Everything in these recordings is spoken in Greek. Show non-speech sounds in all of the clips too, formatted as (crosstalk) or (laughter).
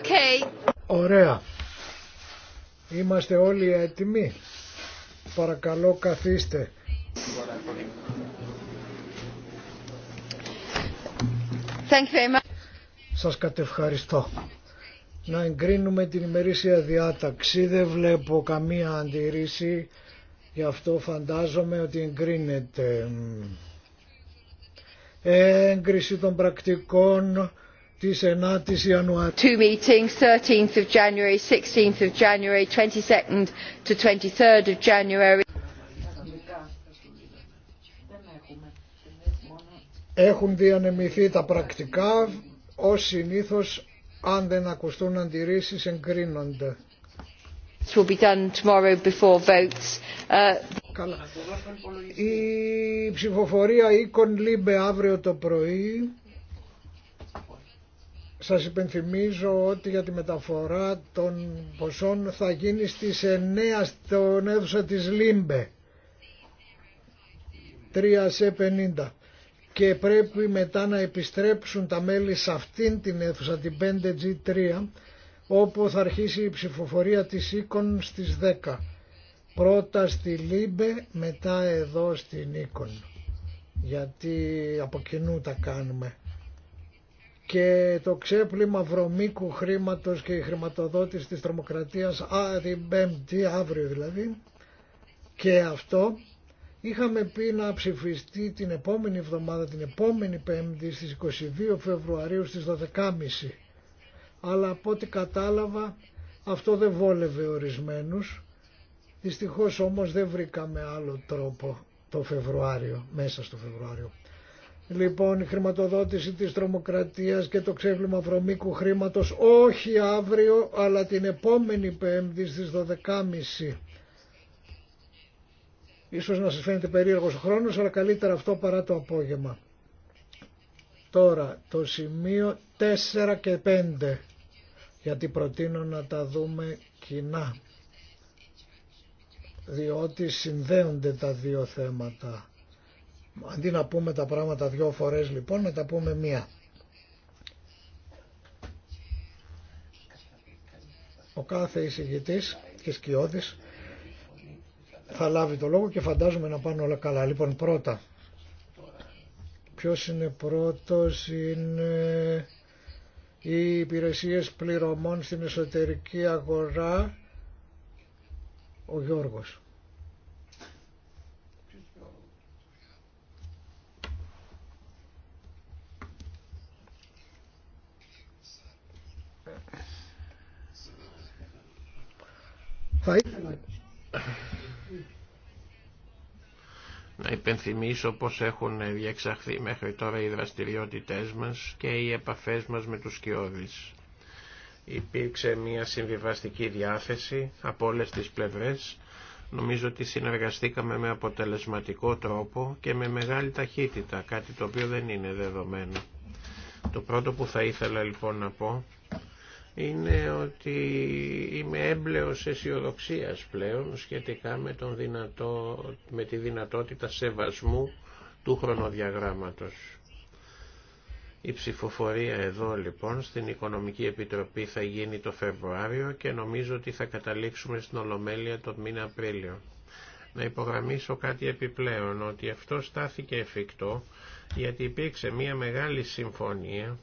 Okay. Ωραία. Είμαστε όλοι έτοιμοι. Παρακαλώ καθίστε. Thank Σας κατευχαριστώ. Να εγκρίνουμε την ημερήσια διάταξη. Δεν βλέπω καμία αντιρρήση. Γι' αυτό φαντάζομαι ότι εγκρίνεται έγκριση των πρακτικών της 9ης Ιανουαρίου. Two meetings, 13th of January, 16th of January, 22nd to 23rd of January. Έχουν διανεμηθεί τα πρακτικά, ως συνήθως αν δεν ακουστούν αντιρρήσεις εγκρίνονται. Will be done tomorrow before votes. Uh, η ψηφοφορία οίκων Λίμπε αύριο το πρωί. Σας υπενθυμίζω ότι για τη μεταφορά των ποσών θα γίνει στις 9 στον αίθουσα της Λίμπε. 3 σε 50 και πρέπει μετά να επιστρέψουν τα μέλη σε αυτήν την αίθουσα, την 5G3, όπου θα αρχίσει η ψηφοφορία της οίκων στις 10. Πρώτα στη Λίμπε, μετά εδώ στην Ίκον. Γιατί από κοινού τα κάνουμε. Και το ξέπλυμα βρωμίκου χρήματος και η χρηματοδότηση της τρομοκρατίας, α, Πέμπτη, αύριο δηλαδή, και αυτό είχαμε πει να ψηφιστεί την επόμενη εβδομάδα, την επόμενη Πέμπτη στις 22 Φεβρουαρίου στις 12.30. Αλλά από ό,τι κατάλαβα αυτό δεν βόλευε ορισμένους Δυστυχώς όμως δεν βρήκαμε άλλο τρόπο το Φεβρουάριο, μέσα στο Φεβρουάριο. Λοιπόν, η χρηματοδότηση της τρομοκρατίας και το ξέβλημα βρωμίκου χρήματος όχι αύριο, αλλά την επόμενη Πέμπτη στις 12.30. Ίσως να σας φαίνεται περίεργος ο χρόνος, αλλά καλύτερα αυτό παρά το απόγευμα. Τώρα, το σημείο 4 και 5, γιατί προτείνω να τα δούμε κοινά διότι συνδέονται τα δύο θέματα. Αντί να πούμε τα πράγματα δύο φορές λοιπόν, να τα πούμε μία. Ο κάθε εισηγητής και σκιώδης θα λάβει το λόγο και φαντάζομαι να πάνε όλα καλά. Λοιπόν πρώτα, ποιος είναι πρώτος είναι οι υπηρεσίες πληρωμών στην εσωτερική αγορά ο Γιώργος. Να υπενθυμίσω πως έχουν διεξαχθεί μέχρι τώρα οι δραστηριότητές μας και οι επαφές μας με τους σκιώδεις υπήρξε μια συμβιβαστική διάθεση από όλες τις πλευρές. Νομίζω ότι συνεργαστήκαμε με αποτελεσματικό τρόπο και με μεγάλη ταχύτητα, κάτι το οποίο δεν είναι δεδομένο. Το πρώτο που θα ήθελα λοιπόν να πω είναι ότι είμαι έμπλεος αισιοδοξία πλέον σχετικά με, τον δυνατό, με τη δυνατότητα σεβασμού του χρονοδιαγράμματος. Η ψηφοφορία εδώ λοιπόν στην Οικονομική Επιτροπή θα γίνει το Φεβρουάριο και νομίζω ότι θα καταλήξουμε στην Ολομέλεια τον μήνα Απρίλιο. Να υπογραμμίσω κάτι επιπλέον ότι αυτό στάθηκε εφικτό γιατί υπήρξε μια μεγάλη συμφωνία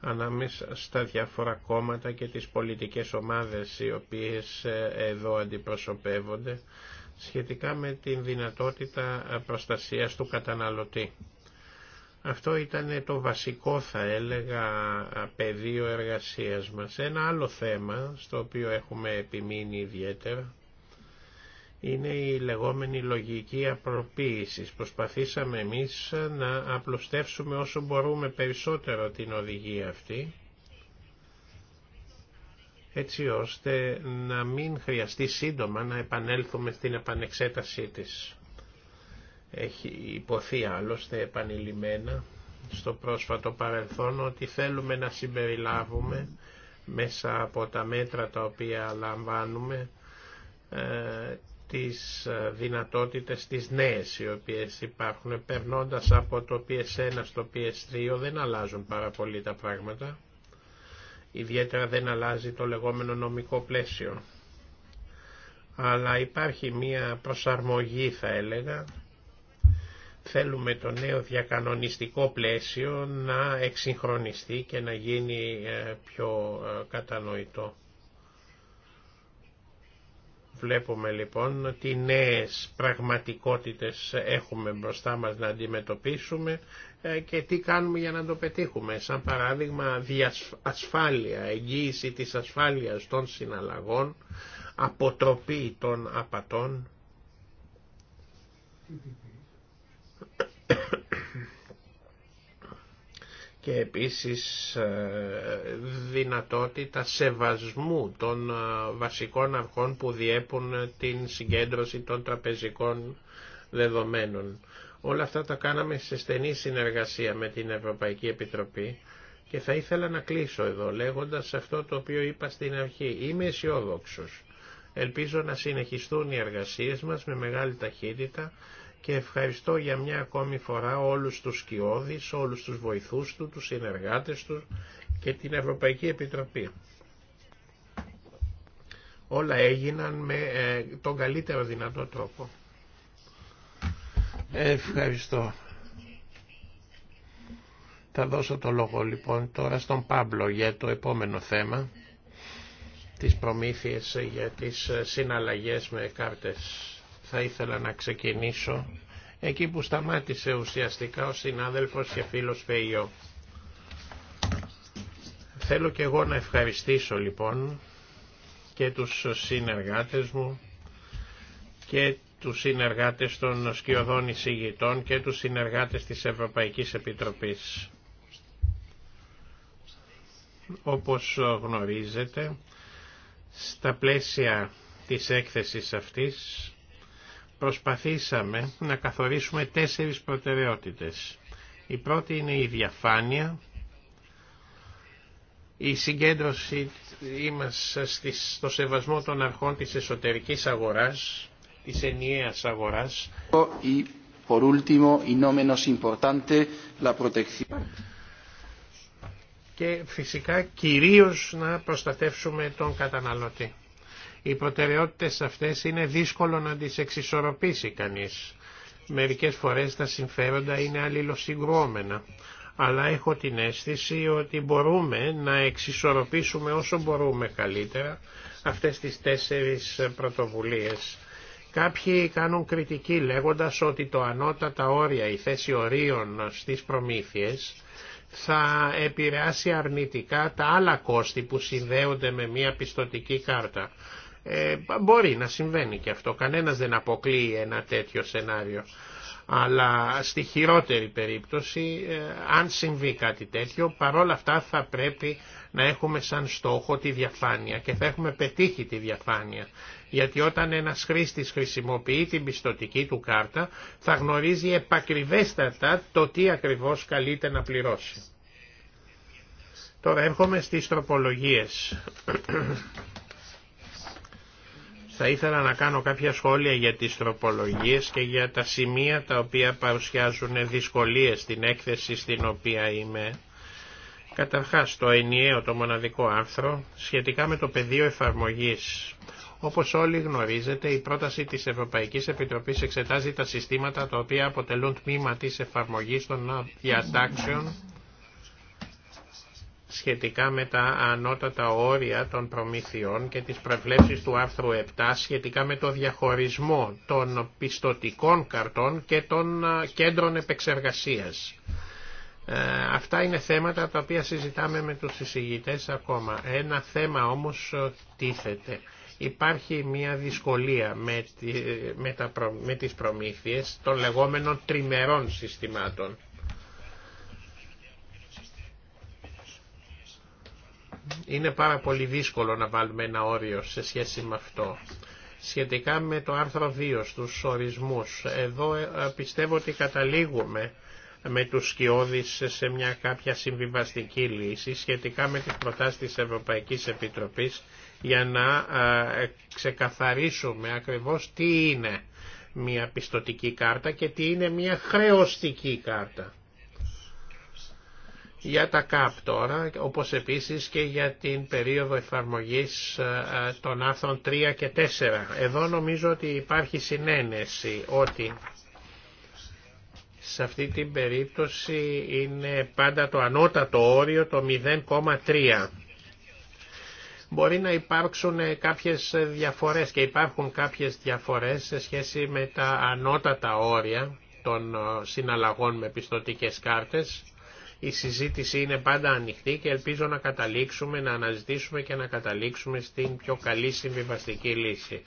ανάμεσα στα διάφορα κόμματα και τις πολιτικές ομάδες οι οποίες ε, εδώ αντιπροσωπεύονται σχετικά με την δυνατότητα ε, προστασίας του καταναλωτή. Αυτό ήταν το βασικό θα έλεγα πεδίο εργασίας μας. Ένα άλλο θέμα στο οποίο έχουμε επιμείνει ιδιαίτερα είναι η λεγόμενη λογική απροποίηση. Προσπαθήσαμε εμείς να απλοστεύσουμε όσο μπορούμε περισσότερο την οδηγία αυτή έτσι ώστε να μην χρειαστεί σύντομα να επανέλθουμε στην επανεξέτασή της. Έχει υποθεί άλλωστε επανειλημμένα στο πρόσφατο παρελθόν ότι θέλουμε να συμπεριλάβουμε μέσα από τα μέτρα τα οποία λαμβάνουμε ε, τις ε, δυνατότητες τις νέες οι οποίες υπάρχουν περνώντας από το PS1 στο PS2 δεν αλλάζουν πάρα πολύ τα πράγματα ιδιαίτερα δεν αλλάζει το λεγόμενο νομικό πλαίσιο αλλά υπάρχει μία προσαρμογή θα έλεγα Θέλουμε το νέο διακανονιστικό πλαίσιο να εξυγχρονιστεί και να γίνει ε, πιο ε, κατανοητό. Βλέπουμε λοιπόν τι νέες πραγματικότητες έχουμε μπροστά μας να αντιμετωπίσουμε ε, και τι κάνουμε για να το πετύχουμε. Σαν παράδειγμα ασφάλεια, εγγύηση της ασφάλειας των συναλλαγών, αποτροπή των απατών και επίσης ε, δυνατότητα σεβασμού των ε, βασικών αρχών που διέπουν ε, την συγκέντρωση των τραπεζικών δεδομένων. Όλα αυτά τα κάναμε σε στενή συνεργασία με την Ευρωπαϊκή Επιτροπή και θα ήθελα να κλείσω εδώ λέγοντας αυτό το οποίο είπα στην αρχή. Είμαι αισιόδοξο. Ελπίζω να συνεχιστούν οι εργασίες μας με μεγάλη ταχύτητα και ευχαριστώ για μια ακόμη φορά όλους τους σκιώδεις, όλους τους βοηθούς του, τους συνεργάτες του και την Ευρωπαϊκή Επιτροπή. Όλα έγιναν με ε, τον καλύτερο δυνατό τρόπο. Ευχαριστώ. Θα δώσω το λόγο λοιπόν τώρα στον Πάμπλο για το επόμενο θέμα, τις προμήθειες για τις ε, συναλλαγές με κάρτες θα ήθελα να ξεκινήσω εκεί που σταμάτησε ουσιαστικά ο συνάδελφος και φίλος Φεϊό. Θέλω και εγώ να ευχαριστήσω λοιπόν και τους συνεργάτες μου και τους συνεργάτες των σκιωδών εισηγητών και τους συνεργάτες της Ευρωπαϊκής Επιτροπής. Όπως γνωρίζετε, στα πλαίσια της έκθεσης αυτής προσπαθήσαμε να καθορίσουμε τέσσερις προτεραιότητες. Η πρώτη είναι η διαφάνεια, η συγκέντρωση στις στο σεβασμό των αρχών της εσωτερικής αγοράς, της ενιαίας αγοράς. Por último, y no menos importante, la Και φυσικά κυρίως να προστατεύσουμε τον καταναλωτή. Οι προτεραιότητες αυτές είναι δύσκολο να τις εξισορροπήσει κανείς. Μερικές φορές τα συμφέροντα είναι αλληλοσυγκρουόμενα. Αλλά έχω την αίσθηση ότι μπορούμε να εξισορροπήσουμε όσο μπορούμε καλύτερα αυτές τις τέσσερις πρωτοβουλίες. Κάποιοι κάνουν κριτική λέγοντας ότι το ανώτατα όρια, η θέση ορίων στις προμήθειες θα επηρεάσει αρνητικά τα άλλα κόστη που συνδέονται με μια πιστοτική κάρτα. Ε, μπορεί να συμβαίνει και αυτό. Κανένας δεν αποκλείει ένα τέτοιο σενάριο. Αλλά στη χειρότερη περίπτωση, ε, αν συμβεί κάτι τέτοιο, παρόλα αυτά θα πρέπει να έχουμε σαν στόχο τη διαφάνεια και θα έχουμε πετύχει τη διαφάνεια. Γιατί όταν ένας χρήστης χρησιμοποιεί την πιστοτική του κάρτα, θα γνωρίζει επακριβέστατα το τι ακριβώς καλείται να πληρώσει. Τώρα έρχομαι στις τροπολογίες. Θα ήθελα να κάνω κάποια σχόλια για τις τροπολογίες και για τα σημεία τα οποία παρουσιάζουν δυσκολίες στην έκθεση στην οποία είμαι. Καταρχάς το ενιαίο το μοναδικό άρθρο σχετικά με το πεδίο εφαρμογής. Όπως όλοι γνωρίζετε, η πρόταση της Ευρωπαϊκής Επιτροπής εξετάζει τα συστήματα τα οποία αποτελούν τμήμα της εφαρμογής των διατάξεων σχετικά με τα ανώτατα όρια των προμηθειών και τις προβλέψεις του άρθρου 7 σχετικά με το διαχωρισμό των πιστοτικών καρτών και των ε, κέντρων επεξεργασίας. Ε, αυτά είναι θέματα τα οποία συζητάμε με τους συζητητές ακόμα. Ένα θέμα όμως ε, τίθεται. Υπάρχει μια δυσκολία με, με, τα, με τις προμήθειες των λεγόμενων τριμερών συστημάτων. είναι πάρα πολύ δύσκολο να βάλουμε ένα όριο σε σχέση με αυτό. Σχετικά με το άρθρο 2 στους ορισμούς, εδώ ε, πιστεύω ότι καταλήγουμε με τους σκιώδεις σε μια κάποια συμβιβαστική λύση σχετικά με τις προτάσεις της Ευρωπαϊκής Επιτροπής για να ε, ξεκαθαρίσουμε ακριβώς τι είναι μια πιστοτική κάρτα και τι είναι μια χρεωστική κάρτα για τα ΚΑΠ τώρα, όπως επίσης και για την περίοδο εφαρμογής ε, ε, των άρθρων 3 και 4. Εδώ νομίζω ότι υπάρχει συνένεση ότι σε αυτή την περίπτωση είναι πάντα το ανώτατο όριο το 0,3. Μπορεί να υπάρξουν κάποιες διαφορές και υπάρχουν κάποιες διαφορές σε σχέση με τα ανώτατα όρια των ε, συναλλαγών με πιστοτικές κάρτες η συζήτηση είναι πάντα ανοιχτή και ελπίζω να καταλήξουμε, να αναζητήσουμε και να καταλήξουμε στην πιο καλή συμβιβαστική λύση.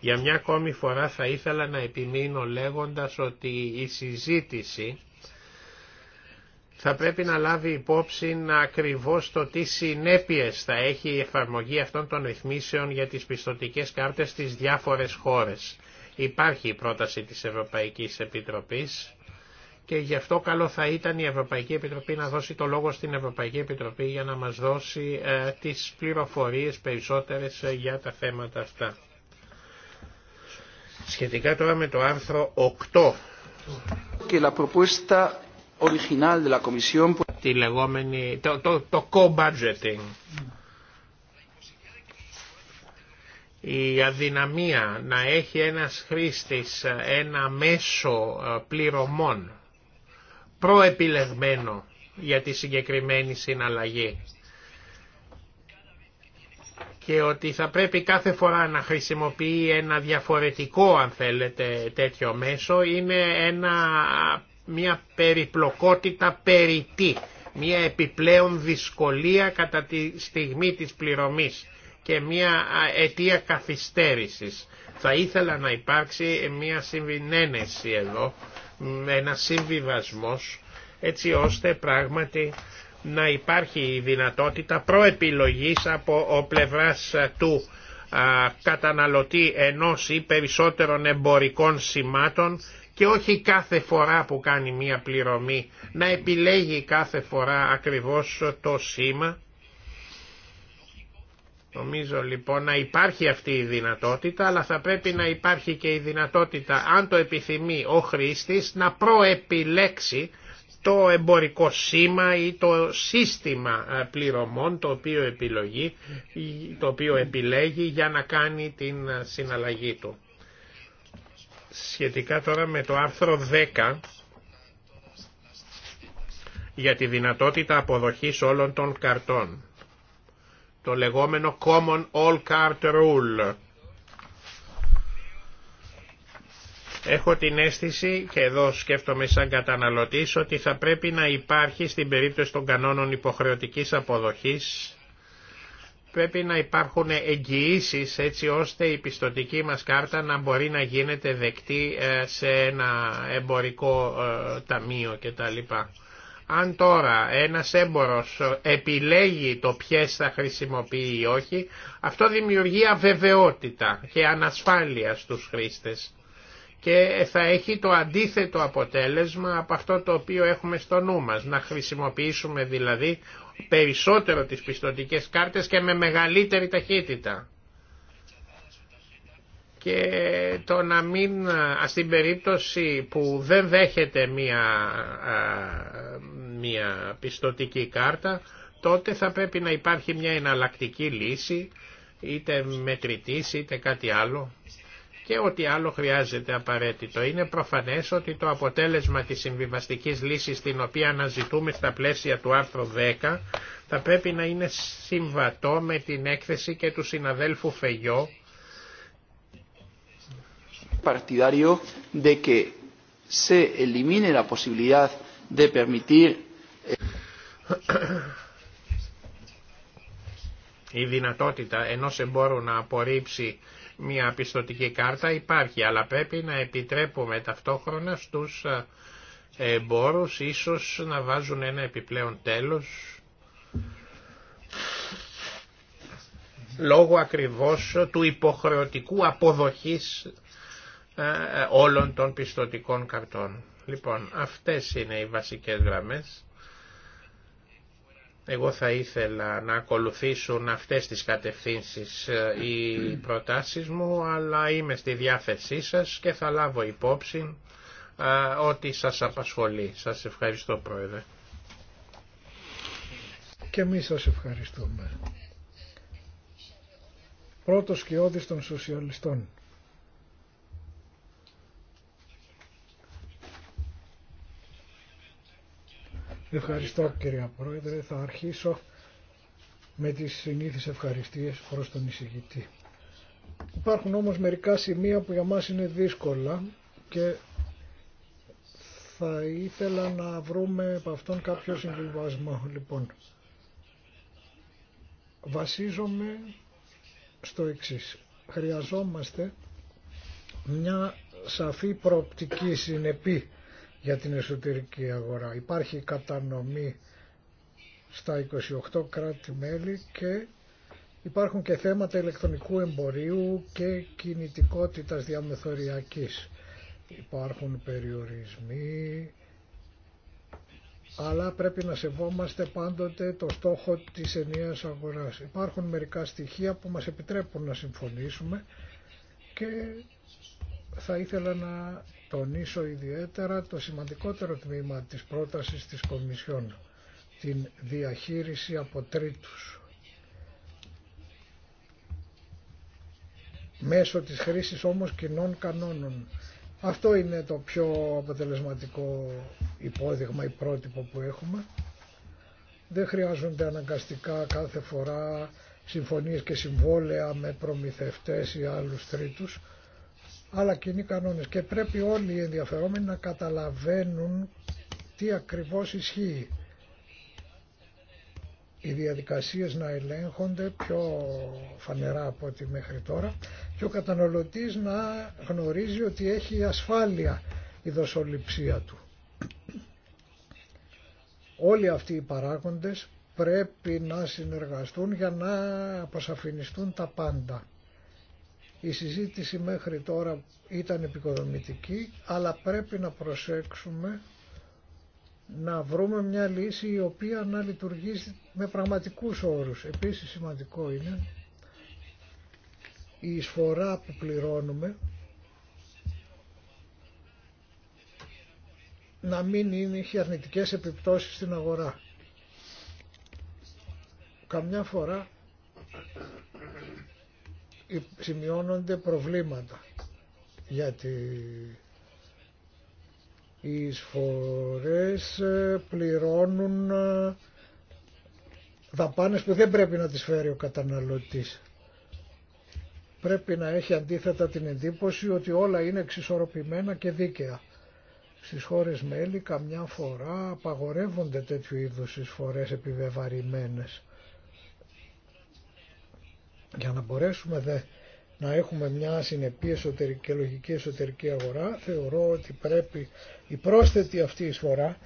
Για μια ακόμη φορά θα ήθελα να επιμείνω λέγοντας ότι η συζήτηση θα πρέπει να λάβει υπόψη να ακριβώς το τι συνέπειες θα έχει η εφαρμογή αυτών των ρυθμίσεων για τις πιστοτικές κάρτες στις διάφορες χώρες. Υπάρχει η πρόταση της Ευρωπαϊκής Επιτροπής και γι' αυτό καλό θα ήταν η Ευρωπαϊκή Επιτροπή να δώσει το λόγο στην Ευρωπαϊκή Επιτροπή για να μας δώσει ε, τις πληροφορίες περισσότερες ε, για τα θέματα αυτά. Σχετικά τώρα με το άρθρο 8 και de la Comisión λεγόμενη, το, το, το co-budgeting. Η αδυναμία να έχει ένας χρήστης ε, ένα μέσο πληρωμών προεπιλεγμένο για τη συγκεκριμένη συναλλαγή και ότι θα πρέπει κάθε φορά να χρησιμοποιεί ένα διαφορετικό αν θέλετε τέτοιο μέσο είναι ένα, μια περιπλοκότητα περιττή, μια επιπλέον δυσκολία κατά τη στιγμή της πληρωμής και μια αιτία καθυστέρησης. Θα ήθελα να υπάρξει μια συμβινένεση εδώ ένα συμβιβασμός έτσι ώστε πράγματι να υπάρχει η δυνατότητα προεπιλογής από ο πλευράς του καταναλωτή ενός ή περισσότερων εμπορικών σημάτων και όχι κάθε φορά που κάνει μία πληρωμή να επιλέγει κάθε φορά ακριβώς το σήμα Νομίζω λοιπόν να υπάρχει αυτή η δυνατότητα, αλλά θα πρέπει να υπάρχει και η δυνατότητα, αν το επιθυμεί ο χρήστης, να προεπιλέξει το εμπορικό σήμα ή το σύστημα ε, πληρωμών το οποίο, επιλογεί, το οποίο επιλέγει για να κάνει την ε, συναλλαγή του. Σχετικά τώρα με το άρθρο 10 για τη δυνατότητα αποδοχής όλων των καρτών το λεγόμενο Common All Card Rule. Έχω την αίσθηση και εδώ σκέφτομαι σαν καταναλωτής ότι θα πρέπει να υπάρχει στην περίπτωση των κανόνων υποχρεωτικής αποδοχής πρέπει να υπάρχουν εγγυήσει έτσι ώστε η πιστοτική μας κάρτα να μπορεί να γίνεται δεκτή ε, σε ένα εμπορικό ε, ταμείο κτλ. Αν τώρα ένας έμπορος επιλέγει το ποιες θα χρησιμοποιεί ή όχι, αυτό δημιουργεί αβεβαιότητα και ανασφάλεια στους χρήστες και θα έχει το αντίθετο αποτέλεσμα από αυτό το οποίο έχουμε στο νου μας, να χρησιμοποιήσουμε δηλαδή περισσότερο τις πιστοτικές κάρτες και με μεγαλύτερη ταχύτητα και το να μην στην περίπτωση που δεν δέχεται μία, μία πιστοτική κάρτα τότε θα πρέπει να υπάρχει μια εναλλακτική λύση είτε μετρητής είτε κάτι άλλο και ό,τι άλλο χρειάζεται απαραίτητο. Είναι προφανές ότι το αποτέλεσμα της συμβιβαστικής λύσης την οποία αναζητούμε στα πλαίσια του άρθρου 10 θα πρέπει να είναι συμβατό με την έκθεση και του συναδέλφου Φεγιό partidario de que se elimine la posibilidad eh, η δυνατότητα ενός εμπόρου να απορρίψει μια πιστοτική κάρτα υπάρχει, αλλά πρέπει να επιτρέπουμε ταυτόχρονα στους ε, εμπόρους ίσως να βάζουν ένα επιπλέον τέλος λόγω ακριβώς του υποχρεωτικού αποδοχής ε, όλων των πιστοτικών καρτών. Λοιπόν, αυτές είναι οι βασικές γραμμές. Εγώ θα ήθελα να ακολουθήσουν αυτές τις κατευθύνσεις ε, οι προτάσεις μου, αλλά είμαι στη διάθεσή σας και θα λάβω υπόψη ε, ότι σας απασχολεί. Σας ευχαριστώ Πρόεδρε. Και εμείς σας ευχαριστούμε. Πρώτος και των σοσιαλιστών. Ευχαριστώ κυρία Πρόεδρε. Θα αρχίσω με τις συνήθεις ευχαριστίες προς τον εισηγητή. Υπάρχουν όμως μερικά σημεία που για μας είναι δύσκολα και θα ήθελα να βρούμε από αυτόν κάποιο συμβιβασμό. Λοιπόν, βασίζομαι στο εξής. Χρειαζόμαστε μια σαφή προοπτική συνεπή για την εσωτερική αγορά. Υπάρχει κατανομή στα 28 κράτη-μέλη και υπάρχουν και θέματα ηλεκτρονικού εμπορίου και κινητικότητας διαμεθοριακής. Υπάρχουν περιορισμοί, αλλά πρέπει να σεβόμαστε πάντοτε το στόχο της ενιαίας αγοράς. Υπάρχουν μερικά στοιχεία που μας επιτρέπουν να συμφωνήσουμε και θα ήθελα να τονίσω ιδιαίτερα το σημαντικότερο τμήμα της πρότασης της Κομισιόν, την διαχείριση από τρίτους. Μέσω της χρήσης όμως κοινών κανόνων. Αυτό είναι το πιο αποτελεσματικό υπόδειγμα ή πρότυπο που έχουμε. Δεν χρειάζονται αναγκαστικά κάθε φορά συμφωνίες και συμβόλαια με προμηθευτές ή άλλους τρίτους αλλά κοινοί κανόνες και πρέπει όλοι οι ενδιαφερόμενοι να καταλαβαίνουν τι ακριβώς ισχύει. Οι διαδικασίες να ελέγχονται πιο φανερά από ό,τι μέχρι τώρα και ο καταναλωτής να γνωρίζει ότι έχει ασφάλεια η δοσοληψία του. Όλοι αυτοί οι παράγοντες πρέπει να συνεργαστούν για να αποσαφινιστούν τα πάντα. Η συζήτηση μέχρι τώρα ήταν επικοδομητική, αλλά πρέπει να προσέξουμε να βρούμε μια λύση η οποία να λειτουργήσει με πραγματικούς όρους. Επίσης σημαντικό είναι η εισφορά που πληρώνουμε να μην είναι, έχει αρνητικές επιπτώσεις στην αγορά. Καμιά φορά σημειώνονται προβλήματα γιατί οι εισφορές ε, πληρώνουν ε, δαπάνες που δεν πρέπει να τις φέρει ο καταναλωτής. Πρέπει να έχει αντίθετα την εντύπωση ότι όλα είναι εξισορροπημένα και δίκαια. Στις χώρες μέλη καμιά φορά απαγορεύονται τέτοιου είδους εισφορές επιβεβαρημένες. Για να μπορέσουμε να έχουμε μια συνεπή εσωτερική και λογική εσωτερική αγορά, θεωρώ ότι πρέπει η πρόσθετη αυτή εισφορά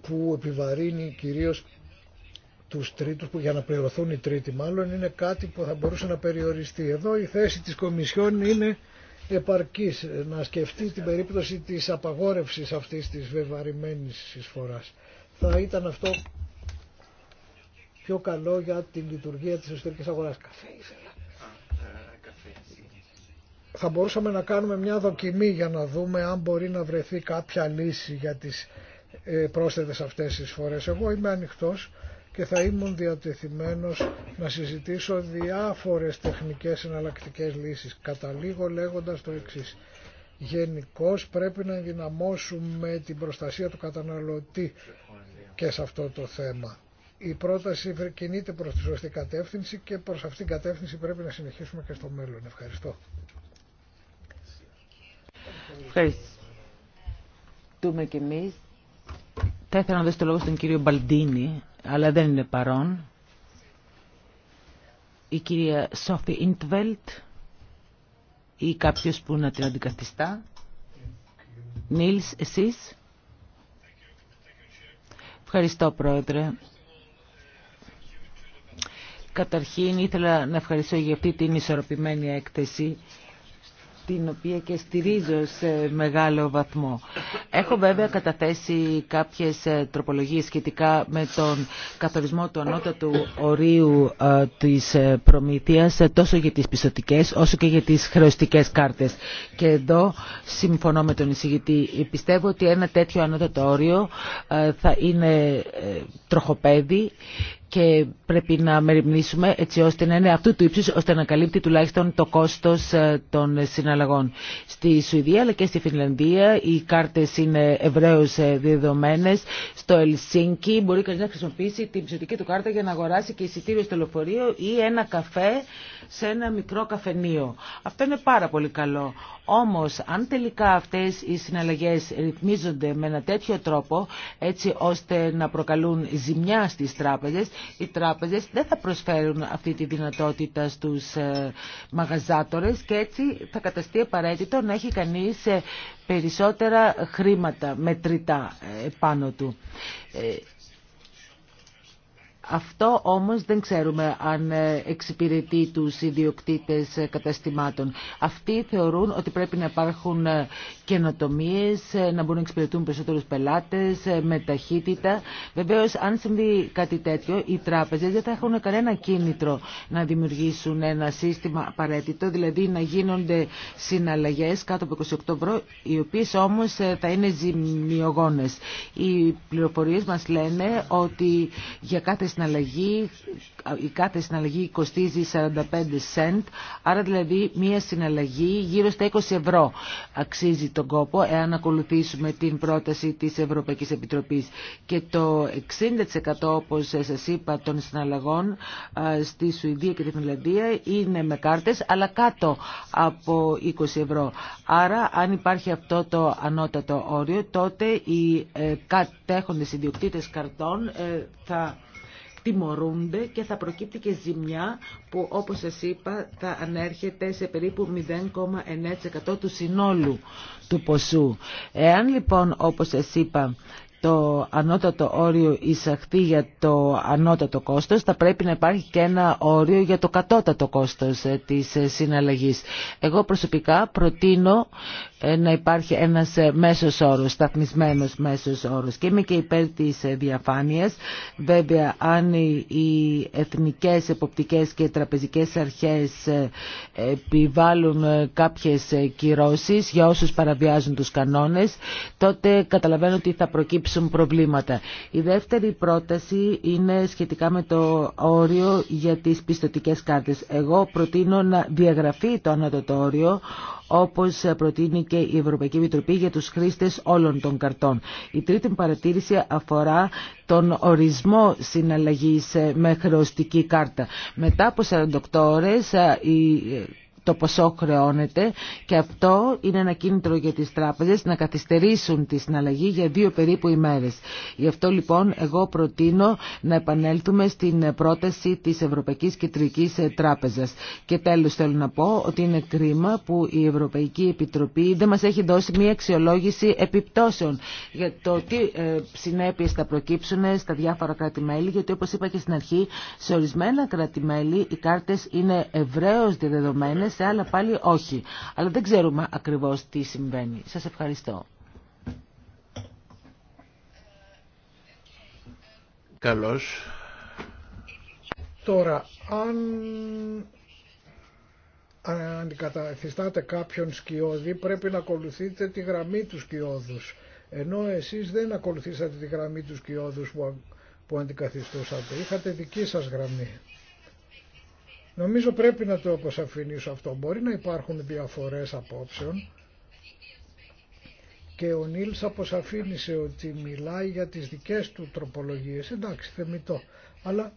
που επιβαρύνει κυρίως τους τρίτους, που για να πληρωθούν οι τρίτοι μάλλον, είναι κάτι που θα μπορούσε να περιοριστεί. Εδώ η θέση της Κομισιόν είναι επαρκής να σκεφτεί την περίπτωση της απαγόρευσης αυτής της βεβαρημένης εισφοράς. Θα ήταν αυτό πιο καλό για την λειτουργία της εσωτερικής αγοράς. Καφέ Θα μπορούσαμε να κάνουμε μια δοκιμή για να δούμε αν μπορεί να βρεθεί κάποια λύση για τις ε, πρόσθετες αυτές τις φορές. Εγώ είμαι ανοιχτός και θα ήμουν διατεθειμένος να συζητήσω διάφορες τεχνικές εναλλακτικές λύσεις. Καταλήγω λέγοντας το εξής. Γενικώ πρέπει να ενδυναμώσουμε την προστασία του καταναλωτή και σε αυτό το θέμα η πρόταση κινείται προς τη σωστή κατεύθυνση και προς αυτήν την κατεύθυνση πρέπει να συνεχίσουμε και στο μέλλον. Ευχαριστώ. Ευχαριστούμε και εμείς. Θα ήθελα να δώσω το λόγο στον κύριο Μπαλντίνη, αλλά δεν είναι παρόν. Η κυρία Σόφη Ιντβέλτ ή κάποιος που να την αντικαθιστά. Νίλς, εσείς. Ευχαριστώ, Πρόεδρε. Καταρχήν ήθελα να ευχαριστώ για αυτή την ισορροπημένη έκθεση την οποία και στηρίζω σε μεγάλο βαθμό. Έχω βέβαια καταθέσει κάποιες ε, τροπολογίες σχετικά με τον καθορισμό του ανώτατου ορίου ε, της ε, προμήθειας τόσο για τις πιστοτικές όσο και για τις χρεωστικές κάρτες. Και εδώ συμφωνώ με τον εισηγητή. Πιστεύω ότι ένα τέτοιο ανώτατο όριο θα είναι τροχοπέδι και πρέπει να μεριμνήσουμε έτσι ώστε να είναι αυτού του ύψους ώστε να καλύπτει τουλάχιστον το κόστος ε, των συναλλαγών. Στη Σουηδία αλλά και στη Φινλανδία οι κάρτες είναι ευρέως ε, δεδομένες. Στο Ελσίνκι μπορεί κανείς να χρησιμοποιήσει την ψωτική του κάρτα για να αγοράσει και εισιτήριο στο λεωφορείο ή ένα καφέ σε ένα μικρό καφενείο. Αυτό είναι πάρα πολύ καλό. Όμως αν τελικά αυτές οι συναλλαγές ρυθμίζονται με ένα τέτοιο τρόπο έτσι ώστε να προκαλούν ζημιά στις τράπεζες οι τράπεζες δεν θα προσφέρουν αυτή τη δυνατότητα στους ε, μαγαζάτορες και έτσι θα καταστεί απαραίτητο να έχει κανείς ε, περισσότερα χρήματα μετρητά ε, πάνω του. Αυτό όμως δεν ξέρουμε αν ε, εξυπηρετεί τους ιδιοκτήτες ε, καταστημάτων. Αυτοί θεωρούν ότι πρέπει να υπάρχουν ε, καινοτομίε, να μπορούν να εξυπηρετούν περισσότερους πελάτες με ταχύτητα. Βεβαίως αν συμβεί κάτι τέτοιο οι τράπεζες δεν θα έχουν κανένα κίνητρο να δημιουργήσουν ένα σύστημα απαραίτητο, δηλαδή να γίνονται συναλλαγές κάτω από 28 ευρώ, οι οποίες όμως θα είναι ζημιογόνες. Οι πληροφορίες μας λένε ότι για κάθε συναλλαγή, η κάθε συναλλαγή κοστίζει 45 cent, άρα δηλαδή μία συναλλαγή γύρω στα 20 ευρώ αξίζει τον κόπο εάν ακολουθήσουμε την πρόταση της Ευρωπαϊκής Επιτροπής. Και το 60% όπως σας είπα των συναλλαγών στη Σουηδία και τη Φιλανδία είναι με κάρτες αλλά κάτω από 20 ευρώ. Άρα αν υπάρχει αυτό το ανώτατο όριο τότε οι ε, κατέχοντες ιδιοκτήτες καρτών ε, θα τιμωρούνται και θα προκύπτει και ζημιά που όπως σας είπα θα ανέρχεται σε περίπου 0,9% του συνόλου του ποσού. Εάν λοιπόν όπως σας είπα το ανώτατο όριο εισαχθεί για το ανώτατο κόστος, θα πρέπει να υπάρχει και ένα όριο για το κατώτατο κόστος ε, της ε, συναλλαγής. Εγώ προσωπικά προτείνω ε, να υπάρχει ένας ε, μέσος όρος, σταθμισμένος μέσος όρος. Και είμαι και υπέρ της ε, διαφάνειας. Βέβαια, αν οι εθνικές εποπτικές και τραπεζικές αρχές επιβάλλουν κάποιες κυρώσεις για όσους παραβιάζουν τους κανόνες, τότε καταλαβαίνω ότι θα προκύψουν προβλήματα. Η δεύτερη πρόταση είναι σχετικά με το όριο για τις πιστοτικές κάρτες. Εγώ προτείνω να διαγραφεί το όπως προτείνει και η Ευρωπαϊκή Επιτροπή για τους χρήστες όλων των καρτών. Η τρίτη παρατήρηση αφορά τον ορισμό συναλλαγής με χρεωστική κάρτα. Μετά από 48 ώρες ε, η ε, το ποσό χρεώνεται και αυτό είναι ένα κίνητρο για τις τράπεζες να καθυστερήσουν τη συναλλαγή για δύο περίπου ημέρες. Γι' αυτό λοιπόν εγώ προτείνω να επανέλθουμε στην πρόταση της Ευρωπαϊκής Κεντρικής Τράπεζας. Και τέλος θέλω να πω ότι είναι κρίμα που η Ευρωπαϊκή Επιτροπή δεν μας έχει δώσει μια αξιολόγηση επιπτώσεων για το τι ε, συνέπειες θα προκύψουν στα διάφορα κράτη-μέλη, γιατί όπως είπα και στην αρχή, σε ορισμένα κράτη-μέλη οι κάρτες είναι ευρέως διαδεδομένε σε άλλα πάλι όχι. Αλλά δεν ξέρουμε ακριβώς τι συμβαίνει. Σας ευχαριστώ. Καλώς. Τώρα, αν αντικαταθιστάτε κάποιον σκιώδη πρέπει να ακολουθείτε τη γραμμή του σκιώδους ενώ εσείς δεν ακολουθήσατε τη γραμμή του σκιώδους που, που αντικαθιστούσατε είχατε δική σας γραμμή Νομίζω πρέπει να το αποσαφηνίσω αυτό. Μπορεί να υπάρχουν διαφορές απόψεων και ο Νίλς αποσαφήνισε ότι μιλάει για τις δικές του τροπολογίες. Εντάξει, θεμητό. Αλλά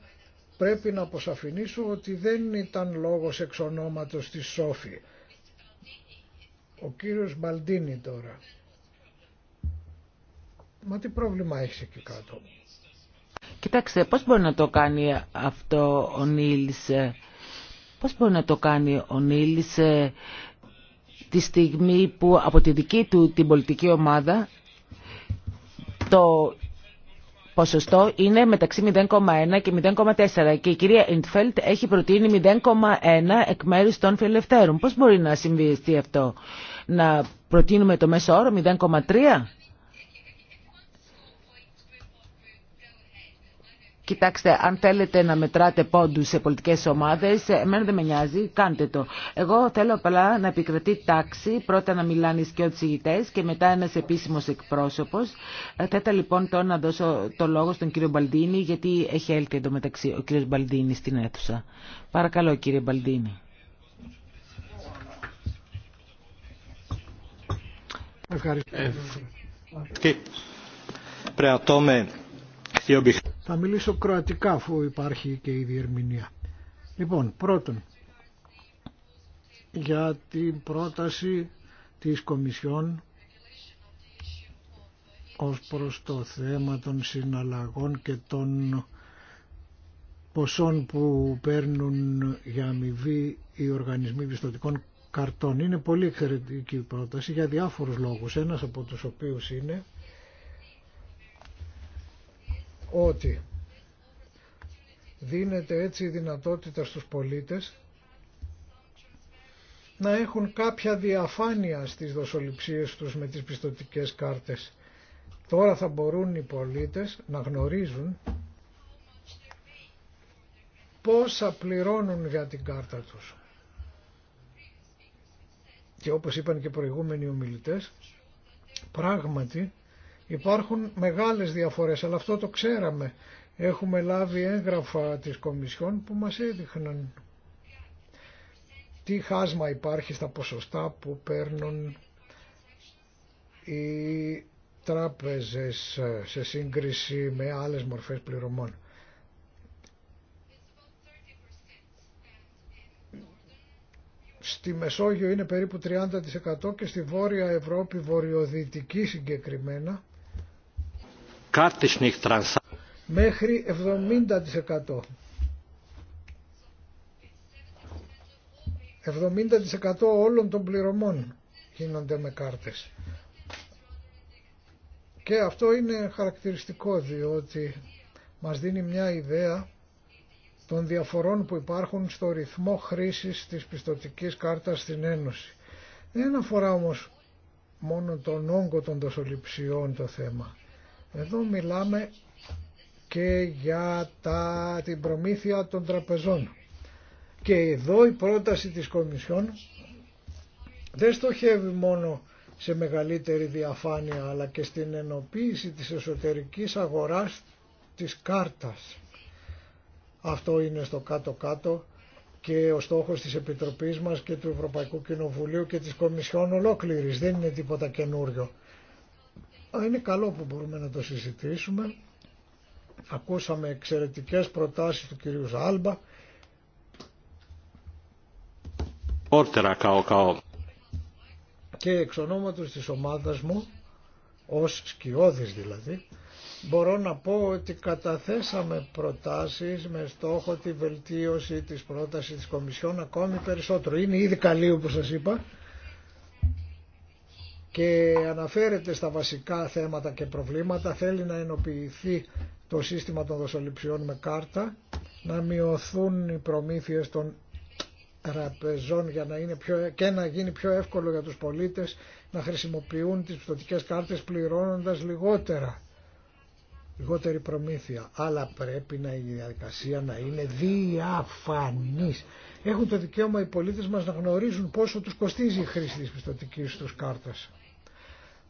πρέπει να αποσαφηνίσω ότι δεν ήταν λόγος εξ ονόματος της Σόφη. Ο κύριος Μπαλντίνη τώρα. Μα τι πρόβλημα έχει εκεί κάτω. Κοιτάξτε, πώς μπορεί να το κάνει αυτό ο Νίλς. Ε, Πώς μπορεί να το κάνει ο Νίλης ε, τη στιγμή που από τη δική του την πολιτική ομάδα το ποσοστό είναι μεταξύ 0,1 και 0,4 και η κυρία Ιντφέλτ έχει προτείνει 0,1 εκ μέρου των φιλελευθέρων. Πώς μπορεί να συμβιεστεί αυτό, να προτείνουμε το μέσο όρο 0,3? Κοιτάξτε, αν θέλετε να μετράτε πόντου σε πολιτικέ ομάδε, εμένα δεν με νοιάζει, κάντε το. Εγώ θέλω απλά να επικρατεί τάξη, πρώτα να μιλάνε και ο και μετά ένα επίσημο εκπρόσωπο. Ε, θα ήθελα λοιπόν τώρα να δώσω το λόγο στον κύριο Μπαλντίνη, γιατί έχει έλθει μεταξύ ο κύριο Μπαλντίνη στην αίθουσα. Παρακαλώ κύριε Μπαλντίνη. Ευχαριστώ. Ε, θα μιλήσω κροατικά αφού υπάρχει και η διερμηνία. Λοιπόν, πρώτον, για την πρόταση της Κομισιόν ως προς το θέμα των συναλλαγών και των ποσών που παίρνουν για αμοιβή οι οργανισμοί πιστοτικών καρτών. Είναι πολύ εξαιρετική πρόταση για διάφορους λόγους. Ένας από τους οποίους είναι ότι δίνεται έτσι η δυνατότητα στους πολίτες να έχουν κάποια διαφάνεια στις δοσοληψίες τους με τις πιστοτικές κάρτες. Τώρα θα μπορούν οι πολίτες να γνωρίζουν πόσα πληρώνουν για την κάρτα τους. Και όπως είπαν και προηγούμενοι ομιλητές, πράγματι Υπάρχουν μεγάλες διαφορές, αλλά αυτό το ξέραμε. Έχουμε λάβει έγγραφα της Κομισιόν που μας έδειχναν τι χάσμα υπάρχει στα ποσοστά που παίρνουν οι τράπεζες σε σύγκριση με άλλες μορφές πληρωμών. Στη Μεσόγειο είναι περίπου 30% και στη Βόρεια Ευρώπη, βορειοδυτική συγκεκριμένα, Μέχρι 70%. 70% όλων των πληρωμών γίνονται με κάρτες. Και αυτό είναι χαρακτηριστικό διότι μας δίνει μια ιδέα των διαφορών που υπάρχουν στο ρυθμό χρήσης της πιστοτικής κάρτας στην Ένωση. Δεν αφορά όμως μόνο τον όγκο των δοσοληψιών το θέμα. Εδώ μιλάμε και για τα, την προμήθεια των τραπεζών. Και εδώ η πρόταση της Κομισιόν δεν στοχεύει μόνο σε μεγαλύτερη διαφάνεια αλλά και στην ενοποίηση της εσωτερικής αγοράς της κάρτας. Αυτό είναι στο κάτω-κάτω και ο στόχος της Επιτροπής μας και του Ευρωπαϊκού Κοινοβουλίου και της Κομισιόν ολόκληρης. Δεν είναι τίποτα καινούριο είναι καλό που μπορούμε να το συζητήσουμε. Ακούσαμε εξαιρετικές προτάσεις του κυρίου Ζάλμπα. Και εξ ονόματος της ομάδας μου, ως σκιώδης δηλαδή, μπορώ να πω ότι καταθέσαμε προτάσεις με στόχο τη βελτίωση της πρότασης της Κομισιόν ακόμη περισσότερο. Είναι ήδη καλή όπως σας είπα και αναφέρεται στα βασικά θέματα και προβλήματα, θέλει να ενοποιηθεί το σύστημα των δοσοληψιών με κάρτα, να μειωθούν οι προμήθειες των ραπεζών για να είναι πιο, και να γίνει πιο εύκολο για τους πολίτες να χρησιμοποιούν τις πιστοτικές κάρτες πληρώνοντας λιγότερα λιγότερη προμήθεια αλλά πρέπει να η διαδικασία να είναι διαφανής έχουν το δικαίωμα οι πολίτες μας να γνωρίζουν πόσο τους κοστίζει η χρήση της πιστοτικής τους κάρτας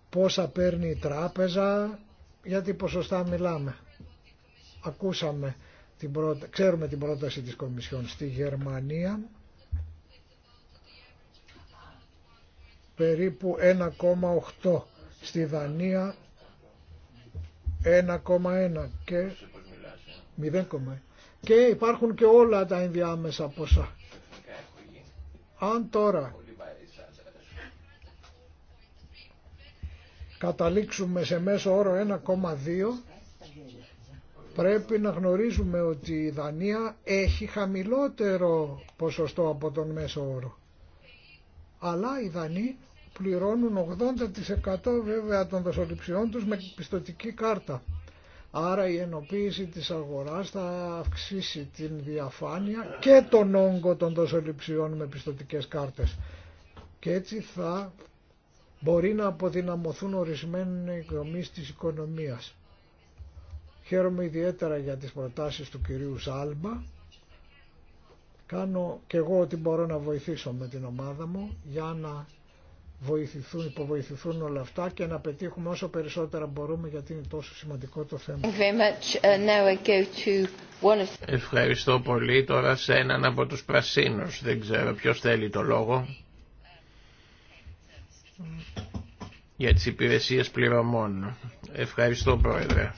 πόσα παίρνει η τράπεζα, γιατί ποσοστά μιλάμε. Ακούσαμε, την πρότα... ξέρουμε την πρόταση της Κομισιόν στη Γερμανία, περίπου 1,8, στη Δανία 1,1 και 0,1 και υπάρχουν και όλα τα ενδιάμεσα ποσά. Αν τώρα καταλήξουμε σε μέσο όρο 1,2 πρέπει να γνωρίζουμε ότι η Δανία έχει χαμηλότερο ποσοστό από τον μέσο όρο. Αλλά οι Δανείοι πληρώνουν 80% βέβαια των δοσοληψιών τους με πιστοτική κάρτα. Άρα η ενοποίηση της αγοράς θα αυξήσει την διαφάνεια και τον όγκο των δοσοληψιών με πιστοτικές κάρτες. Και έτσι θα μπορεί να αποδυναμωθούν ορισμένοι δομεί της οικονομία. Χαίρομαι ιδιαίτερα για τις προτάσεις του κυρίου Σάλμπα. Κάνω και εγώ ότι μπορώ να βοηθήσω με την ομάδα μου για να βοηθηθούν, υποβοηθηθούν όλα αυτά και να πετύχουμε όσο περισσότερα μπορούμε γιατί είναι τόσο σημαντικό το θέμα. Uh, Ευχαριστώ πολύ. Τώρα σε έναν από τους πρασίνους. Δεν ξέρω ποιος θέλει το λόγο για τις υπηρεσίες πληρωμών. Ευχαριστώ Πρόεδρε.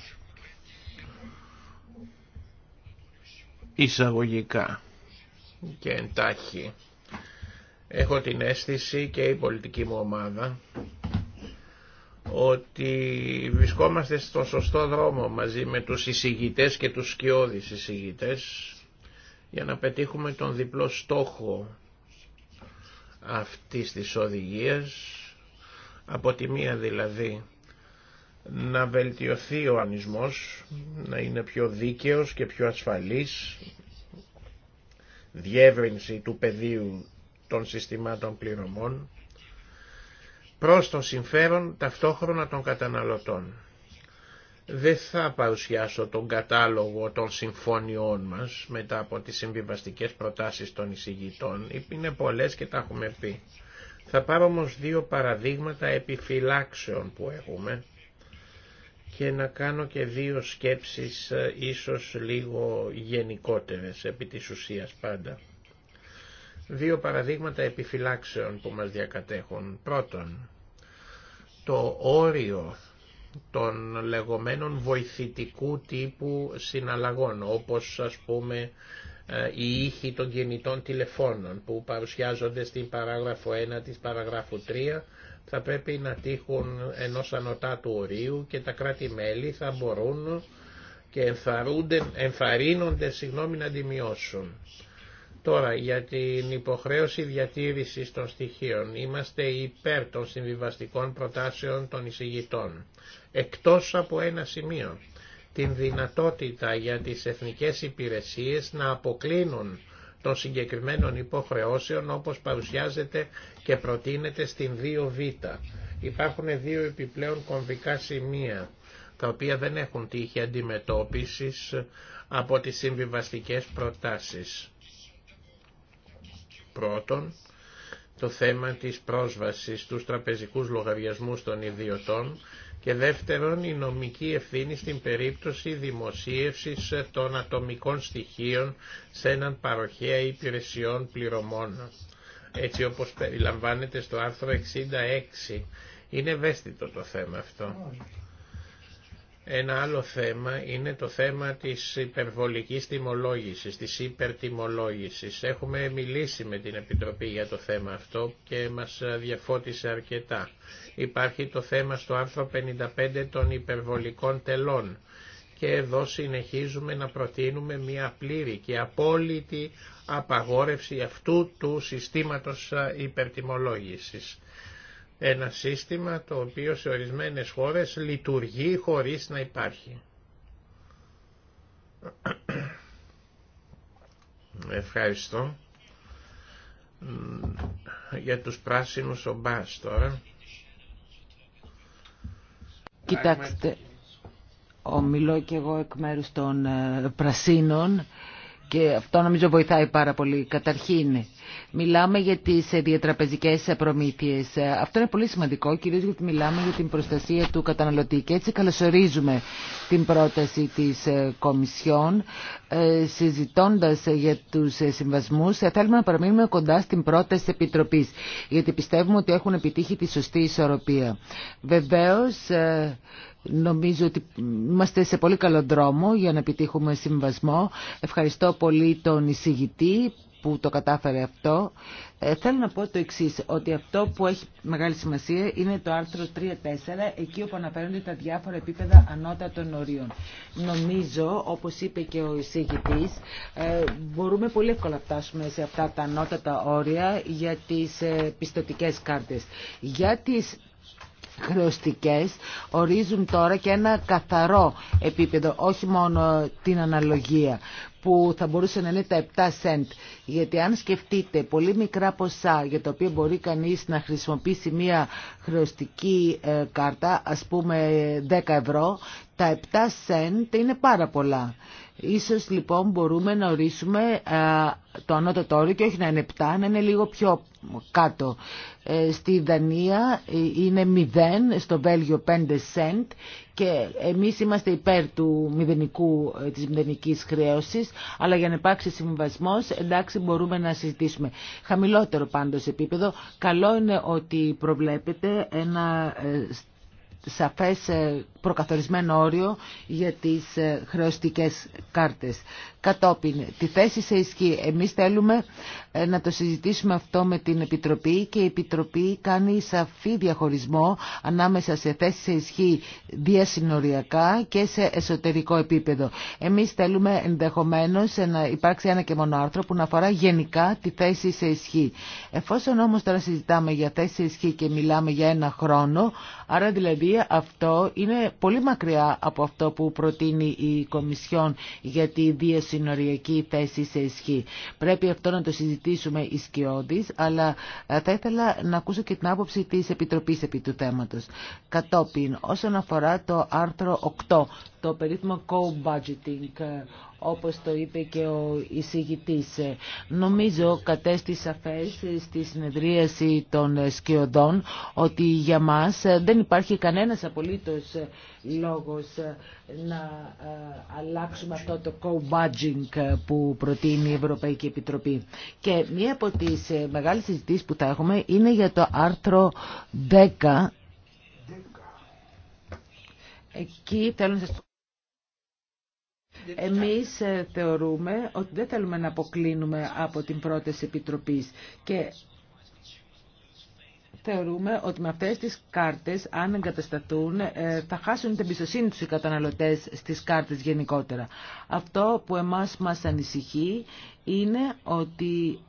Εισαγωγικά και εντάχει. Έχω την αίσθηση και η πολιτική μου ομάδα ότι βρισκόμαστε στο σωστό δρόμο μαζί με τους εισηγητές και τους σκιώδεις εισηγητές για να πετύχουμε τον διπλό στόχο αυτής της οδηγίας από τη μία δηλαδή να βελτιωθεί ο ανισμός, να είναι πιο δίκαιος και πιο ασφαλής, διεύρυνση του πεδίου των συστημάτων πληρωμών, προς τον συμφέρον ταυτόχρονα των καταναλωτών. Δεν θα παρουσιάσω τον κατάλογο των συμφωνιών μας μετά από τις συμβιβαστικές προτάσεις των εισηγητών. Είναι πολλές και τα έχουμε πει. Θα πάρω όμω δύο παραδείγματα επιφυλάξεων που έχουμε και να κάνω και δύο σκέψεις ε, ίσως λίγο γενικότερες επί της ουσίας πάντα. Δύο παραδείγματα επιφυλάξεων που μας διακατέχουν. Πρώτον, το όριο των λεγόμενων βοηθητικού τύπου συναλλαγών, όπως ας πούμε ε, οι ήχοι των κινητών τηλεφώνων που παρουσιάζονται στην παράγραφο 1 της παραγράφου 3 θα πρέπει να τύχουν ενός του ορίου και τα κράτη-μέλη θα μπορούν και ενθαρρύνονται συγγνώμη, να τη Τώρα για την υποχρέωση διατήρησης των στοιχείων είμαστε υπέρ των συμβιβαστικών προτάσεων των εισηγητών εκτός από ένα σημείο την δυνατότητα για τις εθνικές υπηρεσίες να αποκλίνουν των συγκεκριμένων υποχρεώσεων όπως παρουσιάζεται και προτείνεται στην 2β. Υπάρχουν δύο επιπλέον κομβικά σημεία τα οποία δεν έχουν τύχει αντιμετώπισης από τις συμβιβαστικές προτάσεις. Πρώτον, το θέμα της πρόσβασης στους τραπεζικούς λογαριασμούς των ιδιωτών και δεύτερον η νομική ευθύνη στην περίπτωση δημοσίευσης των ατομικών στοιχείων σε έναν παροχέα υπηρεσιών πληρωμών, έτσι όπως περιλαμβάνεται στο άρθρο 66. Είναι ευαίσθητο το θέμα αυτό. Ένα άλλο θέμα είναι το θέμα της υπερβολικής τιμολόγησης, της υπερτιμολόγησης. Έχουμε μιλήσει με την Επιτροπή για το θέμα αυτό και μας διαφώτισε αρκετά. Υπάρχει το θέμα στο άρθρο 55 των υπερβολικών τελών και εδώ συνεχίζουμε να προτείνουμε μια πλήρη και απόλυτη απαγόρευση αυτού του συστήματος υπερτιμολόγησης. Ένα σύστημα το οποίο σε ορισμένες χώρες λειτουργεί χωρίς να υπάρχει. Ευχαριστώ. Για τους πράσινους ο Μπάς τώρα. Κοιτάξτε, ομιλώ και εγώ εκ μέρους των ε, πρασίνων και αυτό νομίζω βοηθάει πάρα πολύ. Καταρχήν, Μιλάμε για τι διατραπεζικέ προμήθειες. Αυτό είναι πολύ σημαντικό, κυρίω γιατί μιλάμε για την προστασία του καταναλωτή. Και έτσι καλωσορίζουμε την πρόταση τη ε, Κομισιόν, ε, συζητώντα για του ε, συμβασμού. Θέλουμε να παραμείνουμε κοντά στην πρόταση της Επιτροπής, γιατί πιστεύουμε ότι έχουν επιτύχει τη σωστή ισορροπία. Βεβαίω, Νομίζω ότι είμαστε σε πολύ καλό δρόμο για να επιτύχουμε συμβασμό. Ευχαριστώ πολύ τον εισηγητή που το κατάφερε αυτό. Ε, θέλω να πω το εξή, ότι αυτό που έχει μεγάλη σημασία είναι το άρθρο 3-4, εκεί όπου αναφέρονται τα διάφορα επίπεδα ανώτατων ορίων. Νομίζω, όπως είπε και ο εισηγητής, ε, μπορούμε πολύ εύκολα να φτάσουμε σε αυτά τα ανώτατα όρια για τις ε, πιστοτικές κάρτες. Για τις χρεωστικές ορίζουν τώρα και ένα καθαρό επίπεδο, όχι μόνο την αναλογία που θα μπορούσε να είναι τα 7 cent. Γιατί αν σκεφτείτε πολύ μικρά ποσά για τα οποία μπορεί κανείς να χρησιμοποιήσει μια χρεωστική ε, κάρτα, ας πούμε 10 ε, ευρώ, τα 7 cent είναι πάρα πολλά. Ίσως λοιπόν μπορούμε να ορίσουμε ε, το ανώτατο όριο και όχι να είναι 7, να είναι λίγο πιο κάτω. Ε, στη Δανία ε, είναι 0, στο Βέλγιο 5 cent και εμείς είμαστε υπέρ του μηδενικού, της μηδενικής χρέωσης, αλλά για να υπάρξει συμβασμός, εντάξει μπορούμε να συζητήσουμε. Χαμηλότερο πάντως επίπεδο, καλό είναι ότι προβλέπεται ένα σαφές ε, προκαθορισμένο όριο για τις ε, χρεωστικές κάρτες. Κατόπιν, τη θέση σε ισχύ. Εμείς θέλουμε ε, να το συζητήσουμε αυτό με την Επιτροπή και η Επιτροπή κάνει σαφή διαχωρισμό ανάμεσα σε θέση σε ισχύ διασυνοριακά και σε εσωτερικό επίπεδο. Εμείς θέλουμε ενδεχομένως να υπάρξει ένα και μόνο άρθρο που να αφορά γενικά τη θέση σε ισχύ. Εφόσον όμως τώρα συζητάμε για θέση σε ισχύ και μιλάμε για ένα χρόνο, Άρα δηλαδή αυτό είναι πολύ μακριά από αυτό που προτείνει η Κομισιόν για τη διασυνοριακή θέση σε ισχύ. Πρέπει αυτό να το συζητήσουμε ισκιώδης, αλλά ε, θα ήθελα να ακούσω και την άποψη της Επιτροπής επί του θέματος. Κατόπιν, όσον αφορά το άρθρο 8 το περίφημο co-budgeting, όπως το είπε και ο εισηγητής. Νομίζω κατέστη σαφές στη συνεδρίαση των σκιωδών ότι για μας δεν υπάρχει κανένας απολύτως λόγος να ε, αλλάξουμε αυτό το co-budgeting που προτείνει η Ευρωπαϊκή Επιτροπή. Και μία από τις ε, μεγάλες συζητήσεις που θα έχουμε είναι για το άρθρο 10 Εκεί θέλω να εμείς ε, θεωρούμε ότι δεν θέλουμε να αποκλίνουμε από την πρόταση Επιτροπής και θεωρούμε ότι με αυτές τις κάρτες, αν εγκατασταθούν, ε, θα χάσουν την εμπιστοσύνη τους οι καταναλωτές στις κάρτες γενικότερα. Αυτό που εμάς μας ανησυχεί είναι ότι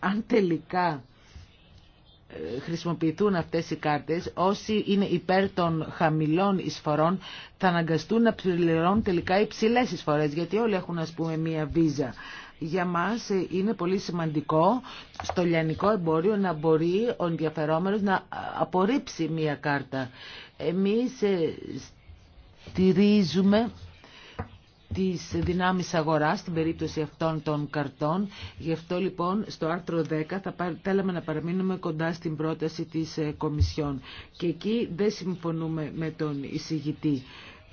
αν τελικά χρησιμοποιηθούν αυτές οι κάρτες, όσοι είναι υπέρ των χαμηλών εισφορών θα αναγκαστούν να πληρώνουν τελικά υψηλές εισφορές, γιατί όλοι έχουν ας πούμε μία βίζα. Για μας είναι πολύ σημαντικό στο λιανικό εμπόριο να μπορεί ο ενδιαφερόμενος να απορρίψει μία κάρτα. Εμείς ε, στηρίζουμε της δυνάμεις αγοράς στην περίπτωση αυτών των καρτών. Γι' αυτό λοιπόν στο άρθρο 10 θα θέλαμε να παραμείνουμε κοντά στην πρόταση της ε, Κομισιόν. Και εκεί δεν συμφωνούμε με τον εισηγητή.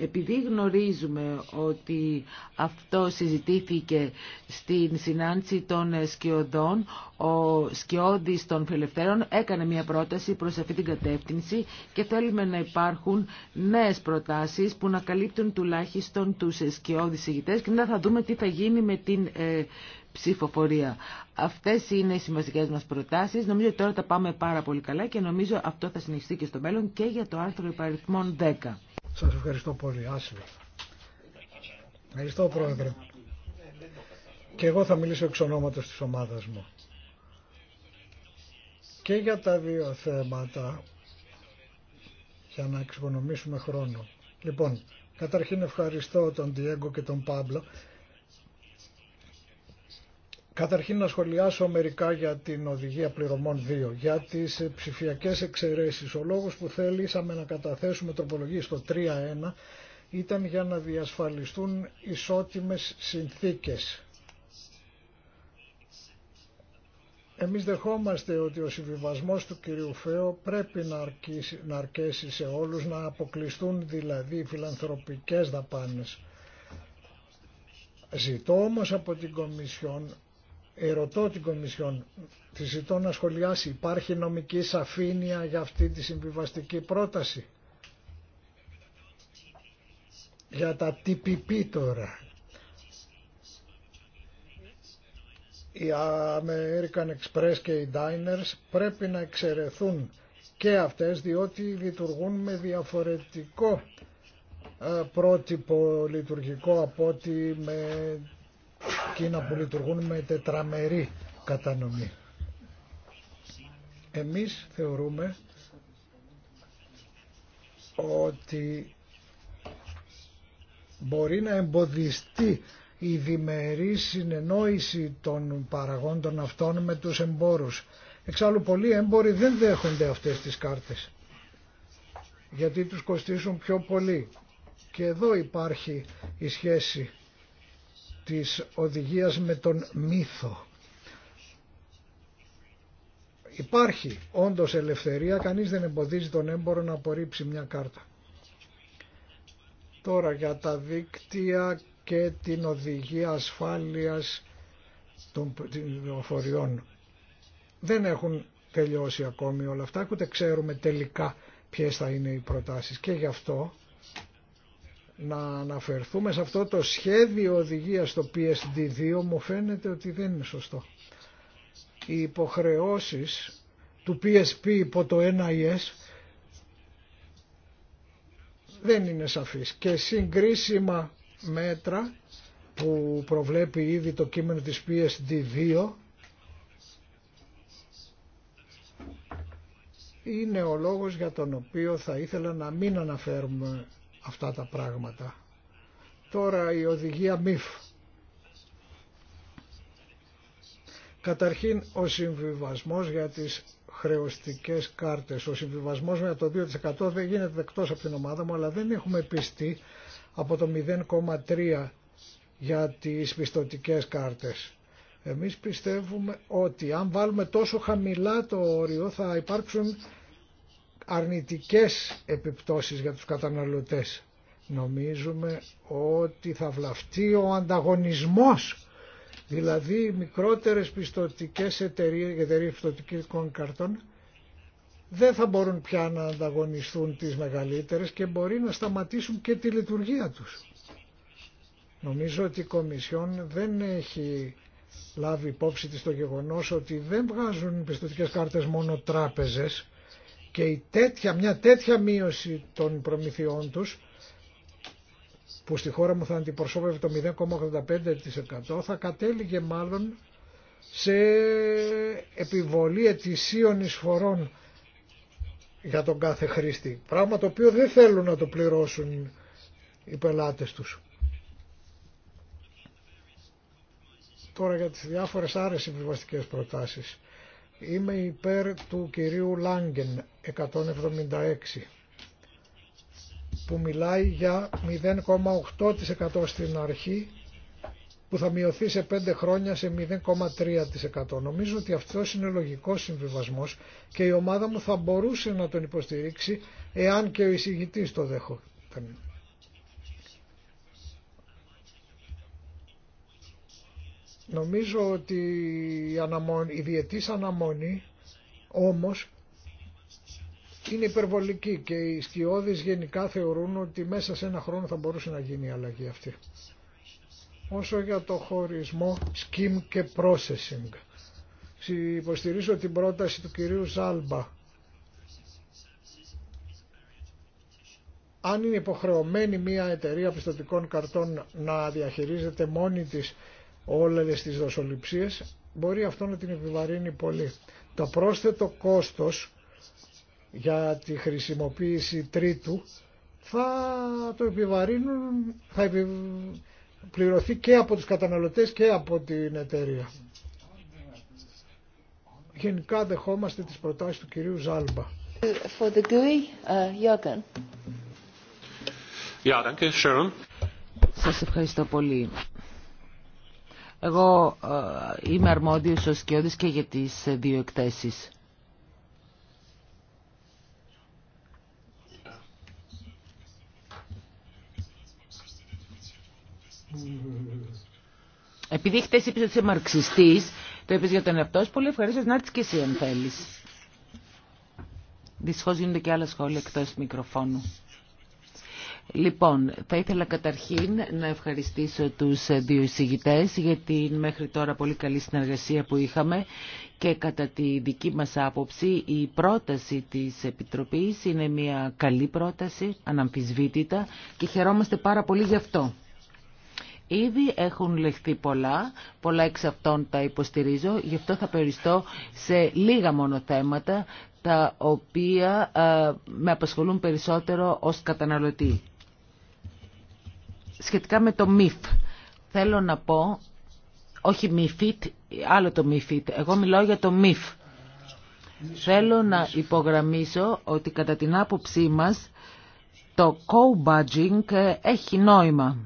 Επειδή γνωρίζουμε ότι αυτό συζητήθηκε στην συνάντηση των σκιωδών, ο σκιώδης των φιλελευθέρων έκανε μια πρόταση προς αυτή την κατεύθυνση και θέλουμε να υπάρχουν νέες προτάσεις που να καλύπτουν τουλάχιστον τους σκιώδης ηγητές και μετά θα δούμε τι θα γίνει με την ε, ψηφοφορία. Αυτές είναι οι σημαντικές μας προτάσεις. Νομίζω ότι τώρα τα πάμε πάρα πολύ καλά και νομίζω αυτό θα συνεχιστεί και στο μέλλον και για το άρθρο υπαριθμών 10. Σας ευχαριστώ πολύ. Άσυλο. Ευχαριστώ πρόεδρε. Και εγώ θα μιλήσω εξ ονόματος της ομάδας μου. Και για τα δύο θέματα, για να εξοικονομήσουμε χρόνο. Λοιπόν, καταρχήν ευχαριστώ τον Διέγκο και τον Πάμπλο Καταρχήν να σχολιάσω μερικά για την οδηγία πληρωμών 2, για τις ψηφιακές εξαιρέσεις. Ο λόγος που θέλησαμε να καταθέσουμε τροπολογίες στο 3.1 ήταν για να διασφαλιστούν ισότιμες συνθήκες. Εμείς δεχόμαστε ότι ο συμβιβασμός του κυρίου Φέο πρέπει να, να αρκέσει σε όλους, να αποκλειστούν δηλαδή οι φιλανθρωπικές δαπάνες. Ζητώ όμως από την Κομισιόν Ερωτώ την Κομισιόν, τη ζητώ να σχολιάσει, υπάρχει νομική σαφήνεια για αυτή τη συμβιβαστική πρόταση. Για τα TPP τώρα. Οι American Express και οι Diners πρέπει να εξαιρεθούν και αυτές διότι λειτουργούν με διαφορετικό ε, πρότυπο λειτουργικό από ότι με Κίνα που λειτουργούν με τετραμερή κατανομή. Εμείς θεωρούμε ότι μπορεί να εμποδιστεί η διμερή συνεννόηση των παραγόντων αυτών με τους εμπόρους. Εξάλλου πολλοί έμποροι δεν δέχονται αυτές τις κάρτες γιατί τους κοστίζουν πιο πολύ. Και εδώ υπάρχει η σχέση της οδηγίας με τον μύθο. Υπάρχει όντως ελευθερία, κανείς δεν εμποδίζει τον έμπορο να απορρίψει μια κάρτα. Τώρα για τα δίκτυα και την οδηγία ασφάλειας των πληροφοριών. Δεν έχουν τελειώσει ακόμη όλα αυτά, ούτε ξέρουμε τελικά ποιες θα είναι οι προτάσεις και γι' αυτό να αναφερθούμε σε αυτό το σχέδιο οδηγίας στο PSD2 μου φαίνεται ότι δεν είναι σωστό. Οι υποχρεώσεις του PSP υπό το NIS δεν είναι σαφής και συγκρίσιμα μέτρα που προβλέπει ήδη το κείμενο της PSD2 είναι ο λόγος για τον οποίο θα ήθελα να μην αναφέρουμε αυτά τα πράγματα. Τώρα η οδηγία μυφ. Καταρχήν ο συμβιβασμός για τις χρεωστικές κάρτες. Ο συμβιβασμός με το 2% δεν γίνεται δεκτός από την ομάδα μου, αλλά δεν έχουμε πιστεί από το 0,3% για τις πιστοτικές κάρτες. Εμείς πιστεύουμε ότι αν βάλουμε τόσο χαμηλά το όριο θα υπάρξουν αρνητικές επιπτώσεις για τους καταναλωτές. Νομίζουμε ότι θα βλαφτεί ο ανταγωνισμός. Δηλαδή οι μικρότερες πιστοτικές εταιρείες, εταιρείες πιστοτικών καρτών δεν θα μπορούν πια να ανταγωνιστούν τις μεγαλύτερες και μπορεί να σταματήσουν και τη λειτουργία τους. Νομίζω ότι η Κομισιόν δεν έχει λάβει υπόψη της το γεγονός ότι δεν βγάζουν πιστοτικές κάρτες μόνο τράπεζες και η τέτοια, μια τέτοια μείωση των προμηθειών τους που στη χώρα μου θα αντιπροσώπευε το 0,85% θα κατέληγε μάλλον σε επιβολή ετησίων εισφορών για τον κάθε χρήστη. Πράγμα το οποίο δεν θέλουν να το πληρώσουν οι πελάτες τους. Τώρα για τις διάφορες άρες επιβαστικές προτάσεις. Είμαι υπέρ του κυρίου Λάγκεν 176 που μιλάει για 0,8% στην αρχή που θα μειωθεί σε 5 χρόνια σε 0,3%. Νομίζω ότι αυτό είναι λογικό συμβιβασμό και η ομάδα μου θα μπορούσε να τον υποστηρίξει εάν και ο εισηγητή το δέχονταν. Νομίζω ότι η, αναμονή, διετής αναμονή όμως είναι υπερβολική και οι σκιώδεις γενικά θεωρούν ότι μέσα σε ένα χρόνο θα μπορούσε να γίνει η αλλαγή αυτή. Όσο για το χωρισμό scheme και processing. Υποστηρίζω την πρόταση του κυρίου Ζάλμπα. Αν είναι υποχρεωμένη μια εταιρεία πιστοτικών καρτών να διαχειρίζεται μόνη της όλες τις δοσοληψίες μπορεί αυτό να την επιβαρύνει πολύ. Το πρόσθετο κόστος για τη χρησιμοποίηση τρίτου θα το επιβαρύνουν, θα επι... πληρωθεί και από τους καταναλωτές και από την εταιρεία. Γενικά δεχόμαστε τις προτάσεις του κυρίου Ζάλμπα. For the GUI, uh, Ja, danke, Sharon. Σας ευχαριστώ πολύ. Εγώ ε, είμαι αρμόδιος ως Σκιώδης και για τις ε, δύο εκτέσεις. Επειδή χτες είπες ότι είσαι μαρξιστής, το είπες για τον εαυτό σου, πολύ ευχαριστώ. να έρθεις και εσύ αν θέλεις. Δυστυχώς γίνονται και άλλα σχόλια εκτός μικροφώνου. Λοιπόν, θα ήθελα καταρχήν να ευχαριστήσω τους δύο εισηγητές για την μέχρι τώρα πολύ καλή συνεργασία που είχαμε και κατά τη δική μας άποψη η πρόταση της Επιτροπής είναι μια καλή πρόταση, αναμφισβήτητα και χαιρόμαστε πάρα πολύ γι' αυτό. Ήδη έχουν λεχθεί πολλά, πολλά εξ αυτών τα υποστηρίζω, γι' αυτό θα περιστώ σε λίγα μόνο θέματα τα οποία ε, με απασχολούν περισσότερο ως καταναλωτή σχετικά με το ΜΥΦ. Θέλω να πω, όχι ΜΥΦΙΤ, άλλο το ΜΥΦΙΤ, εγώ μιλάω για το ΜΥΦ. Θέλω να υπογραμμίσω ότι κατά την άποψή μας το co-budging ε, έχει νόημα.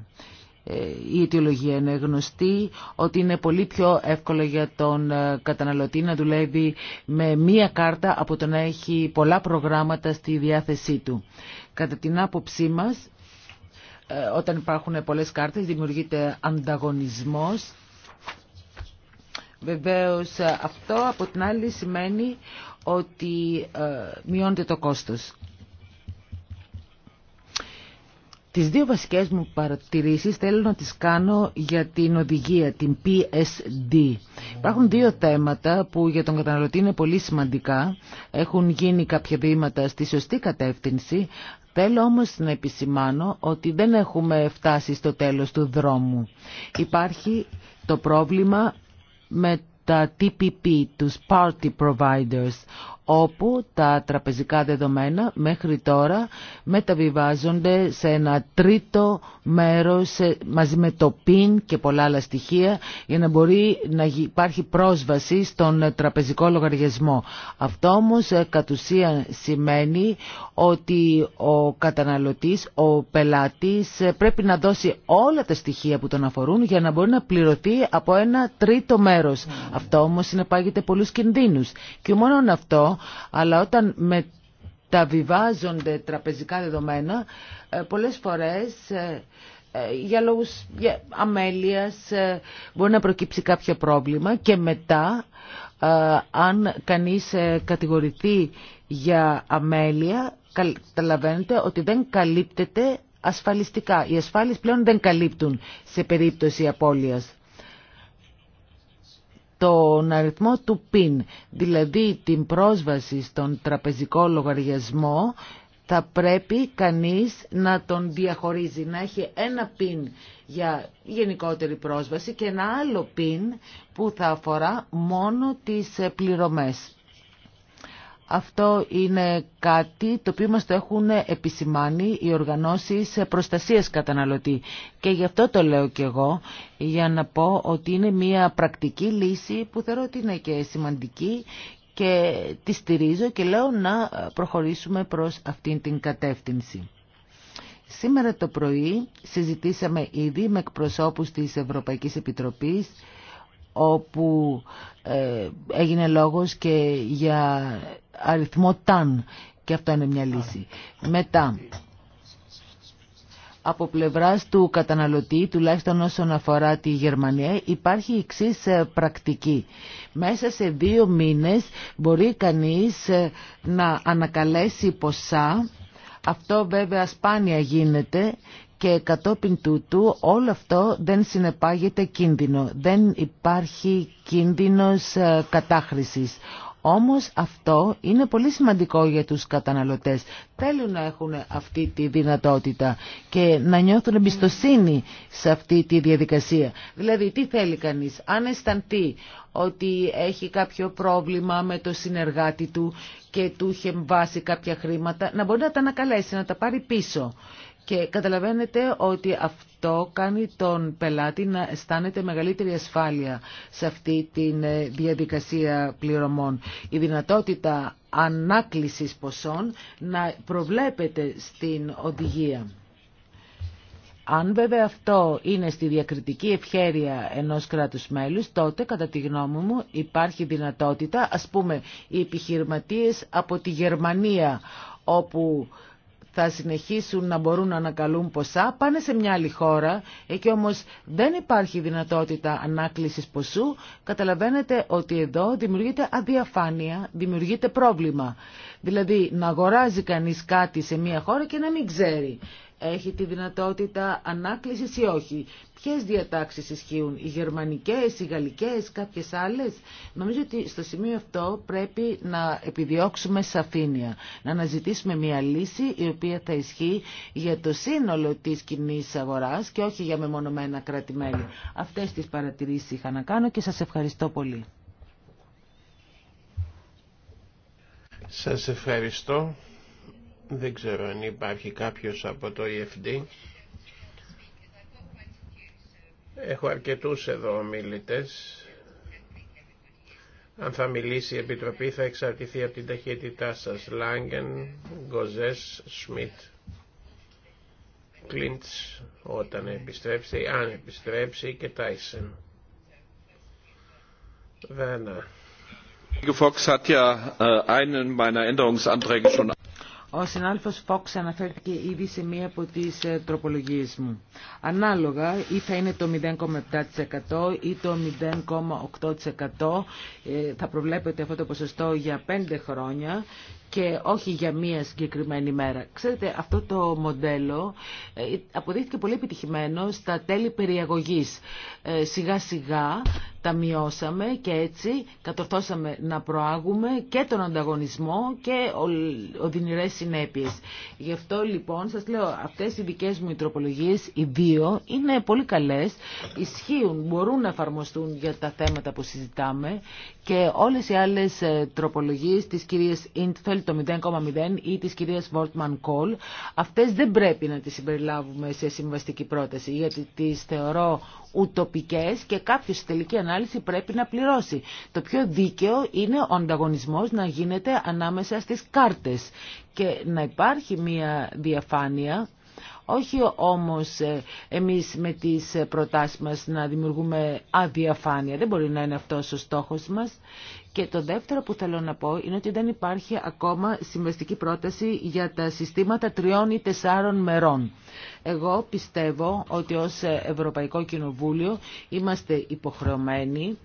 Ε, η αιτιολογία είναι γνωστή ότι είναι πολύ πιο εύκολο για τον ε, καταναλωτή να δουλεύει με μία κάρτα από το να έχει πολλά προγράμματα στη διάθεσή του. Κατά την άποψή μας ε, όταν υπάρχουν πολλές κάρτες δημιουργείται ανταγωνισμός. Βεβαίως ε, αυτό από την άλλη σημαίνει ότι ε, μειώνεται το κόστος. Τις δύο βασικές μου παρατηρήσεις θέλω να τις κάνω για την οδηγία, την PSD. Υπάρχουν δύο θέματα που για τον καταναλωτή είναι πολύ σημαντικά. Έχουν γίνει κάποια βήματα στη σωστή κατεύθυνση, Θέλω όμως να επισημάνω ότι δεν έχουμε φτάσει στο τέλος του δρόμου. Υπάρχει το πρόβλημα με τα TPP, τους Party Providers, όπου τα τραπεζικά δεδομένα μέχρι τώρα μεταβιβάζονται σε ένα τρίτο μέρος μαζί με το PIN και πολλά άλλα στοιχεία για να μπορεί να υπάρχει πρόσβαση στον τραπεζικό λογαριασμό. Αυτό όμως ε, κατ' ουσία σημαίνει ότι ο καταναλωτής, ο πελάτης ε, πρέπει να δώσει όλα τα στοιχεία που τον αφορούν για να μπορεί να πληρωθεί από ένα τρίτο μέρος. Mm. Αυτό όμως συνεπάγεται πολλούς κινδύνους. Και μόνο αυτό αλλά όταν μεταβιβάζονται τραπεζικά δεδομένα, ε, πολλές φορές ε, ε, για λόγους για αμέλειας μπορεί να προκύψει κάποιο πρόβλημα και μετά αν κανείς κατηγορηθεί για αμέλεια καταλαβαίνετε ότι δεν καλύπτεται ασφαλιστικά. Οι ασφάλειες πλέον δεν καλύπτουν σε περίπτωση απώλειας τον αριθμό του ΠΙΝ, δηλαδή την πρόσβαση στον τραπεζικό λογαριασμό, θα πρέπει κανείς να τον διαχωρίζει, να έχει ένα πιν για γενικότερη πρόσβαση και ένα άλλο πιν που θα αφορά μόνο τις πληρωμές. Αυτό είναι κάτι το οποίο μας το έχουν επισημάνει οι οργανώσεις προστασίας καταναλωτή. Και γι' αυτό το λέω και εγώ, για να πω ότι είναι μια πρακτική λύση που θεωρώ ότι είναι και σημαντική και τη στηρίζω και λέω να προχωρήσουμε προς αυτήν την κατεύθυνση. Σήμερα το πρωί συζητήσαμε ήδη με εκπροσώπους της Ευρωπαϊκής Επιτροπής όπου ε, έγινε λόγος και για αριθμό ΤΑΝ και αυτό είναι μια λύση. Μετά, από πλευράς του καταναλωτή, τουλάχιστον όσον αφορά τη Γερμανία, υπάρχει εξή ε, πρακτική. Μέσα σε δύο μήνες μπορεί κανείς ε, να ανακαλέσει ποσά. Αυτό βέβαια σπάνια γίνεται και κατόπιν τούτου όλο αυτό δεν συνεπάγεται κίνδυνο. Δεν υπάρχει κίνδυνος ε, κατάχρησης. Όμως αυτό είναι πολύ σημαντικό για τους καταναλωτές. Θέλουν να έχουν αυτή τη δυνατότητα και να νιώθουν εμπιστοσύνη σε αυτή τη διαδικασία. Δηλαδή τι θέλει κανείς, αν αισθανθεί ότι έχει κάποιο πρόβλημα με το συνεργάτη του και του είχε βάσει κάποια χρήματα, να μπορεί να τα ανακαλέσει, να τα πάρει πίσω. Και καταλαβαίνετε ότι αυτό κάνει τον πελάτη να αισθάνεται μεγαλύτερη ασφάλεια σε αυτή τη ε, διαδικασία πληρωμών. Η δυνατότητα ανάκλησης ποσών να προβλέπεται στην οδηγία. Αν βέβαια αυτό είναι στη διακριτική ευχέρεια ενός κράτους μέλους, τότε κατά τη γνώμη μου υπάρχει δυνατότητα, ας πούμε, οι επιχειρηματίες από τη Γερμανία, όπου θα συνεχίσουν να μπορούν να ανακαλούν ποσά, πάνε σε μια άλλη χώρα. Εκεί όμως δεν υπάρχει δυνατότητα ανάκλησης ποσού. Καταλαβαίνετε ότι εδώ δημιουργείται αδιαφάνεια, δημιουργείται πρόβλημα. Δηλαδή να αγοράζει κανείς κάτι σε μια χώρα και να μην ξέρει έχει τη δυνατότητα ανάκλησης ή όχι. Ποιες διατάξεις ισχύουν, οι γερμανικές, οι γαλλικές, κάποιες άλλες. Νομίζω ότι στο σημείο αυτό πρέπει να επιδιώξουμε σαφήνεια, να αναζητήσουμε μια λύση η οποία θα ισχύει για το σύνολο της κοινή αγοράς και όχι για μεμονωμένα κρατημέλη. Αυτές τις παρατηρήσεις είχα να κάνω και σας ευχαριστώ πολύ. Σας ευχαριστώ. Δεν ξέρω αν υπάρχει κάποιος από το EFD. Έχω αρκετούς εδώ ομιλητές. Αν θα μιλήσει η Επιτροπή θα εξαρτηθεί από την ταχύτητά σας. Λάγκεν, Γκοζές, Σμιτ, Κλίντς όταν επιστρέψει, αν επιστρέψει και Τάισεν. Βένα. Fox έχει ja äh, einen meiner Änderungsanträge schon ο συνάδελφος Φόξ αναφέρθηκε ήδη σε μία από τις ε, τροπολογίες μου. Ανάλογα ή θα είναι το 0,7% ή το 0,8% ε, θα προβλέπεται αυτό το ποσοστό για πέντε χρόνια και όχι για μία συγκεκριμένη μέρα. Ξέρετε, αυτό το μοντέλο ε, αποδείχθηκε πολύ επιτυχημένο στα τέλη περιαγωγής. Ε, σιγά σιγά τα μειώσαμε και έτσι κατορθώσαμε να προάγουμε και τον ανταγωνισμό και οδυνηρές συνέπειες. Γι' αυτό λοιπόν σας λέω αυτές οι δικές μου τροπολογίες, οι δύο, είναι πολύ καλές, ισχύουν, μπορούν να εφαρμοστούν για τα θέματα που συζητάμε και όλες οι άλλες ε, τροπολογίες της κυρίας Ιντφελτ το 0,0 ή της κυρίας Βόρτμαν Κόλ, αυτές δεν πρέπει να τις συμπεριλάβουμε σε συμβαστική πρόταση, γιατί τις θεωρώ ουτοπικές και κάποιος στη τελική ανάλυση πρέπει να πληρώσει. Το πιο δίκαιο είναι ο ανταγωνισμός να γίνεται ανάμεσα στις κάρτες και να υπάρχει μια διαφάνεια όχι όμως ε, εμείς με τις προτάσεις μας να δημιουργούμε αδιαφάνεια. Δεν μπορεί να είναι αυτός ο στόχος μας. Και το δεύτερο που θέλω να πω είναι ότι δεν υπάρχει ακόμα συμβαστική πρόταση για τα συστήματα τριών ή τεσσάρων μερών. Εγώ πιστεύω ότι ως Ευρωπαϊκό Κοινοβούλιο είμαστε υποχρεωμένοι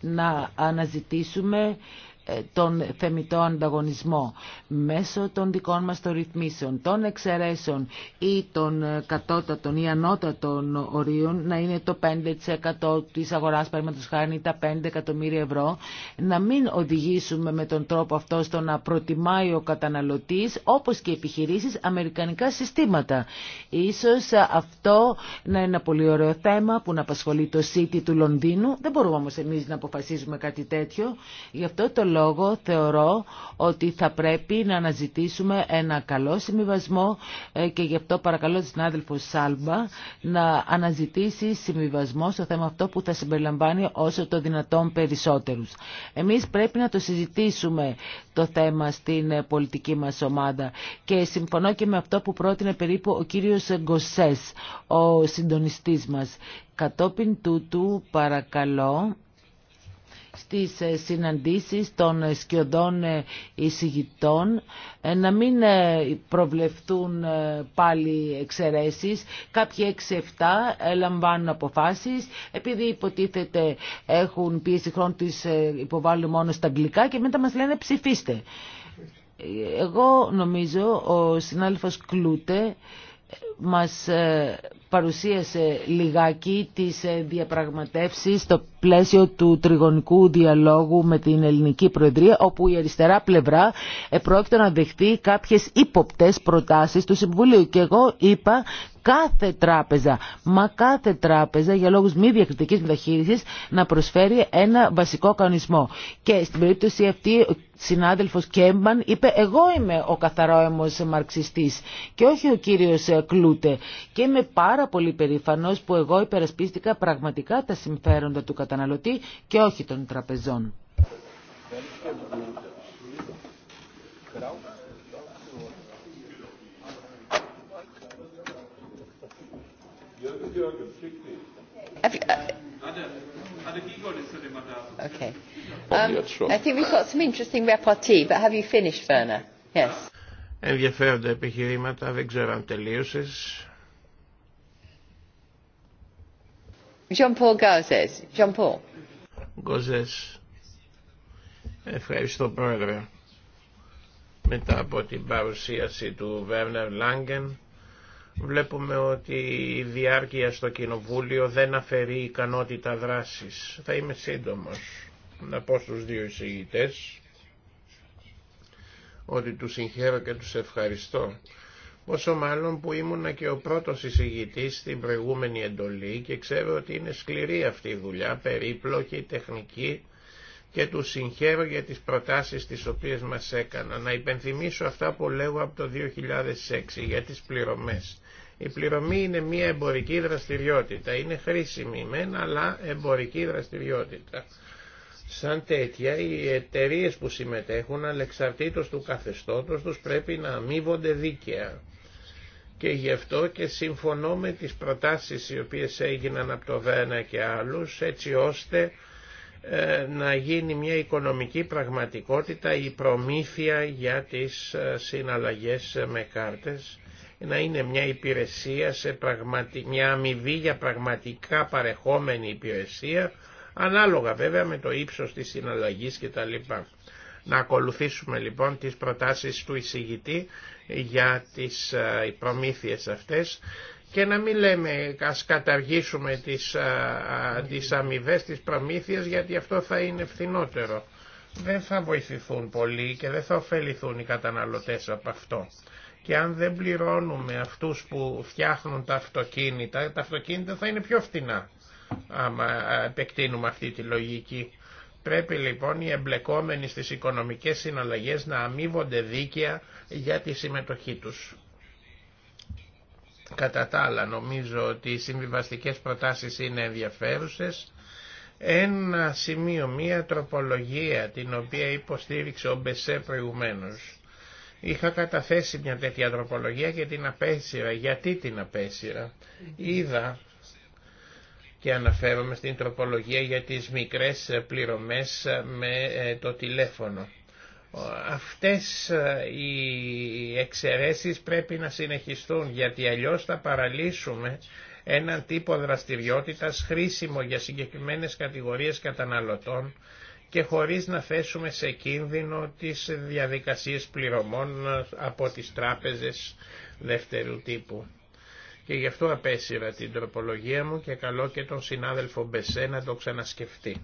να αναζητήσουμε ε, τον θεμητό ανταγωνισμό μέσω των δικών μας των ρυθμίσεων, των εξαιρέσεων ή των ε, κατώτατων ή ανώτατων ορίων να είναι το 5% της αγοράς παραδείγματος χάνει τα 5 εκατομμύρια ευρώ να μην οδηγήσουμε με τον τρόπο αυτό στο να προτιμάει ο καταναλωτής όπως και επιχειρήσεις αμερικανικά συστήματα. Ίσως ε, αυτό να είναι ένα πολύ ωραίο θέμα που να απασχολεί το City του Λονδίνου. Δεν μπορούμε όμως εμείς να αποφασίζουμε κάτι τέτοιο. Γι' αυτό το λόγο θεωρώ ότι θα πρέπει να αναζητήσουμε ένα καλό συμβιβασμό ε, και γι' αυτό παρακαλώ τον συνάδελφο Σάλμπα να αναζητήσει συμβιβασμό στο θέμα αυτό που θα συμπεριλαμβάνει όσο το δυνατόν περισσότερους. Εμείς πρέπει να το συζητήσουμε το θέμα στην ε, πολιτική μας ομάδα και συμφωνώ και με αυτό που πρότεινε περίπου ο κύριος Γκοσές, ο συντονιστής μας. Κατόπιν τούτου παρακαλώ στις ε, συναντήσεις των ε, σκιωδών ε, εισηγητών να μην προβλεφθούν πάλι εξαιρέσεις. Κάποιοι 6-7 λαμβάνουν αποφάσεις επειδή υποτίθεται έχουν πίεση χρόνου τις υποβάλλουν μόνο στα αγγλικά και μετά μας λένε ψηφίστε. Εγώ νομίζω ο συνάδελφος Κλούτε μας ε, παρουσίασε λιγάκι τις ε, διαπραγματεύσεις στο πλαίσιο του τριγωνικού διαλόγου με την ελληνική προεδρία όπου η αριστερά πλευρά πρόκειται να δεχτεί κάποιες ύποπτες προτάσεις του Συμβουλίου και εγώ είπα κάθε τράπεζα, μα κάθε τράπεζα για λόγους μη διακριτικής μεταχείρισης να προσφέρει ένα βασικό κανονισμό. Και στην περίπτωση αυτή ο συνάδελφος Κέμπαν είπε εγώ είμαι ο καθαρόαιμος μαρξιστής και όχι ο κύριος Κλούτε και είμαι πάρα πολύ περήφανος που εγώ υπερασπίστηκα πραγματικά τα συμφέροντα του καταναλωτή και όχι των τραπεζών. Okay. Um, I think we've got some interesting repartee, but have you finished, Werner? Yes. Ενδιαφέροντα επιχειρήματα, δεν ξέρω αν τελείωσες. Jean-Paul Gauzes. Jean-Paul. Gauzes. Ευχαριστώ, Πρόεδρε. Μετά από την παρουσίαση του Βέρνερ Λάγκεν, Βλέπουμε ότι η διάρκεια στο Κοινοβούλιο δεν αφαιρεί ικανότητα δράσης. Θα είμαι σύντομος να πω στους δύο εισηγητές ότι τους συγχαίρω και τους ευχαριστώ. Πόσο μάλλον που ήμουνα και ο πρώτος εισηγητής στην προηγούμενη εντολή και ξέρω ότι είναι σκληρή αυτή η δουλειά, περίπλοκη, τεχνική και του συγχαίρω για τις προτάσεις τις οποίες μας έκανα. Να υπενθυμίσω αυτά που λέγω από το 2006 για τις πληρωμές. Η πληρωμή είναι μια εμπορική δραστηριότητα, είναι χρήσιμη μεν αλλά εμπορική δραστηριότητα. Σαν τέτοια οι εταιρείε που συμμετέχουν αλεξαρτήτως του καθεστώτος τους πρέπει να αμείβονται δίκαια. Και γι' αυτό και συμφωνώ με τις προτάσεις οι οποίες έγιναν από το ΒΕΝΑ και άλλους έτσι ώστε ε, να γίνει μια οικονομική πραγματικότητα η προμήθεια για τις ε, συναλλαγές με κάρτες, να είναι μια υπηρεσία, σε πραγματι... μια αμοιβή για πραγματικά παρεχόμενη υπηρεσία, ανάλογα βέβαια με το ύψος της συναλλαγής κτλ. Να ακολουθήσουμε λοιπόν τις προτάσεις του εισηγητή για τις ε, προμήθειες αυτές και να μην λέμε ας καταργήσουμε τις, α, τις αμοιβέ τις προμήθειες γιατί αυτό θα είναι φθηνότερο. Δεν θα βοηθηθούν πολύ και δεν θα ωφεληθούν οι καταναλωτές από αυτό. Και αν δεν πληρώνουμε αυτούς που φτιάχνουν τα αυτοκίνητα, τα αυτοκίνητα θα είναι πιο φθηνά άμα επεκτείνουμε αυτή τη λογική. Πρέπει λοιπόν οι εμπλεκόμενοι στις οικονομικές συναλλαγές να αμείβονται δίκαια για τη συμμετοχή τους. Κατά τα άλλα νομίζω ότι οι συμβιβαστικές προτάσεις είναι ενδιαφέρουσες. Ένα σημείο, μία τροπολογία την οποία υποστήριξε ο Μπεσέ προηγουμένως. Είχα καταθέσει μια τέτοια τροπολογία και την απέσυρα. Γιατί την απέσυρα. Είδα και αναφέρομαι στην τροπολογία για τις μικρές πληρωμές με ε, το τηλέφωνο. Αυτές ε, οι εξαιρέσεις πρέπει να συνεχιστούν γιατί αλλιώς θα παραλύσουμε έναν τύπο δραστηριότητας χρήσιμο για συγκεκριμένες κατηγορίες καταναλωτών και χωρίς να θέσουμε σε κίνδυνο τις διαδικασίες πληρωμών ε, από τις τράπεζες δεύτερου τύπου. Και γι' αυτό απέσυρα την τροπολογία μου και καλό και τον συνάδελφο Μπεσέ να το ξανασκεφτεί.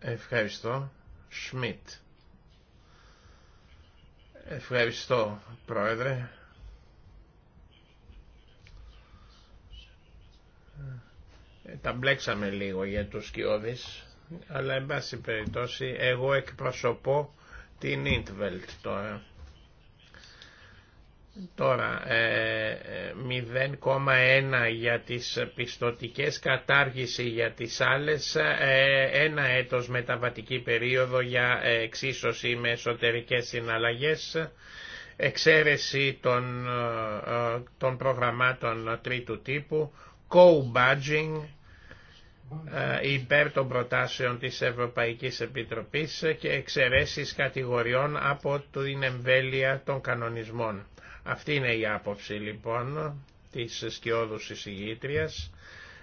Ευχαριστώ. Σμιτ. Ευχαριστώ, Πρόεδρε. Ε, τα μπλέξαμε λίγο για τους σκιώδεις, αλλά εν πάση περιπτώσει εγώ εκπροσωπώ την Ιντβελτ τώρα. Τώρα, 0,1 ε, ε, για τις πιστοτικές κατάργηση για τις άλλες, ε, ένα έτος μεταβατική περίοδο για εξίσωση με εσωτερικές συναλλαγές, εξαίρεση των, των προγραμμάτων τρίτου τύπου, co-badging, υπέρ των προτάσεων της Ευρωπαϊκής Επιτροπής και εξαιρέσεις κατηγοριών από την εμβέλεια των κανονισμών. Αυτή είναι η άποψη λοιπόν της σκιώδους εισηγήτριας.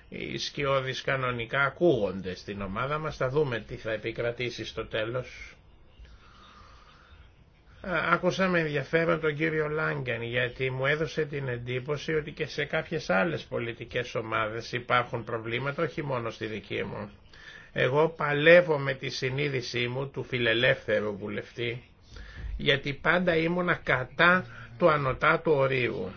Οι σκιώδεις κανονικά ακούγονται στην ομάδα μας, θα δούμε τι θα επικρατήσει στο τέλος. Άκουσα με ενδιαφέρον τον κύριο Λάγκεν γιατί μου έδωσε την εντύπωση ότι και σε κάποιες άλλες πολιτικές ομάδες υπάρχουν προβλήματα, όχι μόνο στη δική μου. Εγώ παλεύω με τη συνείδησή μου του φιλελεύθερου βουλευτή γιατί πάντα ήμουνα κατά του ανωτάτου ορίου.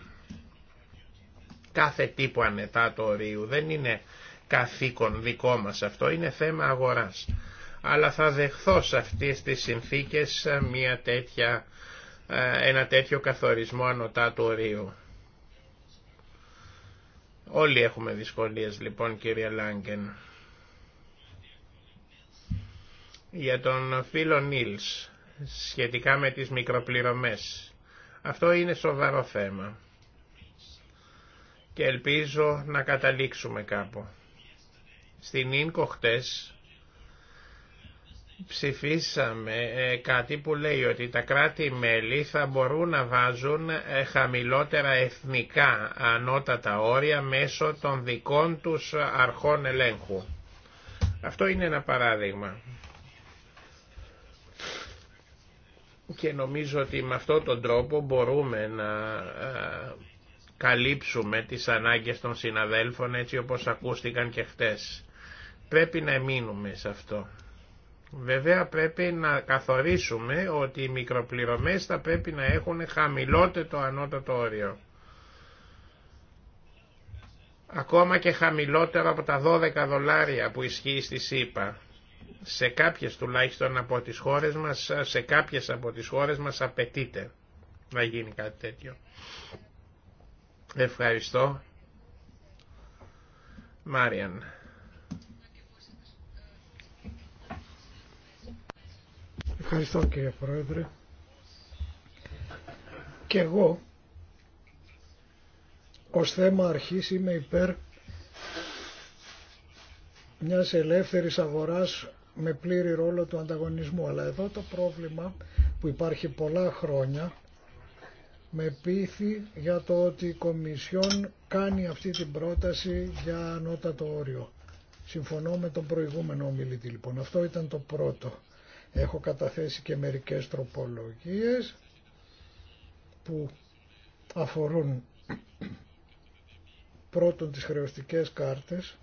Κάθε τύπου ανετάτου ορίου δεν είναι καθήκον δικό μας αυτό, είναι θέμα αγοράς. Αλλά θα δεχθώ σε αυτές τις συνθήκες ε, μια τέτοια, ε, ένα τέτοιο καθορισμό ανωτάτου ορίου. Όλοι έχουμε δυσκολίες λοιπόν κύριε Λάγκεν. Για τον φίλο Νίλς σχετικά με τις μικροπληρωμές. Αυτό είναι σοβαρό θέμα και ελπίζω να καταλήξουμε κάπου. Στην ΙΝΚΟ χτες ψηφίσαμε ε, κάτι που λέει ότι τα κράτη-μέλη θα μπορούν να βάζουν ε, χαμηλότερα εθνικά ανώτατα όρια μέσω των δικών τους αρχών ελέγχου. Αυτό είναι ένα παράδειγμα. και νομίζω ότι με αυτόν τον τρόπο μπορούμε να ε, καλύψουμε τις ανάγκες των συναδέλφων έτσι όπως ακούστηκαν και χτες. Πρέπει να μείνουμε σε αυτό. Βέβαια πρέπει να καθορίσουμε ότι οι μικροπληρωμές θα πρέπει να έχουν χαμηλότερο ανώτατο όριο. Ακόμα και χαμηλότερο από τα 12 δολάρια που ισχύει στη ΣΥΠΑ σε κάποιες τουλάχιστον από τις χώρες μας, σε κάποιες από τις χώρες μας απαιτείται να γίνει κάτι τέτοιο. Ευχαριστώ. Μάριαν. Ευχαριστώ κύριε Πρόεδρε. Και εγώ ως θέμα αρχής είμαι υπέρ μιας ελεύθερης αγοράς με πλήρη ρόλο του ανταγωνισμού. Αλλά εδώ το πρόβλημα που υπάρχει πολλά χρόνια με πείθη για το ότι η Κομισιόν κάνει αυτή την πρόταση για ανώτατο όριο. Συμφωνώ με τον προηγούμενο ομιλητή λοιπόν. Αυτό ήταν το πρώτο. Έχω καταθέσει και μερικές τροπολογίες που αφορούν (clears throat) πρώτον τις χρεωστικές κάρτες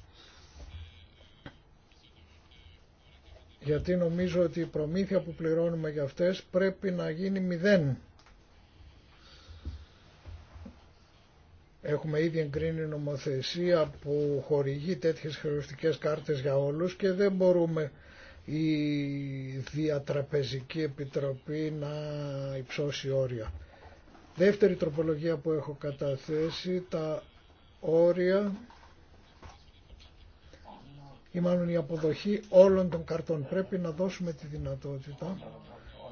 γιατί νομίζω ότι η προμήθεια που πληρώνουμε για αυτές πρέπει να γίνει μηδέν. Έχουμε ήδη εγκρίνει νομοθεσία που χορηγεί τέτοιες χρεωστικές κάρτες για όλους και δεν μπορούμε η Διατραπεζική Επιτροπή να υψώσει όρια. Δεύτερη τροπολογία που έχω καταθέσει, τα όρια ή μάλλον η αποδοχή όλων των καρτών. Πρέπει να δώσουμε τη δυνατότητα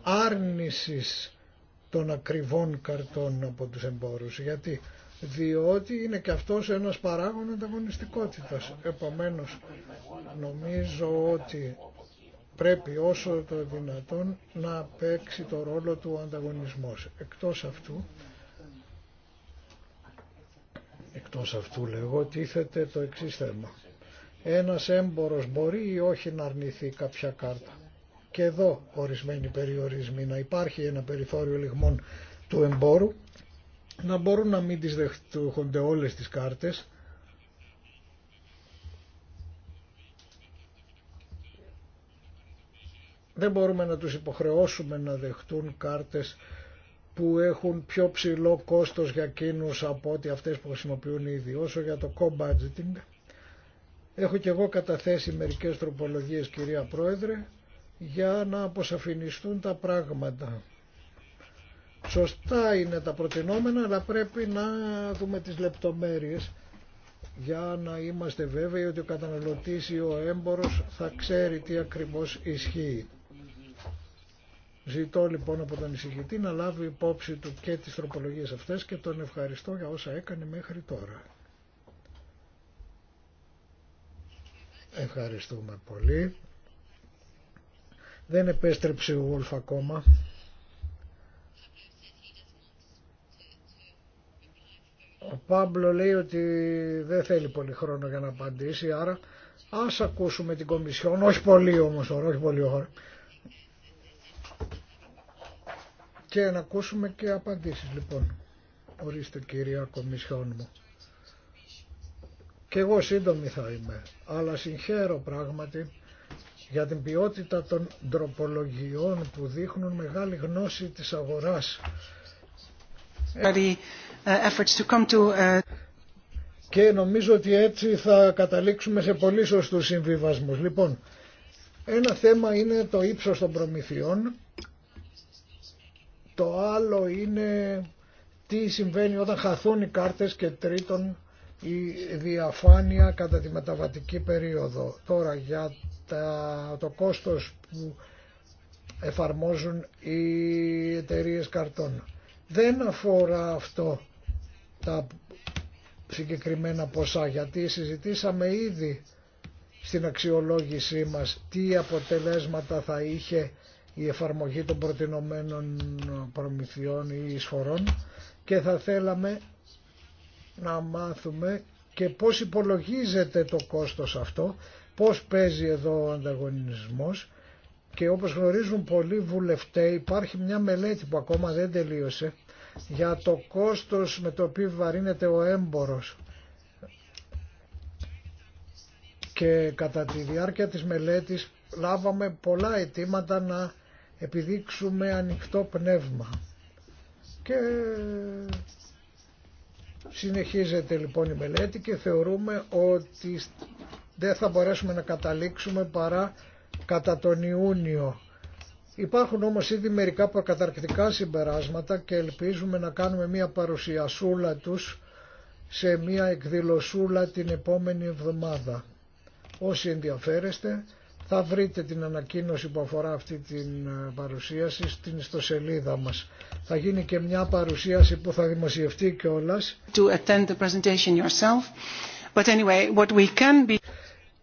άρνησης των ακριβών καρτών από τους εμπόρους. Γιατί διότι είναι και αυτός ένας παράγων ανταγωνιστικότητας. Επομένως, νομίζω ότι πρέπει όσο το δυνατόν να παίξει το ρόλο του ο Εκτός αυτού, εκτός αυτού λέγω, τίθεται το εξής θέμα ένας έμπορος μπορεί ή όχι να αρνηθεί κάποια κάρτα. Και εδώ ορισμένοι περιορισμοί να υπάρχει ένα περιθώριο λιγμών του εμπόρου να μπορούν να μην τις δεχτούνται όλες τις κάρτες δεν μπορούμε να τους υποχρεώσουμε να δεχτούν κάρτες που έχουν πιο ψηλό κόστος για εκείνους από ότι αυτές που χρησιμοποιούν ήδη. Όσο για το co-budgeting, Έχω και εγώ καταθέσει μερικές τροπολογίες κυρία Πρόεδρε για να αποσαφινιστούν τα πράγματα. Σωστά είναι τα προτινόμενα αλλά πρέπει να δούμε τις λεπτομέρειες για να είμαστε βέβαιοι ότι ο καταναλωτής ή ο έμπορος θα ξέρει τι ακριβώς ισχύει. Ζητώ λοιπόν από τον εισηγητή να λάβει υπόψη του και τις τροπολογίες αυτές και τον ευχαριστώ για όσα έκανε μέχρι τώρα. Ευχαριστούμε πολύ. Δεν επέστρεψε ο Γουλφ ακόμα. Ο Πάμπλο λέει ότι δεν θέλει πολύ χρόνο για να απαντήσει, άρα ας ακούσουμε την Κομισιόν, όχι πολύ όμως τώρα, όχι πολύ ώρα. Και να ακούσουμε και απαντήσεις λοιπόν. Ορίστε κυρία Κομισιόν μου. Και εγώ σύντομη θα είμαι, αλλά συγχαίρω πράγματι για την ποιότητα των τροπολογιών που δείχνουν μεγάλη γνώση της αγοράς. Uh, uh, και νομίζω ότι έτσι θα καταλήξουμε σε πολύ σωστου συμβιβασμούς. Λοιπόν, ένα θέμα είναι το ύψος των προμηθειών, το άλλο είναι τι συμβαίνει όταν χαθούν οι κάρτες και τρίτον η διαφάνεια κατά τη μεταβατική περίοδο. Τώρα για το κόστος που εφαρμόζουν οι εταιρείε καρτών. Δεν αφορά αυτό τα συγκεκριμένα ποσά γιατί συζητήσαμε ήδη στην αξιολόγησή μας τι αποτελέσματα θα είχε η εφαρμογή των προτινομένων προμηθειών ή εισφορών και θα θέλαμε να μάθουμε και πώς υπολογίζεται το κόστος αυτό, πώς παίζει εδώ ο ανταγωνισμός και όπως γνωρίζουν πολλοί βουλευτές υπάρχει μια μελέτη που ακόμα δεν τελείωσε για το κόστος με το οποίο βαρύνεται ο έμπορος. Και κατά τη διάρκεια της μελέτης λάβαμε πολλά αιτήματα να επιδείξουμε ανοιχτό πνεύμα. Και Συνεχίζεται λοιπόν η μελέτη και θεωρούμε ότι δεν θα μπορέσουμε να καταλήξουμε παρά κατά τον Ιούνιο. Υπάρχουν όμως ήδη μερικά προκαταρκτικά συμπεράσματα και ελπίζουμε να κάνουμε μία παρουσιασούλα τους σε μία εκδηλωσούλα την επόμενη εβδομάδα. Όσοι ενδιαφέρεστε θα βρείτε την ανακοίνωση που αφορά αυτή την ε, παρουσίαση στην ιστοσελίδα μας. Θα γίνει και μια παρουσίαση που θα δημοσιευτεί κιόλας. To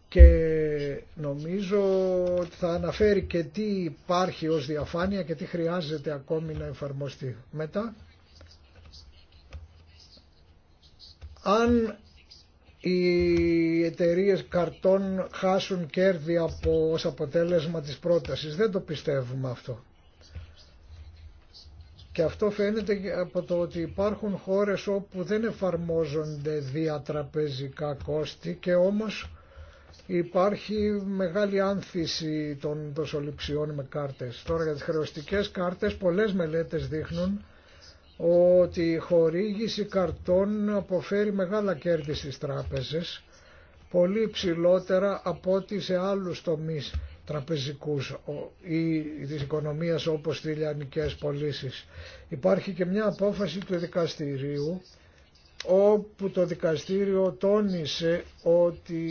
Και νομίζω ότι θα αναφέρει και τι υπάρχει ως διαφάνεια και τι χρειάζεται ακόμη να εφαρμοστεί. Μετά, αν οι εταιρείε καρτών χάσουν κέρδη από, ως αποτέλεσμα της πρότασης. Δεν το πιστεύουμε αυτό. Και αυτό φαίνεται από το ότι υπάρχουν χώρες όπου δεν εφαρμόζονται διατραπεζικά κόστη και όμως υπάρχει μεγάλη άνθηση των δοσοληψιών με κάρτες. Τώρα για τις χρεωστικές κάρτες πολλές μελέτες δείχνουν ότι η χορήγηση καρτών αποφέρει μεγάλα κέρδη στις τράπεζες, πολύ ψηλότερα από ό,τι σε άλλους τομείς τραπεζικούς ή της οικονομίας όπως τι λιανικές πωλήσει. Υπάρχει και μια απόφαση του δικαστηρίου όπου το δικαστήριο τόνισε ότι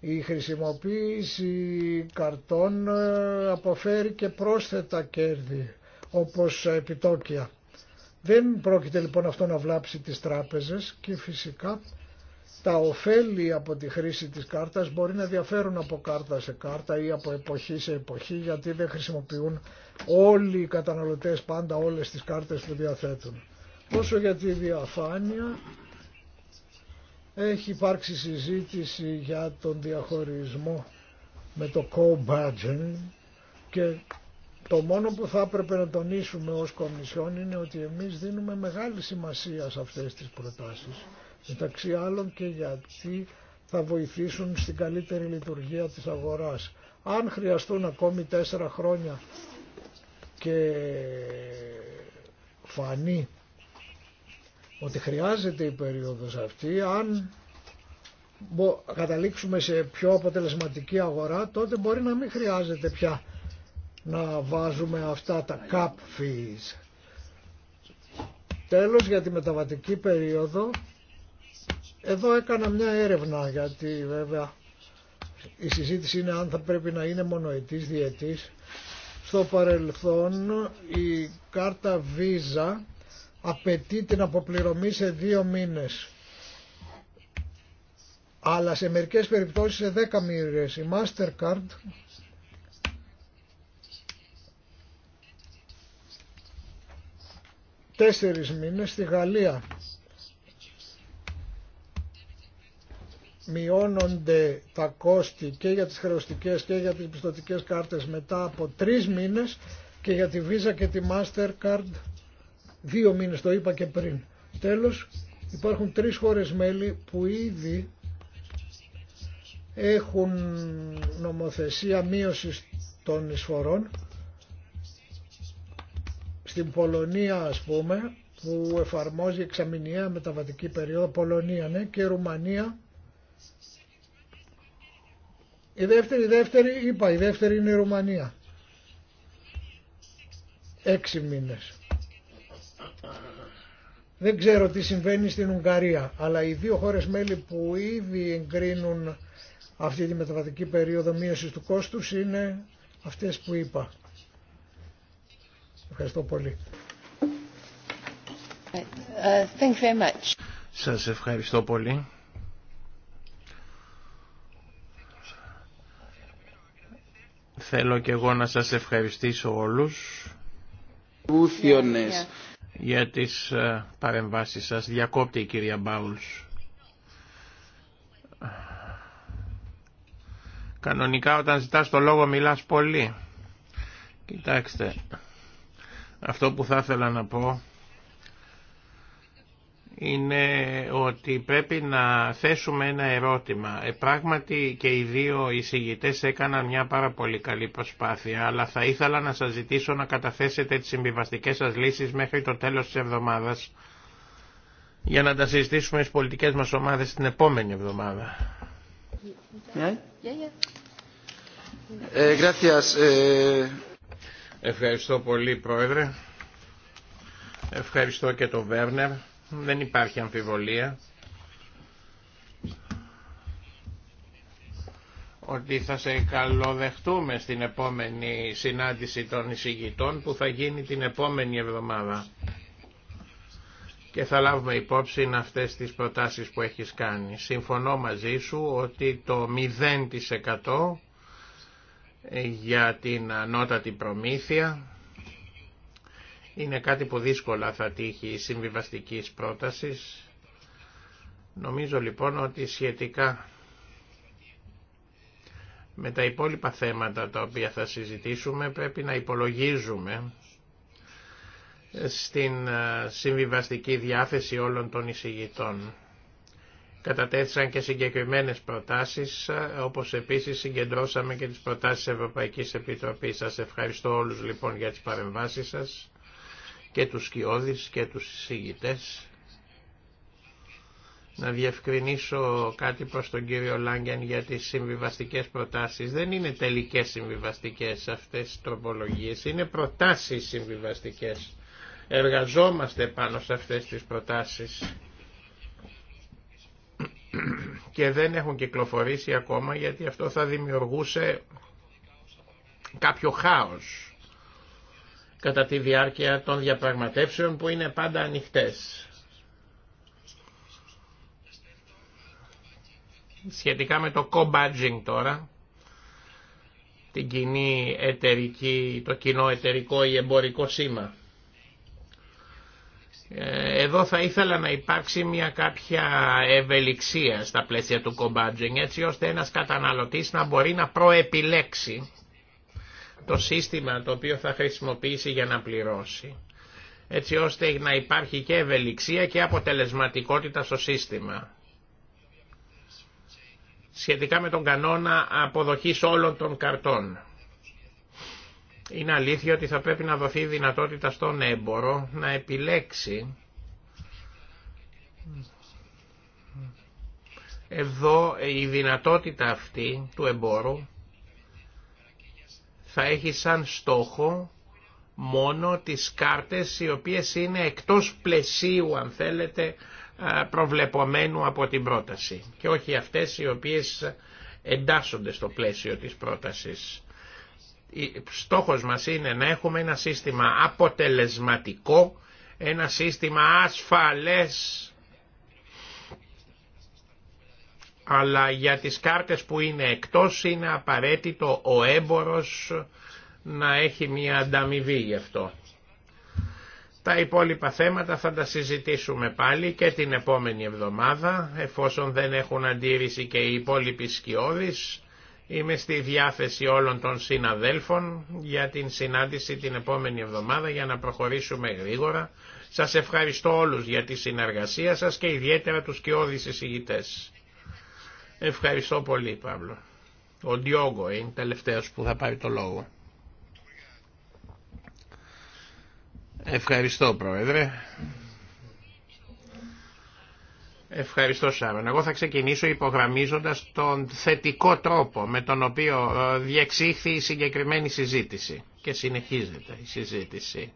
η χρησιμοποίηση καρτών ε, αποφέρει και πρόσθετα κέρδη όπως επιτόκια. Δεν πρόκειται λοιπόν αυτό να βλάψει τις τράπεζες και φυσικά τα ωφέλη από τη χρήση της κάρτας μπορεί να διαφέρουν από κάρτα σε κάρτα ή από εποχή σε εποχή γιατί δεν χρησιμοποιούν όλοι οι καταναλωτές πάντα όλες τις κάρτες που διαθέτουν. Όσο για τη διαφάνεια έχει υπάρξει συζήτηση για τον διαχωρισμό με το co-badging το μόνο που θα έπρεπε να τονίσουμε ως Κομισιόν είναι ότι εμείς δίνουμε μεγάλη σημασία σε αυτές τις προτάσεις, μεταξύ άλλων και γιατί θα βοηθήσουν στην καλύτερη λειτουργία της αγοράς. Αν χρειαστούν ακόμη τέσσερα χρόνια και φανεί ότι χρειάζεται η περίοδος αυτή, αν καταλήξουμε σε πιο αποτελεσματική αγορά, τότε μπορεί να μην χρειάζεται πια να βάζουμε αυτά τα cap fees. Τέλος για τη μεταβατική περίοδο. Εδώ έκανα μια έρευνα γιατί βέβαια η συζήτηση είναι αν θα πρέπει να είναι μονοετής, διετής. Στο παρελθόν η κάρτα Visa απαιτεί την αποπληρωμή σε δύο μήνες. Αλλά σε μερικές περιπτώσεις σε δέκα μήνες. Η Mastercard τέσσερις μήνες στη Γαλλία. Μειώνονται τα κόστη και για τις χρεωστικές και για τις πιστοτικές κάρτες μετά από τρεις μήνες και για τη Visa και τη Mastercard δύο μήνες, το είπα και πριν. Τέλος, υπάρχουν τρεις χώρες μέλη που ήδη έχουν νομοθεσία μείωσης των εισφορών στην Πολωνία ας πούμε που εφαρμόζει εξαμηνιαία μεταβατική περίοδο, Πολωνία ναι, και Ρουμανία. Η δεύτερη, η δεύτερη, είπα, η δεύτερη είναι η Ρουμανία. Έξι μήνες. Δεν ξέρω τι συμβαίνει στην Ουγγαρία, αλλά οι δύο χώρες μέλη που ήδη εγκρίνουν αυτή τη μεταβατική περίοδο μείωσης του κόστους είναι αυτές που είπα. Ευχαριστώ πολύ. Thank ευχαριστώ πολύ. Θέλω και εγώ να σας ευχαριστήσω όλους για τις ε, παρεμβάσεις σας. Διακόπτει η κυρία Μπάουλς. Κανονικά όταν ζητάς το λόγο μιλάς πολύ. Κοιτάξτε, αυτό που θα ήθελα να πω είναι ότι πρέπει να θέσουμε ένα ερώτημα. Ε, πράγματι και οι δύο εισηγητές έκαναν μια πάρα πολύ καλή προσπάθεια, αλλά θα ήθελα να σας ζητήσω να καταθέσετε τις συμβιβαστικές σας λύσεις μέχρι το τέλος της εβδομάδας, για να τα συζητήσουμε στις πολιτικές μας ομάδες την επόμενη εβδομάδα. Ναι. Ε, ε, Ευχαριστώ πολύ Πρόεδρε. Ευχαριστώ και τον Βέρνερ. Δεν υπάρχει αμφιβολία ότι θα σε καλοδεχτούμε στην επόμενη συνάντηση των εισηγητών που θα γίνει την επόμενη εβδομάδα και θα λάβουμε υπόψη αυτές τις προτάσεις που έχεις κάνει. Συμφωνώ μαζί σου ότι το 0% για την ανώτατη προμήθεια. Είναι κάτι που δύσκολα θα τύχει η συμβιβαστική πρόταση. Νομίζω λοιπόν ότι σχετικά με τα υπόλοιπα θέματα τα οποία θα συζητήσουμε πρέπει να υπολογίζουμε στην ε, συμβιβαστική διάθεση όλων των εισηγητών. Κατατέθησαν και συγκεκριμένες προτάσεις, ε, όπως επίσης συγκεντρώσαμε και τις προτάσεις Ευρωπαϊκής Επιτροπής. Σας ευχαριστώ όλους λοιπόν για τις παρεμβάσεις σας και τους σκιώδεις και τους συζητητές. Να διευκρινίσω κάτι προς τον κύριο Λάγκεν για τις συμβιβαστικές προτάσεις. Δεν είναι τελικές συμβιβαστικές αυτές οι τροπολογίες, είναι προτάσεις συμβιβαστικές. Εργαζόμαστε πάνω σε αυτές τις προτάσεις και δεν έχουν κυκλοφορήσει ακόμα γιατί αυτό θα δημιουργούσε κάποιο χάος κατά τη διάρκεια των διαπραγματεύσεων που είναι πάντα ανοιχτές. Σχετικά με το co-badging τώρα, την κοινή το κοινό εταιρικό ή εμπορικό σήμα. Ε, εδώ θα ήθελα να υπάρξει μια κάποια ευελιξία στα πλαίσια του κομπάντζινγκ έτσι ώστε ένας καταναλωτής να μπορεί να προεπιλέξει το σύστημα το οποίο θα χρησιμοποιήσει για να πληρώσει έτσι ώστε να υπάρχει και ευελιξία και αποτελεσματικότητα στο σύστημα. Σχετικά με τον κανόνα αποδοχής όλων των καρτών. Είναι αλήθεια ότι θα πρέπει να δοθεί η δυνατότητα στον έμπορο να επιλέξει εδώ η δυνατότητα αυτή του εμπόρου θα έχει σαν στόχο μόνο τις κάρτες οι οποίες είναι εκτός πλαισίου αν θέλετε προβλεπομένου από την πρόταση και όχι αυτές οι οποίες εντάσσονται στο πλαίσιο της πρότασης στόχος μας είναι να έχουμε ένα σύστημα αποτελεσματικό, ένα σύστημα ασφαλές, αλλά για τις κάρτες που είναι εκτός είναι απαραίτητο ο έμπορος να έχει μια ανταμοιβή γι' αυτό. Τα υπόλοιπα θέματα θα τα συζητήσουμε πάλι και την επόμενη εβδομάδα, εφόσον δεν έχουν αντίρρηση και οι υπόλοιποι σκιώδεις. Είμαι στη διάθεση όλων των συναδέλφων για την συνάντηση την επόμενη εβδομάδα για να προχωρήσουμε γρήγορα. Σας ευχαριστώ όλους για τη συνεργασία σας και ιδιαίτερα τους κοιόδης εισηγητές. Ευχαριστώ πολύ Παύλο. Ο Ντιόγκο είναι τελευταίος που θα πάρει το λόγο. Ευχαριστώ Πρόεδρε. Ευχαριστώ Σάρων. Εγώ θα ξεκινήσω υπογραμμίζοντας τον θετικό τρόπο με τον οποίο ε, διεξήχθη η συγκεκριμένη συζήτηση και συνεχίζεται η συζήτηση.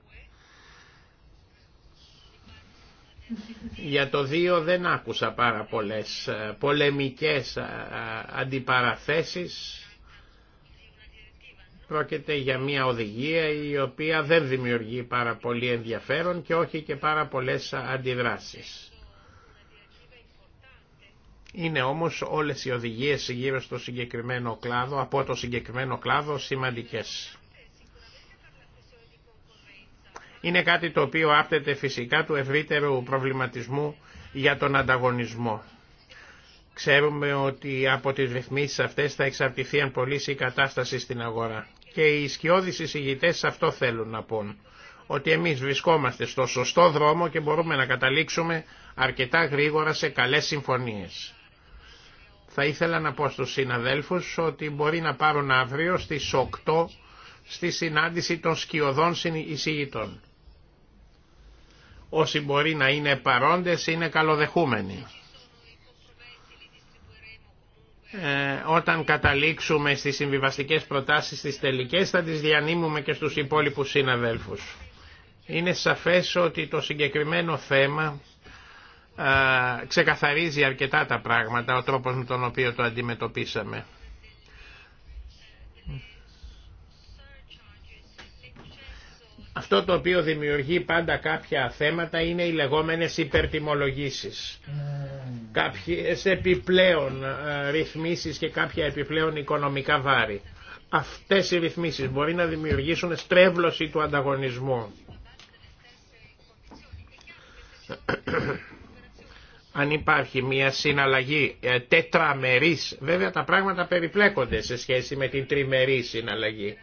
Για το δύο δεν άκουσα πάρα πολλές ε, πολεμικές ε, αντιπαραθέσεις. Πρόκειται για μια οδηγία η οποία δεν δημιουργεί πάρα πολύ ενδιαφέρον και όχι και πάρα πολλές αντιδράσεις. Είναι όμως όλες οι οδηγίες γύρω στο συγκεκριμένο κλάδο, από το συγκεκριμένο κλάδο, σημαντικές. Είναι κάτι το οποίο άπτεται φυσικά του ευρύτερου προβληματισμού για τον ανταγωνισμό. Ξέρουμε ότι από τις ρυθμίσεις αυτές θα εξαρτηθεί αν η κατάσταση στην αγορά. Και οι ισχυώδεις εισηγητές αυτό θέλουν να πούν. Ότι εμείς βρισκόμαστε στο σωστό δρόμο και μπορούμε να καταλήξουμε αρκετά γρήγορα σε καλές συμφωνίες. Θα ήθελα να πω στους συναδέλφους ότι μπορεί να πάρουν αύριο στις 8 στη συνάντηση των σκιωδών εισηγητών. Όσοι μπορεί να είναι παρόντες είναι καλοδεχούμενοι. Ε, όταν καταλήξουμε στις συμβιβαστικές προτάσεις τις τελικές θα τις διανύμουμε και στους υπόλοιπους συναδέλφους. Είναι σαφές ότι το συγκεκριμένο θέμα ξεκαθαρίζει αρκετά τα πράγματα ο τρόπος με τον οποίο το αντιμετωπίσαμε. Αυτό το οποίο δημιουργεί πάντα κάποια θέματα είναι οι λεγόμενες υπερτιμολογήσεις. Κάποιες επιπλέον ρυθμίσεις και κάποια επιπλέον οικονομικά βάρη. Αυτές οι ρυθμίσεις μπορεί να δημιουργήσουν στρέβλωση του ανταγωνισμού αν υπάρχει μια συναλλαγή ε, τετραμερής, βέβαια τα πράγματα περιπλέκονται σε σχέση με την τριμερή συναλλαγή.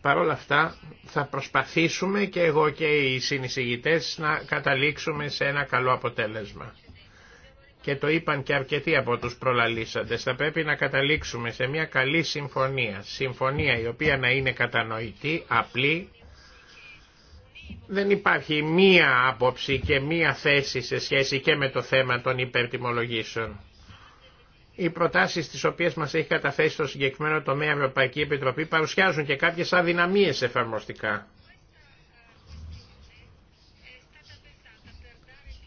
Παρ' όλα αυτά θα προσπαθήσουμε και εγώ και οι συνεισηγητές να καταλήξουμε σε ένα καλό αποτέλεσμα. Και το είπαν και αρκετοί από τους προλαλήσαντες, θα πρέπει να καταλήξουμε σε μια καλή συμφωνία. Συμφωνία η οποία να είναι κατανοητή, απλή, δεν υπάρχει μία άποψη και μία θέση σε σχέση και με το θέμα των υπερτιμολογήσεων. Οι προτάσει τι οποίε μα έχει καταθέσει το συγκεκριμένο τομέα Ευρωπαϊκή Επιτροπή παρουσιάζουν και κάποιε αδυναμίε εφαρμοστικά.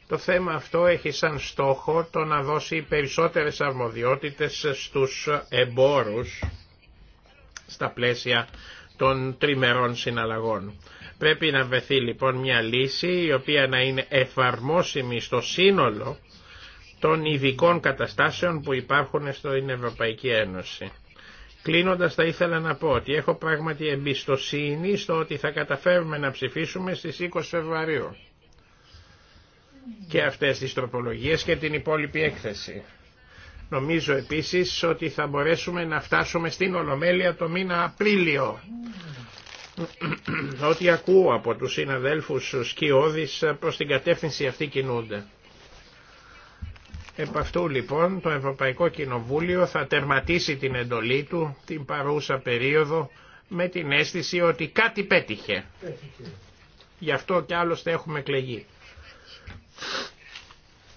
Το θέμα αυτό έχει σαν στόχο το να δώσει περισσότερες αρμοδιότητες στους εμπόρους στα πλαίσια των τριμερών συναλλαγών. Πρέπει να βρεθεί λοιπόν μια λύση η οποία να είναι εφαρμόσιμη στο σύνολο των ειδικών καταστάσεων που υπάρχουν στην Ευρωπαϊκή Ένωση. Κλείνοντας θα ήθελα να πω ότι έχω πράγματι εμπιστοσύνη στο ότι θα καταφέρουμε να ψηφίσουμε στις 20 Φεβρουαρίου και αυτές τις τροπολογίες και την υπόλοιπη έκθεση. Νομίζω επίσης ότι θα μπορέσουμε να φτάσουμε στην Ολομέλεια το μήνα Απρίλιο Ό,τι ακούω από τους συναδέλφους σκιώδης προς την κατεύθυνση αυτή κινούνται. Επ' αυτού λοιπόν το Ευρωπαϊκό Κοινοβούλιο θα τερματίσει την εντολή του την παρούσα περίοδο με την αίσθηση ότι κάτι πέτυχε. Γι' αυτό και άλλωστε έχουμε εκλεγεί.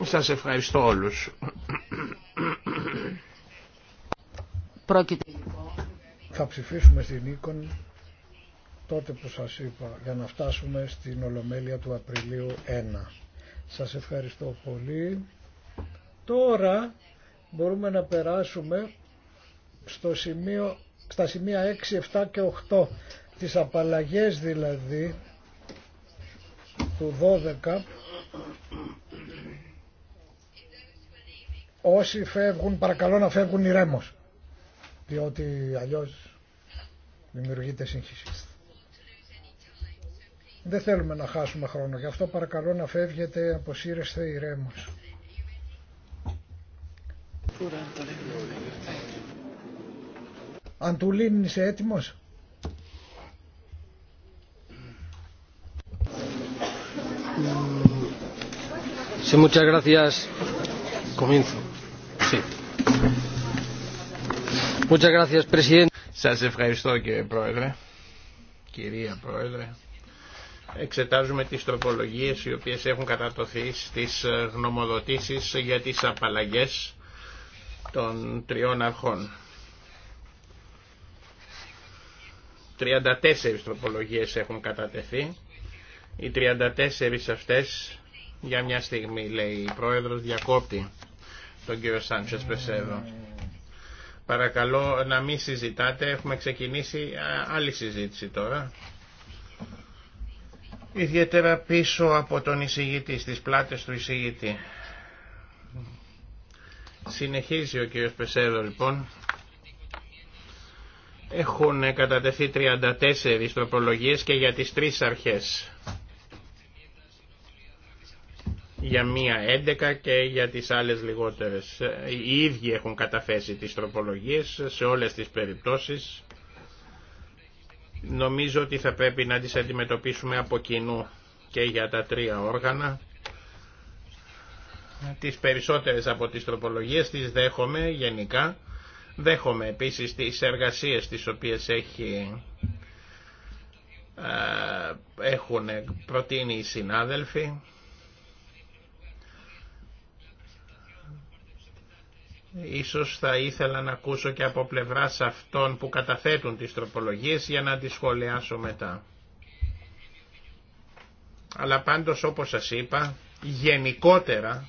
Σας ευχαριστώ όλους. Πρόκειται. Θα ψηφίσουμε στην οίκονη τότε που σας είπα για να φτάσουμε στην Ολομέλεια του Απριλίου 1. Σας ευχαριστώ πολύ. Τώρα μπορούμε να περάσουμε στο σημείο, στα σημεία 6, 7 και 8 τις απαλλαγές δηλαδή του 12 όσοι φεύγουν παρακαλώ να φεύγουν ηρέμως διότι αλλιώς δημιουργείται σύγχυση. Δεν θέλουμε να χάσουμε χρόνο. Γι' αυτό παρακαλώ να φεύγετε, αποσύρεστε ηρέμως. Αντουλίν, είσαι έτοιμος? Σε muchas gracias. Comienzo. Sí. Muchas gracias, presidente. Σας ευχαριστώ κύριε Πρόεδρε. Κυρία Πρόεδρε εξετάζουμε τις τροπολογίες οι οποίες έχουν κατατοθεί στις ε, γνωμοδοτήσεις για τις απαλλαγές των τριών αρχών. 34 τροπολογίες έχουν κατατεθεί. Οι 34 αυτές για μια στιγμή λέει η πρόεδρος διακόπτη τον κύριο Σάντσες Πεσέδο. Παρακαλώ να μην συζητάτε, έχουμε ξεκινήσει ε, άλλη συζήτηση τώρα ιδιαίτερα πίσω από τον εισηγητή, στις πλάτες του εισηγητή. Συνεχίζει ο κύριος Πεσέδο λοιπόν. Έχουν κατατεθεί 34 τροπολογίες και για τις τρεις αρχές. Για μία 11 και για τις άλλες λιγότερες. Οι ίδιοι έχουν καταθέσει τις τροπολογίες σε όλες τις περιπτώσεις. Νομίζω ότι θα πρέπει να τις αντιμετωπίσουμε από κοινού και για τα τρία όργανα. Τις περισσότερες από τις τροπολογίες τις δέχομαι γενικά. Δέχομαι επίσης τις εργασίες τις οποίες έχει, ε, έχουν προτείνει οι συνάδελφοι. Ίσως θα ήθελα να ακούσω και από πλευράς αυτών που καταθέτουν τις τροπολογίες για να τις σχολιάσω μετά. Αλλά πάντως όπως σας είπα, γενικότερα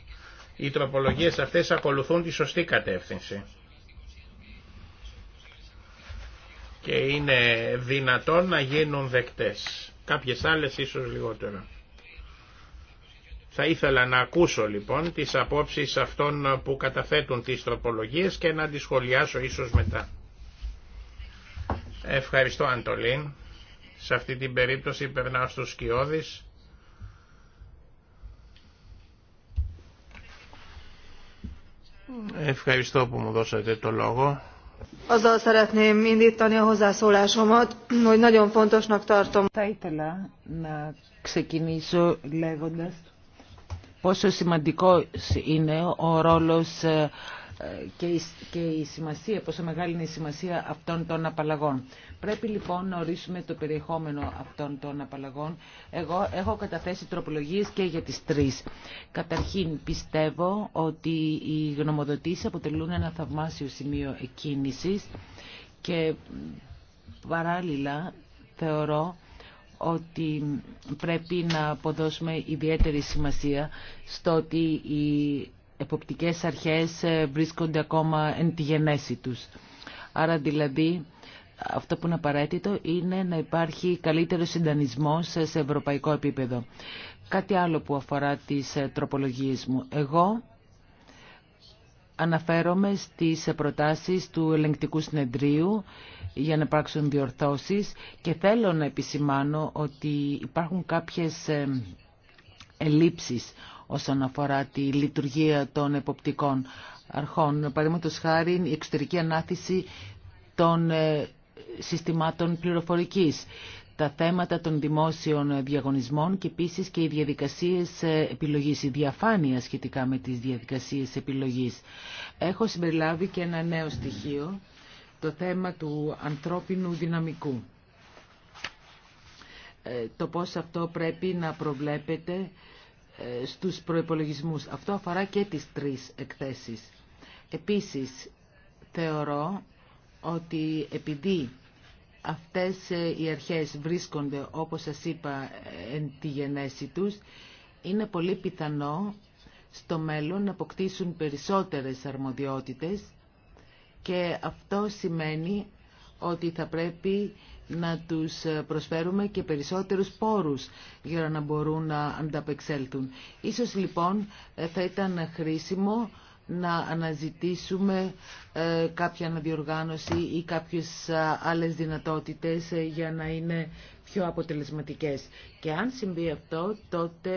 οι τροπολογίες αυτές ακολουθούν τη σωστή κατεύθυνση. Και είναι δυνατόν να γίνουν δεκτές. Κάποιες άλλες ίσως λιγότερα. Θα ήθελα να ακούσω λοιπόν τις απόψεις αυτών που καταθέτουν τις τροπολογίες και να τις σχολιάσω ίσως μετά. Ευχαριστώ Αντολίν. Σε αυτή την περίπτωση περνάω στους Σκιώδης. Ευχαριστώ που μου δώσατε το λόγο. Θα ήθελα να ξεκινήσω λέγοντας πόσο σημαντικό είναι ο ρόλος ε, και η σημασία, πόσο μεγάλη είναι η σημασία αυτών των απαλλαγών. Πρέπει λοιπόν να ορίσουμε το περιεχόμενο αυτών των απαλλαγών. Εγώ έχω καταθέσει τροπολογίες και για τις τρεις. Καταρχήν πιστεύω ότι οι γνωμοδοτήσεις αποτελούν ένα θαυμάσιο σημείο εκκίνησης και παράλληλα θεωρώ ότι πρέπει να αποδώσουμε ιδιαίτερη σημασία στο ότι οι εποπτικές αρχές ε, βρίσκονται ακόμα εν τη γενέση τους. Άρα δηλαδή αυτό που είναι απαραίτητο είναι να υπάρχει καλύτερο συντανισμό σε ευρωπαϊκό επίπεδο. Κάτι άλλο που αφορά τις ε, τροπολογίες μου. Εγώ αναφέρομαι στις ε, προτάσεις του ελεγκτικού συνεδρίου για να υπάρξουν διορθώσεις και θέλω να επισημάνω ότι υπάρχουν κάποιες ε, ελλείψεις όσον αφορά τη λειτουργία των εποπτικών αρχών. Παραδείγματο χάρη η εξωτερική ανάθεση των ε, συστημάτων πληροφορικής τα θέματα των δημόσιων διαγωνισμών και επίσης και οι διαδικασίες ε, επιλογής, η διαφάνεια σχετικά με τις διαδικασίες επιλογής. Έχω συμπεριλάβει και ένα νέο στοιχείο το θέμα του ανθρώπινου δυναμικού. Ε, το πώς αυτό πρέπει να προβλέπεται ε, στους προϋπολογισμούς. Αυτό αφορά και τις τρεις εκθέσεις. Επίσης, θεωρώ ότι επειδή αυτές ε, οι αρχές βρίσκονται, όπως σας είπα, εν τη γενέση τους, είναι πολύ πιθανό στο μέλλον να αποκτήσουν περισσότερες αρμοδιότητες και αυτό σημαίνει ότι θα πρέπει να τους προσφέρουμε και περισσότερους πόρους για να μπορούν να ανταπεξέλθουν. Ίσως λοιπόν θα ήταν χρήσιμο να αναζητήσουμε ε, κάποια αναδιοργάνωση ή κάποιες ε, άλλες δυνατότητες ε, για να είναι πιο αποτελεσματικές. Και αν συμβεί αυτό, τότε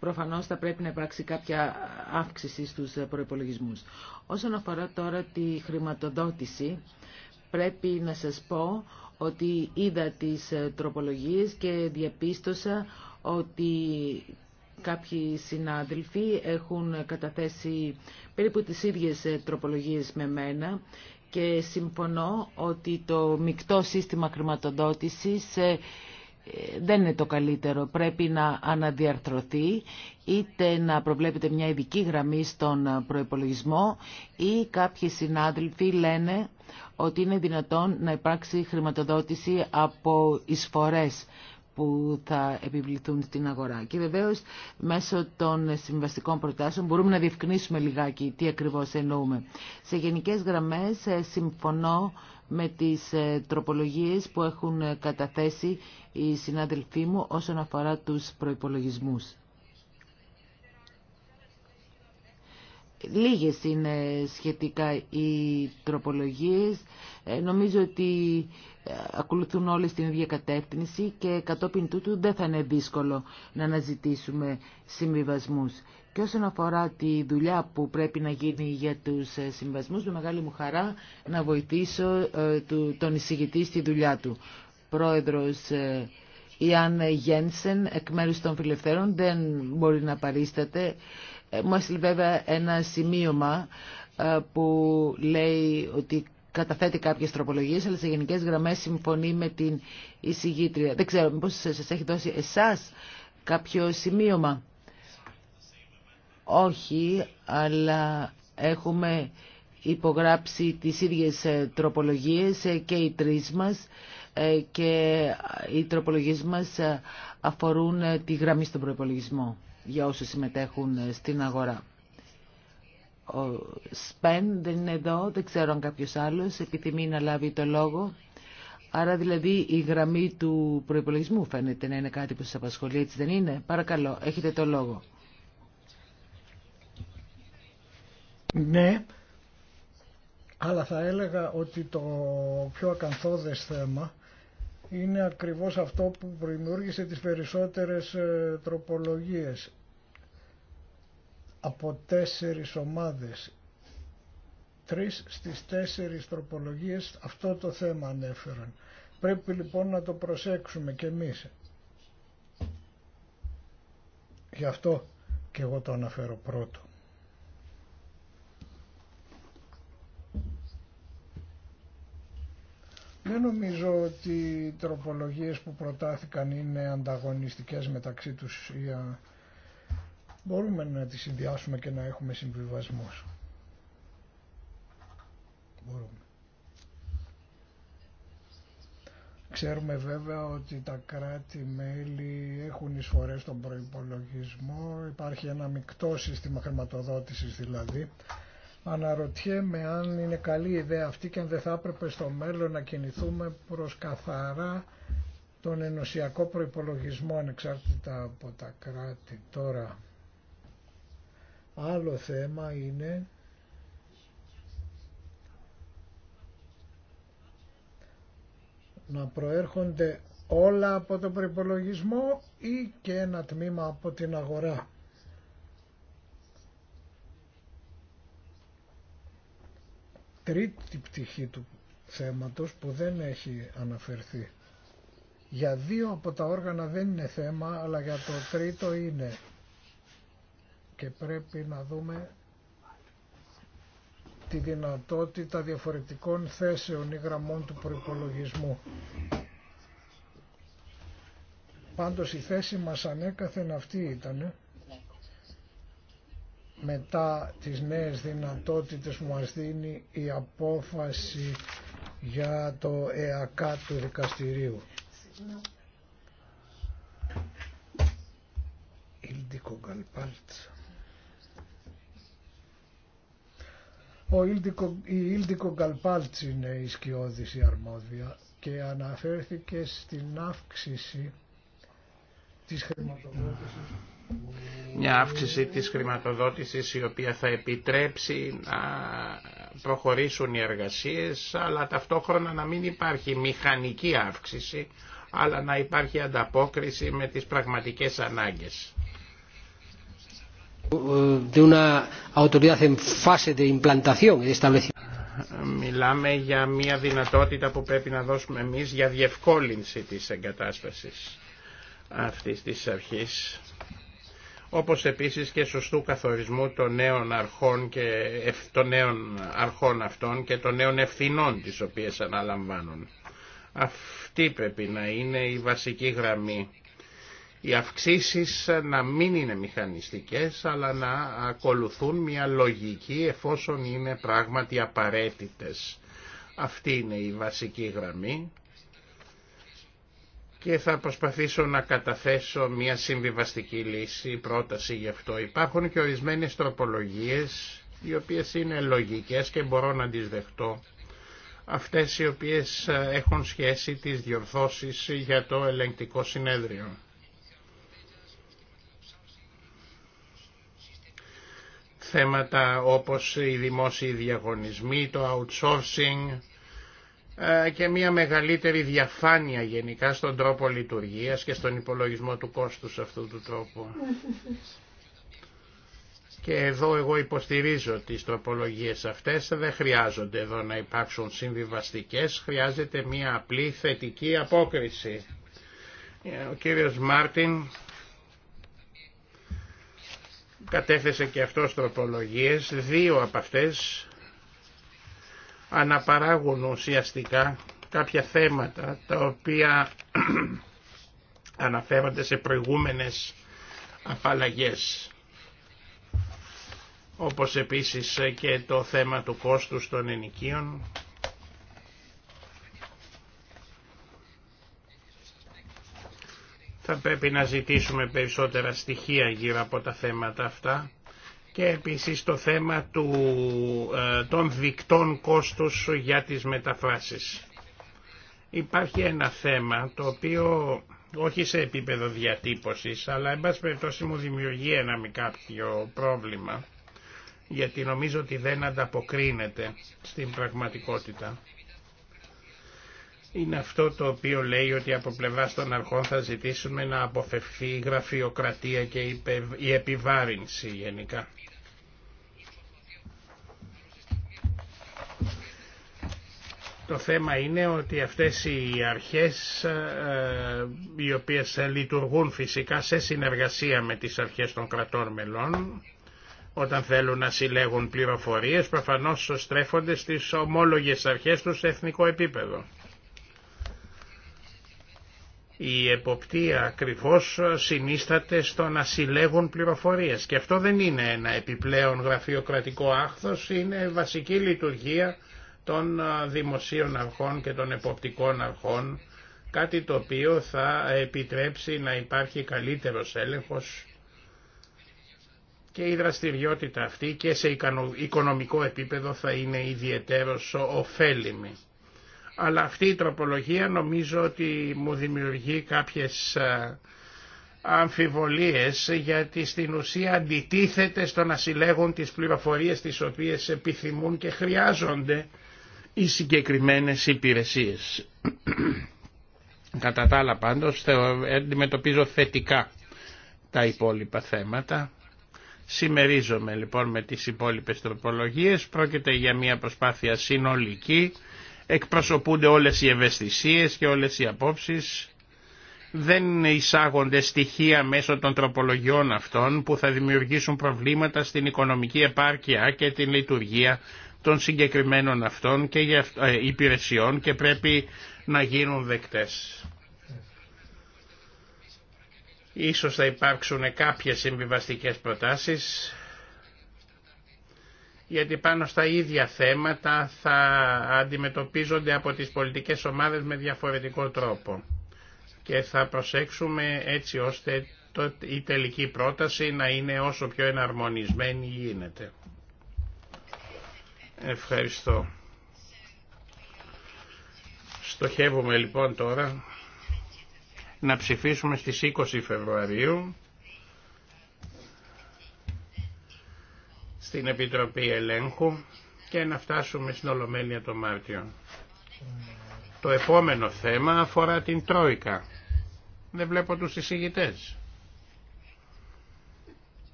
προφανώς θα πρέπει να υπάρξει κάποια αύξηση στους προϋπολογισμούς. Όσον αφορά τώρα τη χρηματοδότηση, πρέπει να σας πω ότι είδα τις τροπολογίες και διαπίστωσα ότι Κάποιοι συνάδελφοι έχουν καταθέσει περίπου τις ίδιες ε, τροπολογίες με μένα και συμφωνώ ότι το μεικτό σύστημα χρηματοδότησης ε, ε, δεν είναι το καλύτερο. Πρέπει να αναδιαρθρωθεί είτε να προβλέπεται μια ειδική γραμμή στον προϋπολογισμό ή κάποιοι συνάδελφοι λένε ότι είναι δυνατόν να υπάρξει χρηματοδότηση από εισφορές που θα επιβληθούν στην αγορά. Και βεβαίω, μέσω των συμβαστικών προτάσεων μπορούμε να διευκρινίσουμε λιγάκι τι ακριβώς εννοούμε. Σε γενικές γραμμές ε, συμφωνώ με τις ε, τροπολογίες που έχουν ε, καταθέσει οι συνάδελφοί μου όσον αφορά τους προϋπολογισμούς. Λίγες είναι σχετικά οι τροπολογίες. Ε, νομίζω ότι ε, ακολουθούν όλες την ίδια κατεύθυνση και κατόπιν τούτου δεν θα είναι δύσκολο να αναζητήσουμε συμβιβασμούς. Και όσον αφορά τη δουλειά που πρέπει να γίνει για τους ε, συμβασμούς, με μεγάλη μου χαρά να βοηθήσω τον εισηγητή στη δουλειά του. Πρόεδρος Ιάν Γένσεν, εκ μέρους των Φιλευθέρων δεν μπορεί να παρίσταται. Ε, Μου έστειλε βέβαια ένα σημείωμα ε, που λέει ότι καταθέτει κάποιες τροπολογίες, αλλά σε γενικές γραμμές συμφωνεί με την εισηγήτρια. Δεν ξέρω, μήπως σας έχει δώσει εσάς κάποιο σημείωμα. Όχι, αλλά έχουμε υπογράψει τις ίδιες ε, τροπολογίες και οι τρεις μας και οι τροπολογίες μας αφορούν τη γραμμή στον προπολογισμό για όσους συμμετέχουν στην αγορά. Ο Σπεν δεν είναι εδώ, δεν ξέρω αν κάποιος άλλος επιθυμεί να λάβει το λόγο. Άρα δηλαδή η γραμμή του προϋπολογισμού φαίνεται να είναι κάτι που σας απασχολεί, έτσι δεν είναι. Παρακαλώ, έχετε το λόγο. Ναι, αλλά θα έλεγα ότι το πιο ακαθόδες θέμα είναι ακριβώς αυτό που δημιούργησε τις περισσότερες ε, τροπολογίες από τέσσερις ομάδες. Τρεις στις τέσσερις τροπολογίες αυτό το θέμα ανέφεραν. Πρέπει λοιπόν να το προσέξουμε και εμείς. Γι' αυτό και εγώ το αναφέρω πρώτο. Δεν νομίζω ότι οι τροπολογίες που προτάθηκαν είναι ανταγωνιστικές μεταξύ τους. Μπορούμε να τις συνδυάσουμε και να έχουμε συμβιβασμούς. Μπορούμε. Ξέρουμε βέβαια ότι τα κράτη-μέλη έχουν εισφορές στον προϋπολογισμό. Υπάρχει ένα μεικτό σύστημα χρηματοδότησης δηλαδή Αναρωτιέμαι αν είναι καλή ιδέα αυτή και αν δεν θα έπρεπε στο μέλλον να κινηθούμε προς καθαρά τον ενωσιακό προϋπολογισμό ανεξάρτητα από τα κράτη τώρα. Άλλο θέμα είναι να προέρχονται όλα από τον προϋπολογισμό ή και ένα τμήμα από την αγορά. τρίτη πτυχή του θέματος που δεν έχει αναφερθεί. Για δύο από τα όργανα δεν είναι θέμα, αλλά για το τρίτο είναι. Και πρέπει να δούμε τη δυνατότητα διαφορετικών θέσεων ή γραμμών του προϋπολογισμού. Πάντως η θέση μας ανέκαθεν αυτή ήταν μετά τις νέες δυνατότητες που μας δίνει η απόφαση για το ΕΑΚΑ του δικαστηρίου. Ildiko Ο η Ildiko Γκαλπάλτς είναι η σκιώδηση αρμόδια και αναφέρθηκε στην αύξηση της χρηματοδότησης μια αύξηση της χρηματοδότησης η οποία θα επιτρέψει να προχωρήσουν οι εργασίες αλλά ταυτόχρονα να μην υπάρχει μηχανική αύξηση αλλά να υπάρχει ανταπόκριση με τις πραγματικές ανάγκες. De autoridad en fase de implantación y establecimiento. Μιλάμε για μια δυνατότητα που πρέπει να δώσουμε εμείς για διευκόλυνση της εγκατάστασης αυτής της αρχής όπως επίσης και σωστού καθορισμού των νέων αρχών, και, των αρχών αυτών και των νέων ευθυνών τις οποίες αναλαμβάνουν. Αυτή πρέπει να είναι η βασική γραμμή. Οι αυξήσει να μην είναι μηχανιστικές αλλά να ακολουθούν μια λογική εφόσον είναι πράγματι απαραίτητες. Αυτή είναι η βασική γραμμή και θα προσπαθήσω να καταθέσω μια συμβιβαστική λύση, πρόταση γι' αυτό. Υπάρχουν και ορισμένες τροπολογίες οι οποίες είναι λογικές και μπορώ να τις δεχτώ. Αυτές οι οποίες ε, έχουν σχέση τις διορθώσεις για το ελεγκτικό συνέδριο. Θέματα όπως οι δημόσιοι διαγωνισμοί, το outsourcing, ε, και μια μεγαλύτερη διαφάνεια γενικά στον τρόπο λειτουργίας και στον υπολογισμό του κόστους αυτού του τρόπου. Και εδώ εγώ υποστηρίζω τις τροπολογίες αυτές, δεν χρειάζονται εδώ να υπάρξουν συμβιβαστικές, χρειάζεται μια απλή θετική απόκριση. Ο κύριος Μάρτιν κατέθεσε και αυτός τροπολογίες, δύο από αυτές αναπαράγουν ουσιαστικά κάποια θέματα τα οποία (clears throat) αναφέρονται σε προηγούμενες απαλλαγές όπως επίσης και το θέμα του κόστους των ενοικίων θα πρέπει να ζητήσουμε περισσότερα στοιχεία γύρω από τα θέματα αυτά και επίσης το θέμα του, ε, των δικτών κόστους για τις μεταφράσεις. Υπάρχει ένα θέμα το οποίο όχι σε επίπεδο διατύπωσης, αλλά εν πάση περιπτώσει μου δημιουργεί ένα με κάποιο πρόβλημα, γιατί νομίζω ότι δεν ανταποκρίνεται στην πραγματικότητα. Είναι αυτό το οποίο λέει ότι από πλευράς των αρχών θα ζητήσουμε να αποφευθεί η γραφειοκρατία και η επιβάρυνση γενικά. Το θέμα είναι ότι αυτές οι αρχές ε, οι οποίες λειτουργούν φυσικά σε συνεργασία με τις αρχές των κρατών μελών όταν θέλουν να συλλέγουν πληροφορίες προφανώς στρέφονται στις ομόλογες αρχές τους σε εθνικό επίπεδο. Η εποπτεία ακριβώς συνίσταται στο να συλλέγουν πληροφορίες και αυτό δεν είναι ένα επιπλέον γραφειοκρατικό άχθος, είναι βασική λειτουργία των δημοσίων αρχών και των εποπτικών αρχών, κάτι το οποίο θα επιτρέψει να υπάρχει καλύτερος έλεγχος και η δραστηριότητα αυτή και σε οικονομικό επίπεδο θα είναι ιδιαιτέρως ωφέλιμη. Αλλά αυτή η τροπολογία νομίζω ότι μου δημιουργεί κάποιες αμφιβολίες γιατί στην ουσία αντιτίθεται στο να συλλέγουν τις πληροφορίες τις οποίες επιθυμούν και χρειάζονται οι συγκεκριμένες υπηρεσίες. Κατά τα άλλα πάντως αντιμετωπίζω θετικά τα υπόλοιπα θέματα. Σημερίζομαι λοιπόν με τις υπόλοιπες τροπολογίες. Πρόκειται για μια προσπάθεια συνολική. Εκπροσωπούνται όλες οι ευαισθησίες και όλες οι απόψεις. Δεν εισάγονται στοιχεία μέσω των τροπολογιών αυτών που θα δημιουργήσουν προβλήματα στην οικονομική επάρκεια και την λειτουργία των συγκεκριμένων αυτών και για, ε, υπηρεσιών και πρέπει να γίνουν δεκτές. Ίσως θα υπάρξουν κάποιες συμβιβαστικές προτάσεις γιατί πάνω στα ίδια θέματα θα αντιμετωπίζονται από τις πολιτικές ομάδες με διαφορετικό τρόπο και θα προσέξουμε έτσι ώστε η τελική πρόταση να είναι όσο πιο εναρμονισμένη γίνεται. Ευχαριστώ. Στοχεύουμε λοιπόν τώρα να ψηφίσουμε στις 20 Φεβρουαρίου στην Επιτροπή Ελέγχου και να φτάσουμε στην Ολομέλεια το Μάρτιο. Το επόμενο θέμα αφορά την Τρόικα. Δεν βλέπω τους εισηγητές.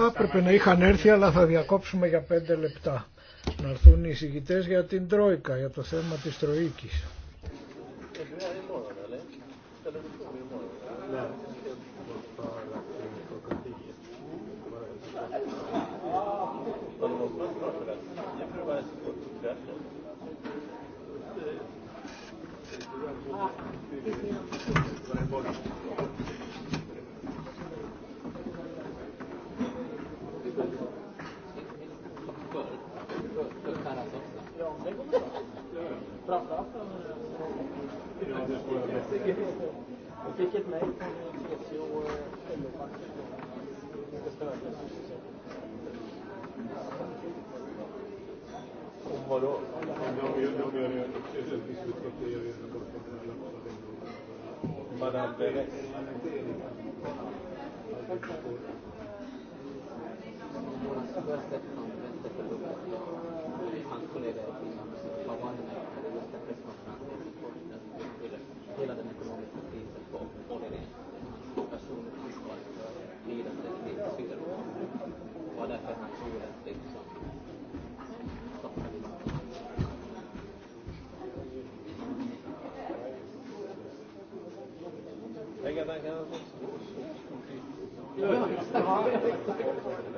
Θα έπρεπε να είχαν έρθει αλλά θα διακόψουμε για πέντε λεπτά. Να έρθουν οι εισηγητές για την Τρόικα, για το θέμα της Τροίκης. Ναι. Madame Pérez. Thank you you.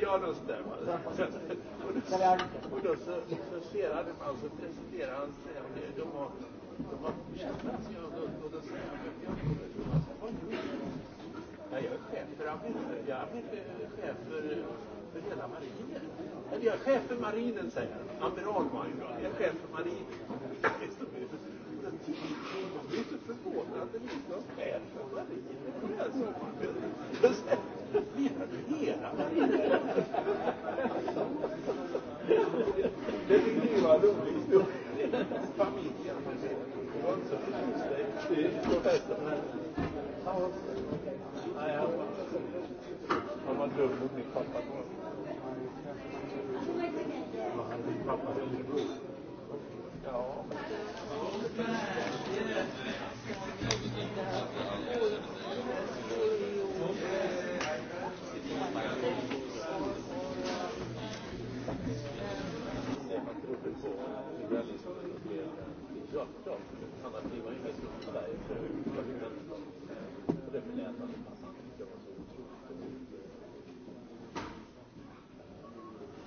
Jag röstar. Och då ser så serade man så presenterade han sig. De har, de har, och då säger han, jag är chef för jag är chef för, för hela marinen. Eller jag är chef för marinen, säger han. Amiral var ju då. Jag är chef för marinen. Det är var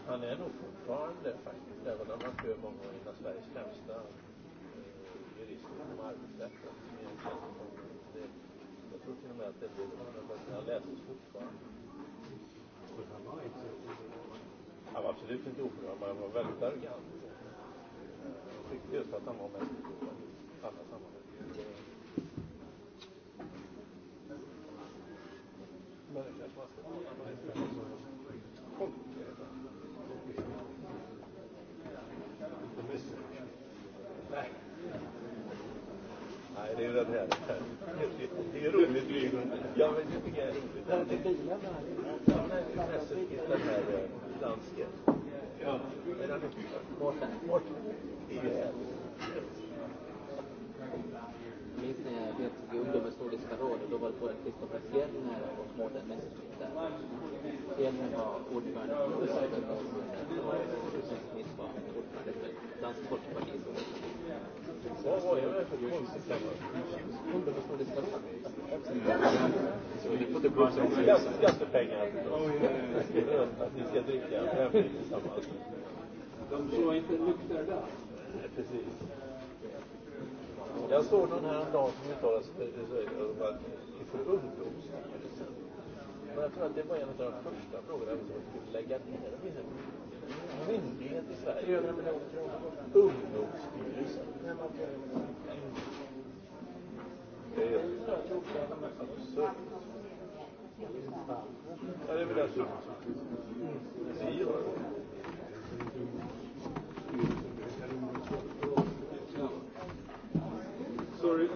Han är nog fortfarande faktiskt, även om han kör många år innan Han var absolut inte men han var väldigt arrogant. Jag tyckte just att han var mest i alla sammanhang. Men det kanske man ska är ju här. när jag ungdomens nordiska råd och då var det både Kristoffer Fjellner och Mårten Messerschmidt där. Fjellner var ordförande för De slår inte nykter där. Precis. Jag såg någon häromdagen som uttalade sig inför ungdomsstyrelsen. Men jag tror att det var en av de första frågorna vi skulle lägga ner. Sorry.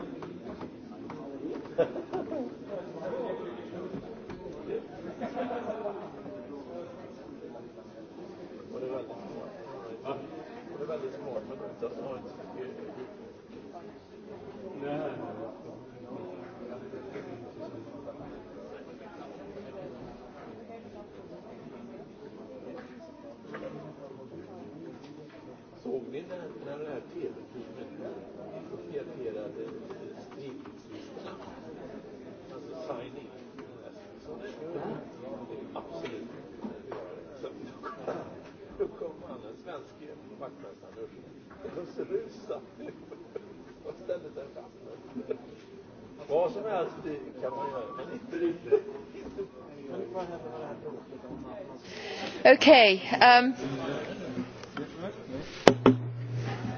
Okay. Um,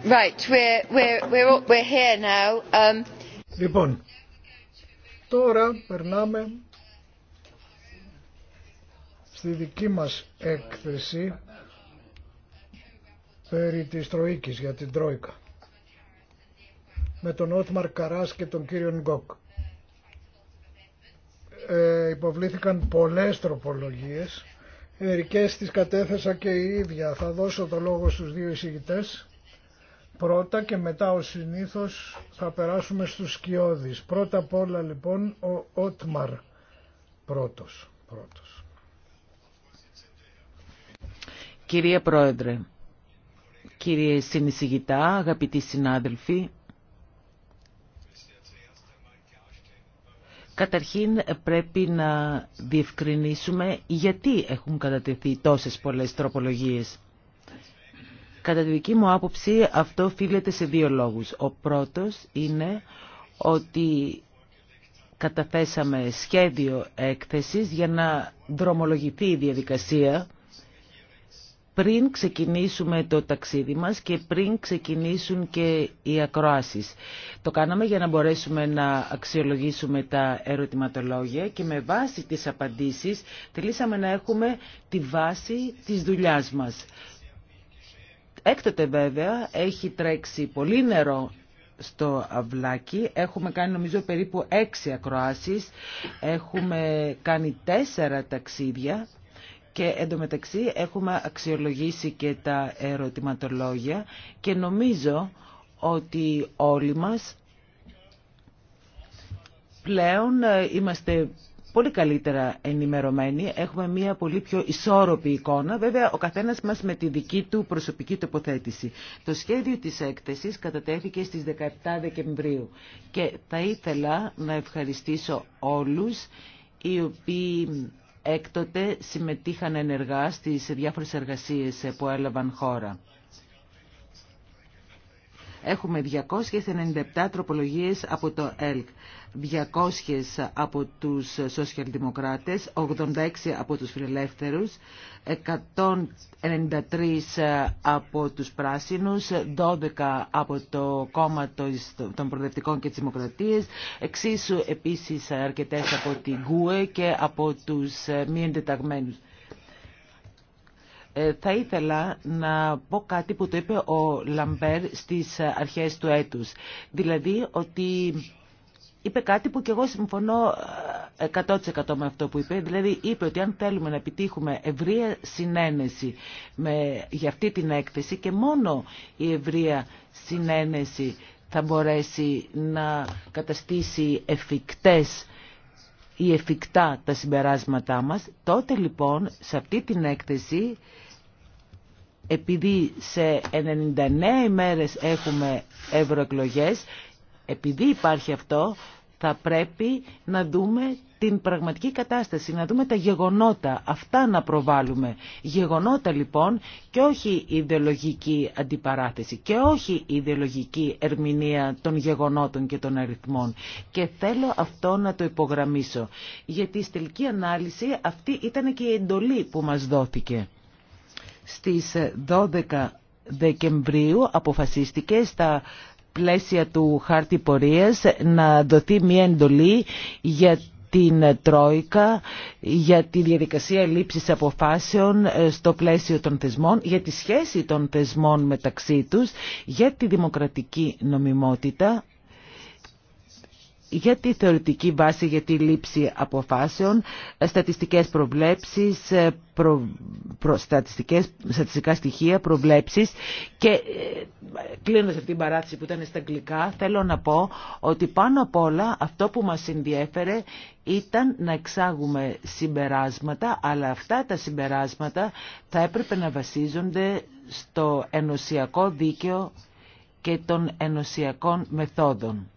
right, we're, we're, we're, we're here now. Um, λοιπόν, τώρα περνάμε στη δική μας έκθεση περί της Τροίκης για την Τρόικα με τον Ότμαρ Καράς και τον κύριο Νγκόκ. Ε, υποβλήθηκαν πολλές τροπολογίες, μερικές τις κατέθεσα και η ίδια. Θα δώσω το λόγο στους δύο εισηγητές πρώτα και μετά ο συνήθως θα περάσουμε στους σκιώδεις. Πρώτα απ' όλα λοιπόν ο Ότμαρ πρώτος. πρώτος. Κυρία Πρόεδρε, Κύριε Συνησυγητά, αγαπητοί συνάδελφοι, Καταρχήν πρέπει να διευκρινίσουμε γιατί έχουν κατατεθεί τόσες πολλές τροπολογίες. Κατά τη δική μου άποψη αυτό οφείλεται σε δύο λόγους. Ο πρώτος είναι ότι καταθέσαμε σχέδιο έκθεσης για να δρομολογηθεί η διαδικασία πριν ξεκινήσουμε το ταξίδι μας και πριν ξεκινήσουν και οι ακροάσεις. Το κάναμε για να μπορέσουμε να αξιολογήσουμε τα ερωτηματολόγια και με βάση τις απαντήσεις θελήσαμε να έχουμε τη βάση της δουλειάς μας. Έκτοτε βέβαια έχει τρέξει πολύ νερό στο αυλάκι. Έχουμε κάνει νομίζω περίπου έξι ακροάσεις. Έχουμε κάνει τέσσερα ταξίδια και εντωμεταξύ έχουμε αξιολογήσει και τα ερωτηματολόγια και νομίζω ότι όλοι μας πλέον ε, είμαστε πολύ καλύτερα ενημερωμένοι, έχουμε μια πολύ πιο ισόρροπη εικόνα, βέβαια ο καθένας μας με τη δική του προσωπική τοποθέτηση. Το σχέδιο της έκθεσης κατατέθηκε στις 17 Δεκεμβρίου και θα ήθελα να ευχαριστήσω όλους οι οποίοι Έκτοτε συμμετείχαν ενεργά στις διάφορες εργασίες που έλαβαν χώρα. Έχουμε 297 τροπολογίες από το ΕΛΚ, 200 από τους σοσιαλδημοκράτες, 86 από τους φιλελεύθερους, 193 από τους πράσινους, 12 από το κόμμα των προοδευτικών και της δημοκρατίας, εξίσου επίσης αρκετές από την ΚΟΕ και από τους μη εντεταγμένους. Ε, θα ήθελα να πω κάτι που το είπε ο Λαμπέρ στις ε, αρχές του έτους. Δηλαδή ότι είπε κάτι που και εγώ συμφωνώ 100% ε, με αυτό που είπε. Δηλαδή είπε ότι αν θέλουμε να επιτύχουμε ευρεία συνένεση με, για αυτή την έκθεση και μόνο η ευρεία συνένεση θα μπορέσει να καταστήσει εφικτές ή εφικτά τα συμπεράσματά μας, τότε λοιπόν σε αυτή την έκθεση επειδή σε 99 ημέρες έχουμε ευρωεκλογές, επειδή υπάρχει αυτό, θα πρέπει να δούμε την πραγματική κατάσταση, να δούμε τα γεγονότα, αυτά να προβάλλουμε. Γεγονότα λοιπόν και όχι ιδεολογική αντιπαράθεση και όχι ιδεολογική ερμηνεία των γεγονότων και των αριθμών. Και θέλω αυτό να το υπογραμμίσω, γιατί στη τελική ανάλυση αυτή ήταν και η εντολή που μας δόθηκε. Στις 12 ε, Δεκεμβρίου αποφασίστηκε στα πλαίσια του χάρτη πορείας να δοθεί μια εντολή για την Τρόικα για τη διαδικασία λήψης αποφάσεων ε, στο πλαίσιο των θεσμών, για τη σχέση των θεσμών μεταξύ τους, για τη δημοκρατική νομιμότητα για τη θεωρητική βάση για τη λήψη αποφάσεων, στατιστικές προβλέψεις, ε, προ, στατιστικές, στατιστικά στοιχεία, προβλέψεις και ε, κλείνω σε αυτήν την παράθεση που ήταν στα αγγλικά θέλω να πω ότι πάνω απ' όλα αυτό που μας ενδιέφερε ήταν να εξάγουμε συμπεράσματα αλλά αυτά τα συμπεράσματα θα έπρεπε να βασίζονται στο ενωσιακό δίκαιο και των ενωσιακών μεθόδων.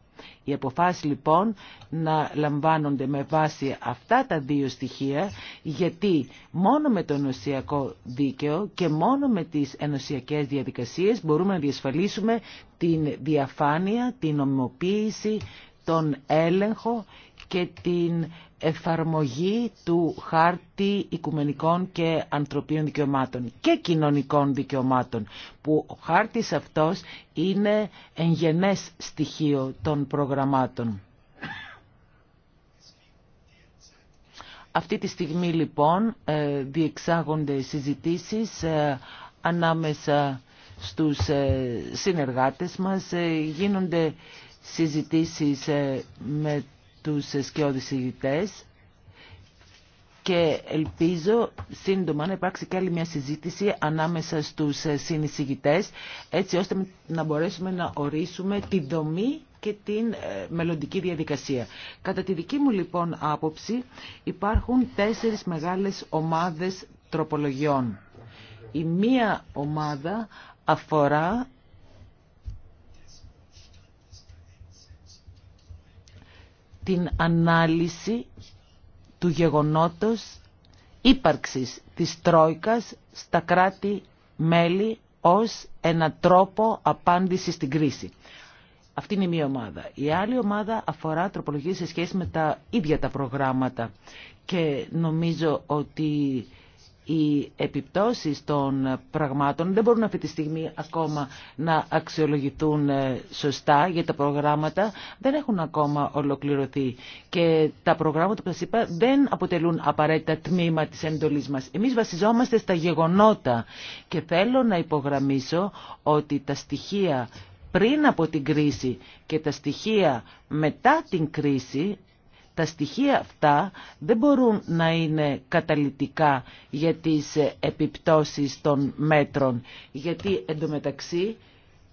Οι αποφάσεις λοιπόν να λαμβάνονται με βάση αυτά τα δύο στοιχεία γιατί μόνο με το ενωσιακό δίκαιο και μόνο με τις ενωσιακές διαδικασίες μπορούμε να διασφαλίσουμε την διαφάνεια, την ομοποίηση, τον έλεγχο και την εφαρμογή του χάρτη οικουμενικών και ανθρωπίνων δικαιωμάτων και κοινωνικών δικαιωμάτων που ο χάρτης αυτός είναι εγγενές στοιχείο των προγραμμάτων. Αυτή τη στιγμή λοιπόν ε, διεξάγονται συζητήσεις ε, ανάμεσα στους ε, συνεργάτες μας, γίνονται συζητήσεις με τους σκιώδης και ελπίζω σύντομα να υπάρξει και άλλη μια συζήτηση ανάμεσα στους συνεισηγητές έτσι ώστε να μπορέσουμε να ορίσουμε τη δομή και την ε, μελλοντική διαδικασία. Κατά τη δική μου λοιπόν άποψη υπάρχουν τέσσερις μεγάλες ομάδες τροπολογιών. Η μία ομάδα αφορά την ανάλυση του γεγονότος ύπαρξης της Τρόικας στα κράτη-μέλη ως ένα τρόπο απάντησης στην κρίση. Αυτή είναι η μία ομάδα. Η άλλη ομάδα αφορά τροπολογίες σε σχέση με τα ίδια τα προγράμματα και νομίζω ότι οι επιπτώσεις των πραγμάτων δεν μπορούν αυτή τη στιγμή ακόμα να αξιολογηθούν ε, σωστά για τα προγράμματα δεν έχουν ακόμα ολοκληρωθεί και τα προγράμματα που σας είπα δεν αποτελούν απαραίτητα τμήμα της εντολής μας. Εμείς βασιζόμαστε στα γεγονότα και θέλω να υπογραμμίσω ότι τα στοιχεία πριν από την κρίση και τα στοιχεία μετά την κρίση τα στοιχεία αυτά δεν μπορούν να είναι καταλυτικά για τις επιπτώσεις των μέτρων, γιατί εντωμεταξύ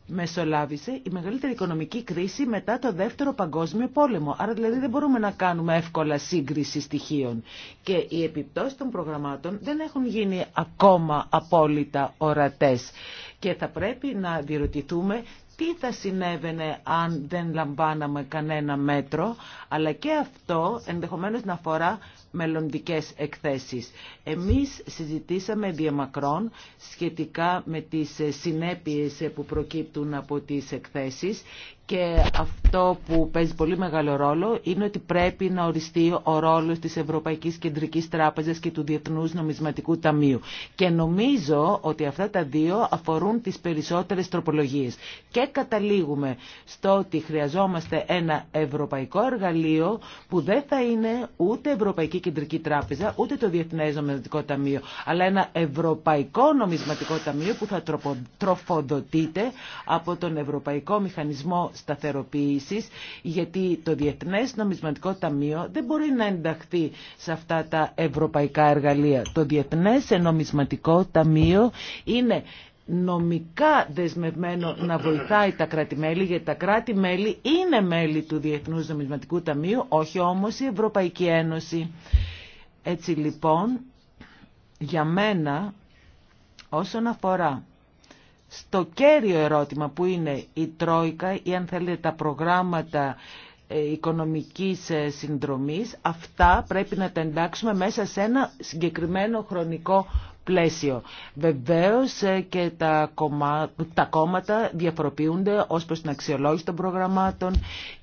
μεσολάβησε η μεγαλύτερη οικονομική κρίση μετά το Δεύτερο Παγκόσμιο Πόλεμο. Άρα δηλαδή δεν μπορούμε να κάνουμε εύκολα σύγκριση στοιχείων. Και οι επιπτώσεις των προγραμμάτων δεν έχουν γίνει ακόμα απόλυτα ορατές. Και θα πρέπει να διερωτηθούμε τι θα συνέβαινε αν δεν λαμβάναμε κανένα μέτρο, αλλά και αυτό ενδεχομένως να αφορά μελλοντικές εκθέσεις. Εμείς συζητήσαμε διαμακρών σχετικά με τις συνέπειες που προκύπτουν από τις εκθέσεις και αυτό που παίζει πολύ μεγάλο ρόλο είναι ότι πρέπει να οριστεί ο ρόλος της Ευρωπαϊκής Κεντρικής Τράπεζας και του Διεθνούς Νομισματικού Ταμείου. Και νομίζω ότι αυτά τα δύο αφορούν τις περισσότερες τροπολογίες. Και καταλήγουμε στο ότι χρειαζόμαστε ένα ευρωπαϊκό εργαλείο που δεν θα είναι ούτε Ευρωπαϊκή Κεντρική Τράπεζα, ούτε το διεθνέ Νομισματικό Ταμείο, αλλά ένα Ευρωπαϊκό Νομισματικό Ταμείο που θα τροφοδοτείται από τον Ευρωπαϊκό Μηχανισμό Σταθεροποίησης, γιατί το διεθνέ Νομισματικό Ταμείο δεν μπορεί να ενταχθεί σε αυτά τα ευρωπαϊκά εργαλεία. Το διεθνέ Νομισματικό Ταμείο είναι νομικά δεσμευμένο να βοηθάει τα κράτη-μέλη, γιατί τα κράτη-μέλη είναι μέλη του Διεθνούς Νομισματικού Ταμείου, όχι όμως η Ευρωπαϊκή Ένωση. Έτσι λοιπόν, για μένα, όσον αφορά στο κέριο ερώτημα που είναι η Τρόικα ή αν θέλετε τα προγράμματα ε, οικονομικής ε, συνδρομής, αυτά πρέπει να τα εντάξουμε μέσα σε ένα συγκεκριμένο χρονικό πλαίσιο. Βεβαίως ε, και τα, τα κόμματα διαφοροποιούνται ως προς την αξιολόγηση των προγραμμάτων.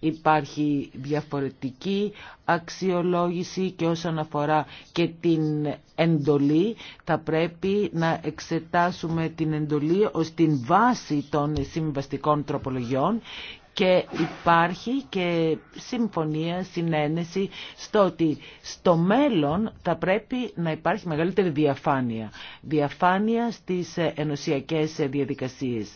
Υπάρχει διαφορετική αξιολόγηση και όσον αφορά και την εντολή θα πρέπει να εξετάσουμε την εντολή ως την βάση των συμβαστικών τροπολογιών και υπάρχει και συμφωνία, συνένεση στο ότι στο μέλλον θα πρέπει να υπάρχει μεγαλύτερη διαφάνεια. Διαφάνεια στις ενωσιακές διαδικασίες.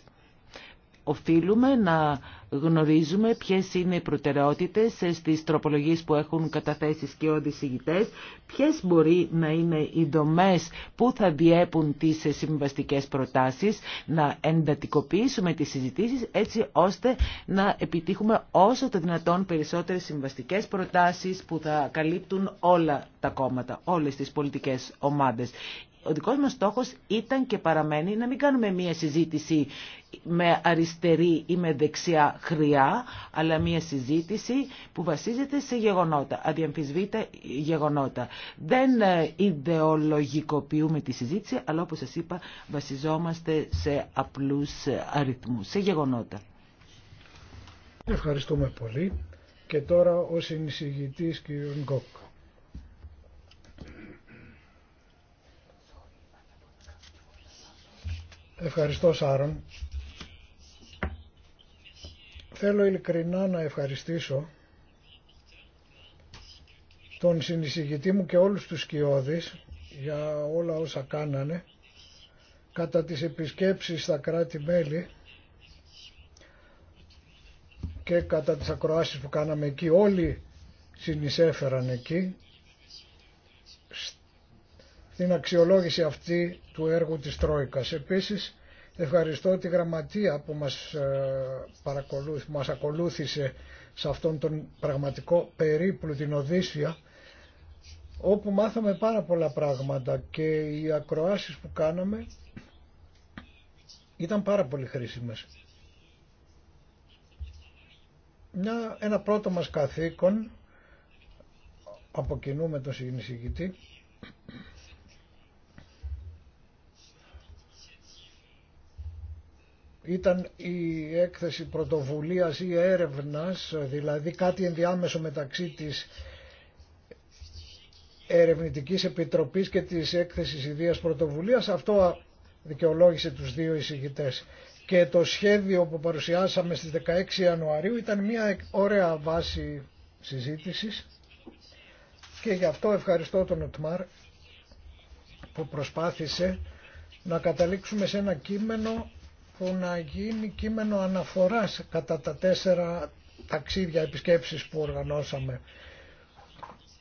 Οφείλουμε να γνωρίζουμε ποιες είναι οι προτεραιότητες στις τροπολογίες που έχουν καταθέσει και οδησηγητές, ποιες μπορεί να είναι οι δομές που θα διέπουν τις συμβαστικές προτάσεις, να εντατικοποιήσουμε τις συζητήσεις έτσι ώστε να επιτύχουμε όσο το δυνατόν περισσότερες συμβαστικές προτάσεις που θα καλύπτουν όλα τα κόμματα, όλες τις πολιτικές ομάδες. Ο δικός μας στόχος ήταν και παραμένει να μην κάνουμε μία συζήτηση με αριστερή ή με δεξιά χρειά, αλλά μία συζήτηση που βασίζεται σε γεγονότα, αδιαμφισβήτα γεγονότα. Δεν ε, ιδεολογικοποιούμε τη συζήτηση, αλλά όπως σας είπα βασιζόμαστε σε απλούς ε, αριθμούς, σε γεγονότα. Ευχαριστούμε πολύ. Και τώρα ο συνεισηγητής κ. Γκόκ. Ευχαριστώ Σάρων. Θέλω ειλικρινά να ευχαριστήσω τον συνεισηγητή μου και όλους τους σκιώδεις για όλα όσα κάνανε κατά τις επισκέψεις στα κράτη-μέλη και κατά τις ακροάσεις που κάναμε εκεί όλοι συνεισέφεραν εκεί την αξιολόγηση αυτή του έργου της Τρόικας. Επίσης ευχαριστώ τη γραμματεία που μας, ε, μας ακολούθησε σε αυτόν τον πραγματικό περίπλου την Οδύσσια όπου μάθαμε πάρα πολλά πράγματα και οι ακροάσεις που κάναμε ήταν πάρα πολύ χρήσιμες. Μια, ένα πρώτο μας καθήκον από κοινού με τον συνεισηγητή ήταν η έκθεση πρωτοβουλίας ή έρευνας, δηλαδή κάτι ενδιάμεσο μεταξύ της Ερευνητικής Επιτροπής και της έκθεσης ιδίας πρωτοβουλίας. Αυτό δικαιολόγησε τους δύο εισηγητές. Και το σχέδιο που παρουσιάσαμε στις 16 Ιανουαρίου ήταν μια ωραία βάση συζήτησης και γι' αυτό ευχαριστώ τον Οτμάρ που προσπάθησε να καταλήξουμε σε ένα κείμενο που να γίνει κείμενο αναφοράς κατά τα τέσσερα ταξίδια επισκέψεις που οργανώσαμε.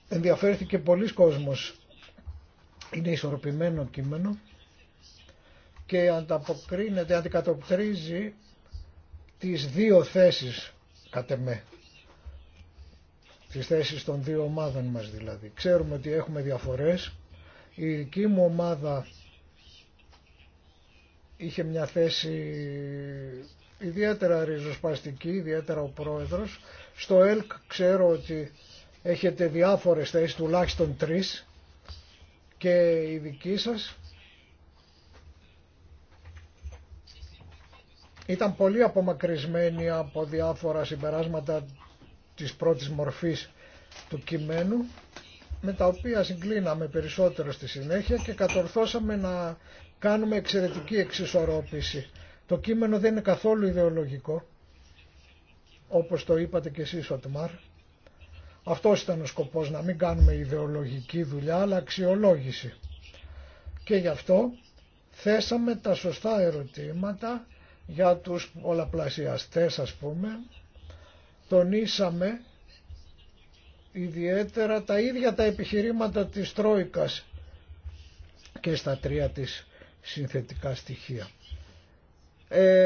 Ενδιαφέρθηκε πολλοί κόσμος. Είναι ισορροπημένο κείμενο και ανταποκρίνεται, αντικατοπτρίζει τις δύο θέσεις κατ' εμέ. Τις θέσεις των δύο ομάδων μας δηλαδή. Ξέρουμε ότι έχουμε διαφορές. Η δική μου ομάδα είχε μια θέση ιδιαίτερα ριζοσπαστική, ιδιαίτερα ο πρόεδρος. Στο ΕΛΚ ξέρω ότι έχετε διάφορες θέσεις, τουλάχιστον τρεις και η δική σας ήταν πολύ απομακρυσμένη από διάφορα συμπεράσματα της πρώτης μορφής του κειμένου με τα οποία συγκλίναμε περισσότερο στη συνέχεια και κατορθώσαμε να κάνουμε εξαιρετική εξισορρόπηση. Το κείμενο δεν είναι καθόλου ιδεολογικό, όπως το είπατε και εσείς ο Αυτός ήταν ο σκοπός, να μην κάνουμε ιδεολογική δουλειά, αλλά αξιολόγηση. Και γι' αυτό θέσαμε τα σωστά ερωτήματα για τους πολλαπλασιαστές, ας πούμε. Τονίσαμε ιδιαίτερα τα ίδια τα επιχειρήματα της Τρόικας και στα τρία της συνθετικά στοιχεία.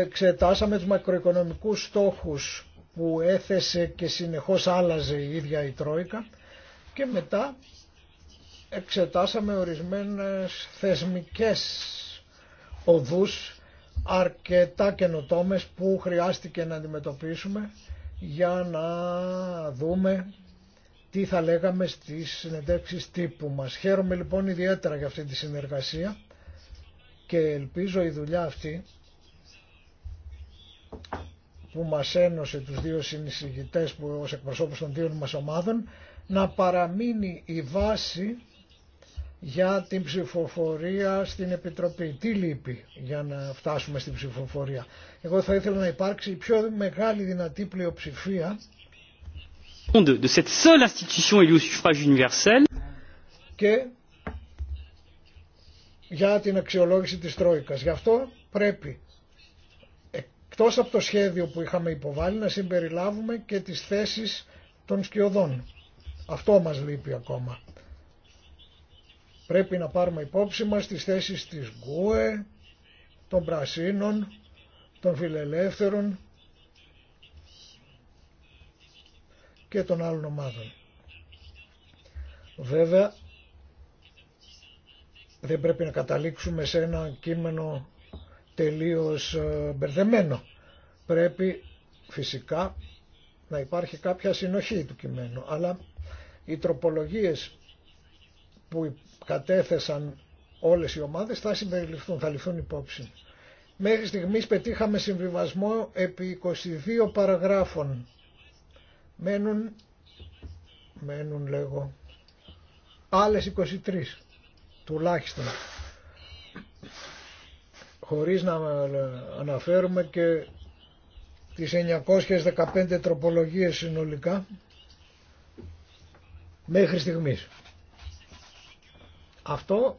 Εξετάσαμε τους μακροοικονομικούς στόχους που έθεσε και συνεχώς άλλαζε η ίδια η Τρόικα και μετά εξετάσαμε ορισμένες θεσμικές οδούς αρκετά καινοτόμες που χρειάστηκε να αντιμετωπίσουμε για να δούμε τι θα λέγαμε στις συνεντεύξεις τύπου μας. Χαίρομαι λοιπόν ιδιαίτερα για αυτή τη συνεργασία και ελπίζω η δουλειά αυτή που μας ένωσε τους δύο συνεισηγητές που ως εκπροσώπους των δύο μα ομάδων να παραμείνει η βάση για την ψηφοφορία στην Επιτροπή. Τι λείπει για να φτάσουμε στην ψηφοφορία. Εγώ θα ήθελα να υπάρξει η πιο μεγάλη δυνατή πλειοψηφία de Και για την αξιολόγηση της Τρόικας. Γι' αυτό πρέπει εκτός από το σχέδιο που είχαμε υποβάλει να συμπεριλάβουμε και τις θέσεις των σκιωδών. Αυτό μας λείπει ακόμα. Πρέπει να πάρουμε υπόψη μας τις θέσεις της ΓΚΟΕ, των Πρασίνων, των Φιλελεύθερων και των άλλων ομάδων. Βέβαια, δεν πρέπει να καταλήξουμε σε ένα κείμενο τελείως ε, μπερδεμένο. Πρέπει φυσικά να υπάρχει κάποια συνοχή του κειμένου, αλλά οι τροπολογίες που κατέθεσαν όλες οι ομάδες θα συμπεριληφθούν, θα ληφθούν υπόψη. Μέχρι στιγμής πετύχαμε συμβιβασμό επί 22 παραγράφων μένουν, μένουν λέγω, άλλες 23 τουλάχιστον χωρίς να αναφέρουμε και τις 915 τροπολογίες συνολικά μέχρι στιγμής. Αυτό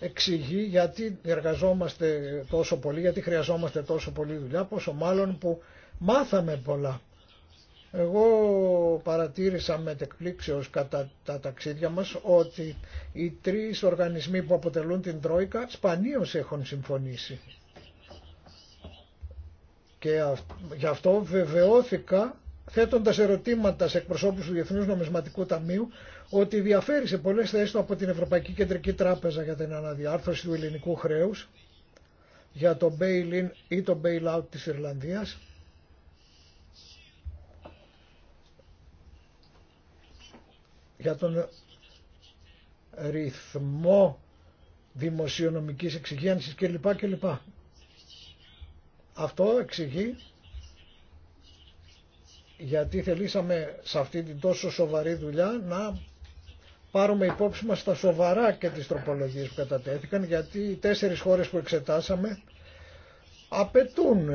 εξηγεί γιατί εργαζόμαστε τόσο πολύ, γιατί χρειαζόμαστε τόσο πολύ δουλειά, πόσο μάλλον που μάθαμε πολλά εγώ παρατήρησα με τεκπλήξεως κατά τα ταξίδια μας ότι οι τρεις οργανισμοί που αποτελούν την Τρόικα σπανίως έχουν συμφωνήσει. Και γι' αυτό βεβαιώθηκα θέτοντας ερωτήματα σε εκπροσώπους του Διεθνούς Νομισματικού Ταμείου ότι διαφέρει σε πολλές θέσεις από την Ευρωπαϊκή Κεντρική Τράπεζα για την αναδιάρθρωση του ελληνικού χρέους για το bail-in ή το bail-out της Ιρλανδίας για τον ρυθμό δημοσιονομικής εξυγένσης κλπ. κλπ. Αυτό εξηγεί γιατί θελήσαμε σε αυτή την τόσο σοβαρή δουλειά να πάρουμε υπόψη μας τα σοβαρά και τις τροπολογίες που κατατέθηκαν γιατί οι τέσσερις χώρες που εξετάσαμε απαιτούν,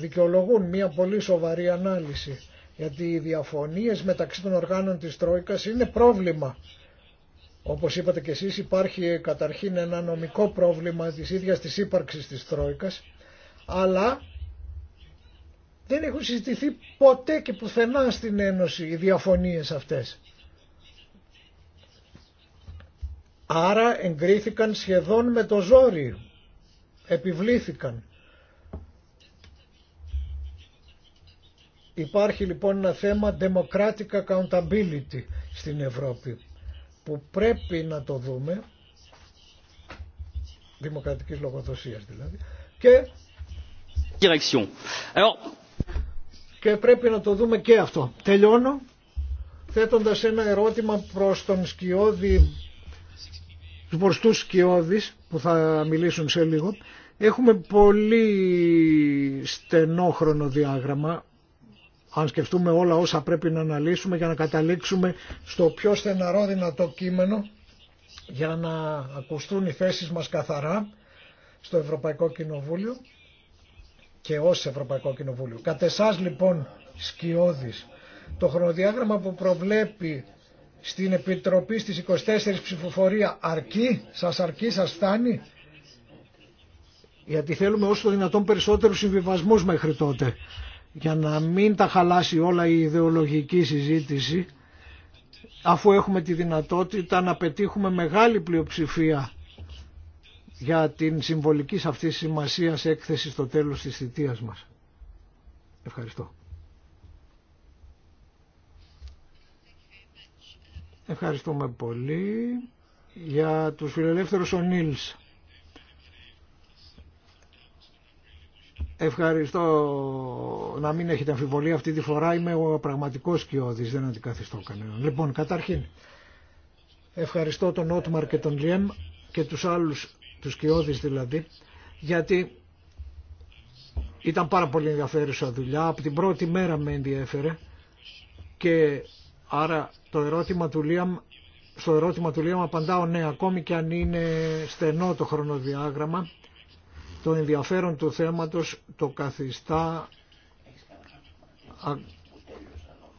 δικαιολογούν μια πολύ σοβαρή ανάλυση γιατί οι διαφωνίες μεταξύ των οργάνων της Τρόικας είναι πρόβλημα. Όπως είπατε και εσείς υπάρχει καταρχήν ένα νομικό πρόβλημα της ίδιας της ύπαρξης της Τρόικας, αλλά δεν έχουν συζητηθεί ποτέ και πουθενά στην Ένωση οι διαφωνίες αυτές. Άρα εγκρίθηκαν σχεδόν με το ζόρι, επιβλήθηκαν. Υπάρχει λοιπόν ένα θέμα democratic accountability στην Ευρώπη που πρέπει να το δούμε δημοκρατικής λογοδοσίας δηλαδή και και πρέπει να το δούμε και αυτό. Τελειώνω θέτοντας ένα ερώτημα προς τον σκιώδη προς τους σκιώδης που θα μιλήσουν σε λίγο έχουμε πολύ στενό χρονοδιάγραμμα αν σκεφτούμε όλα όσα πρέπει να αναλύσουμε για να καταλήξουμε στο πιο στεναρό δυνατό κείμενο για να ακουστούν οι θέσεις μας καθαρά στο Ευρωπαϊκό Κοινοβούλιο και ως Ευρωπαϊκό Κοινοβούλιο. Κατ' εσάς λοιπόν σκιώδης, το χρονοδιάγραμμα που προβλέπει στην Επιτροπή στις 24 ψηφοφορία αρκεί, σας αρκεί, σας φτάνει. Γιατί θέλουμε όσο το δυνατόν περισσότερους συμβιβασμούς μέχρι τότε για να μην τα χαλάσει όλα η ιδεολογική συζήτηση αφού έχουμε τη δυνατότητα να πετύχουμε μεγάλη πλειοψηφία για την συμβολική αυτή σημασία έκθεση στο τέλος της θητείας μας. Ευχαριστώ. Ευχαριστούμε πολύ για τους φιλελεύθερους ο Νίλς. Ευχαριστώ να μην έχετε αμφιβολία αυτή τη φορά. Είμαι ο πραγματικός σκιώδης, δεν αντικαθιστώ κανέναν. Λοιπόν, καταρχήν, ευχαριστώ τον Ότμαρ και τον Λιέμ και τους άλλου τους σκιώδης δηλαδή, γιατί ήταν πάρα πολύ ενδιαφέρουσα δουλειά. Από την πρώτη μέρα με ενδιέφερε και άρα το ερώτημα του στο ερώτημα του Λίαμ απαντάω ναι, ακόμη και αν είναι στενό το χρονοδιάγραμμα, το ενδιαφέρον του θέματος το καθιστά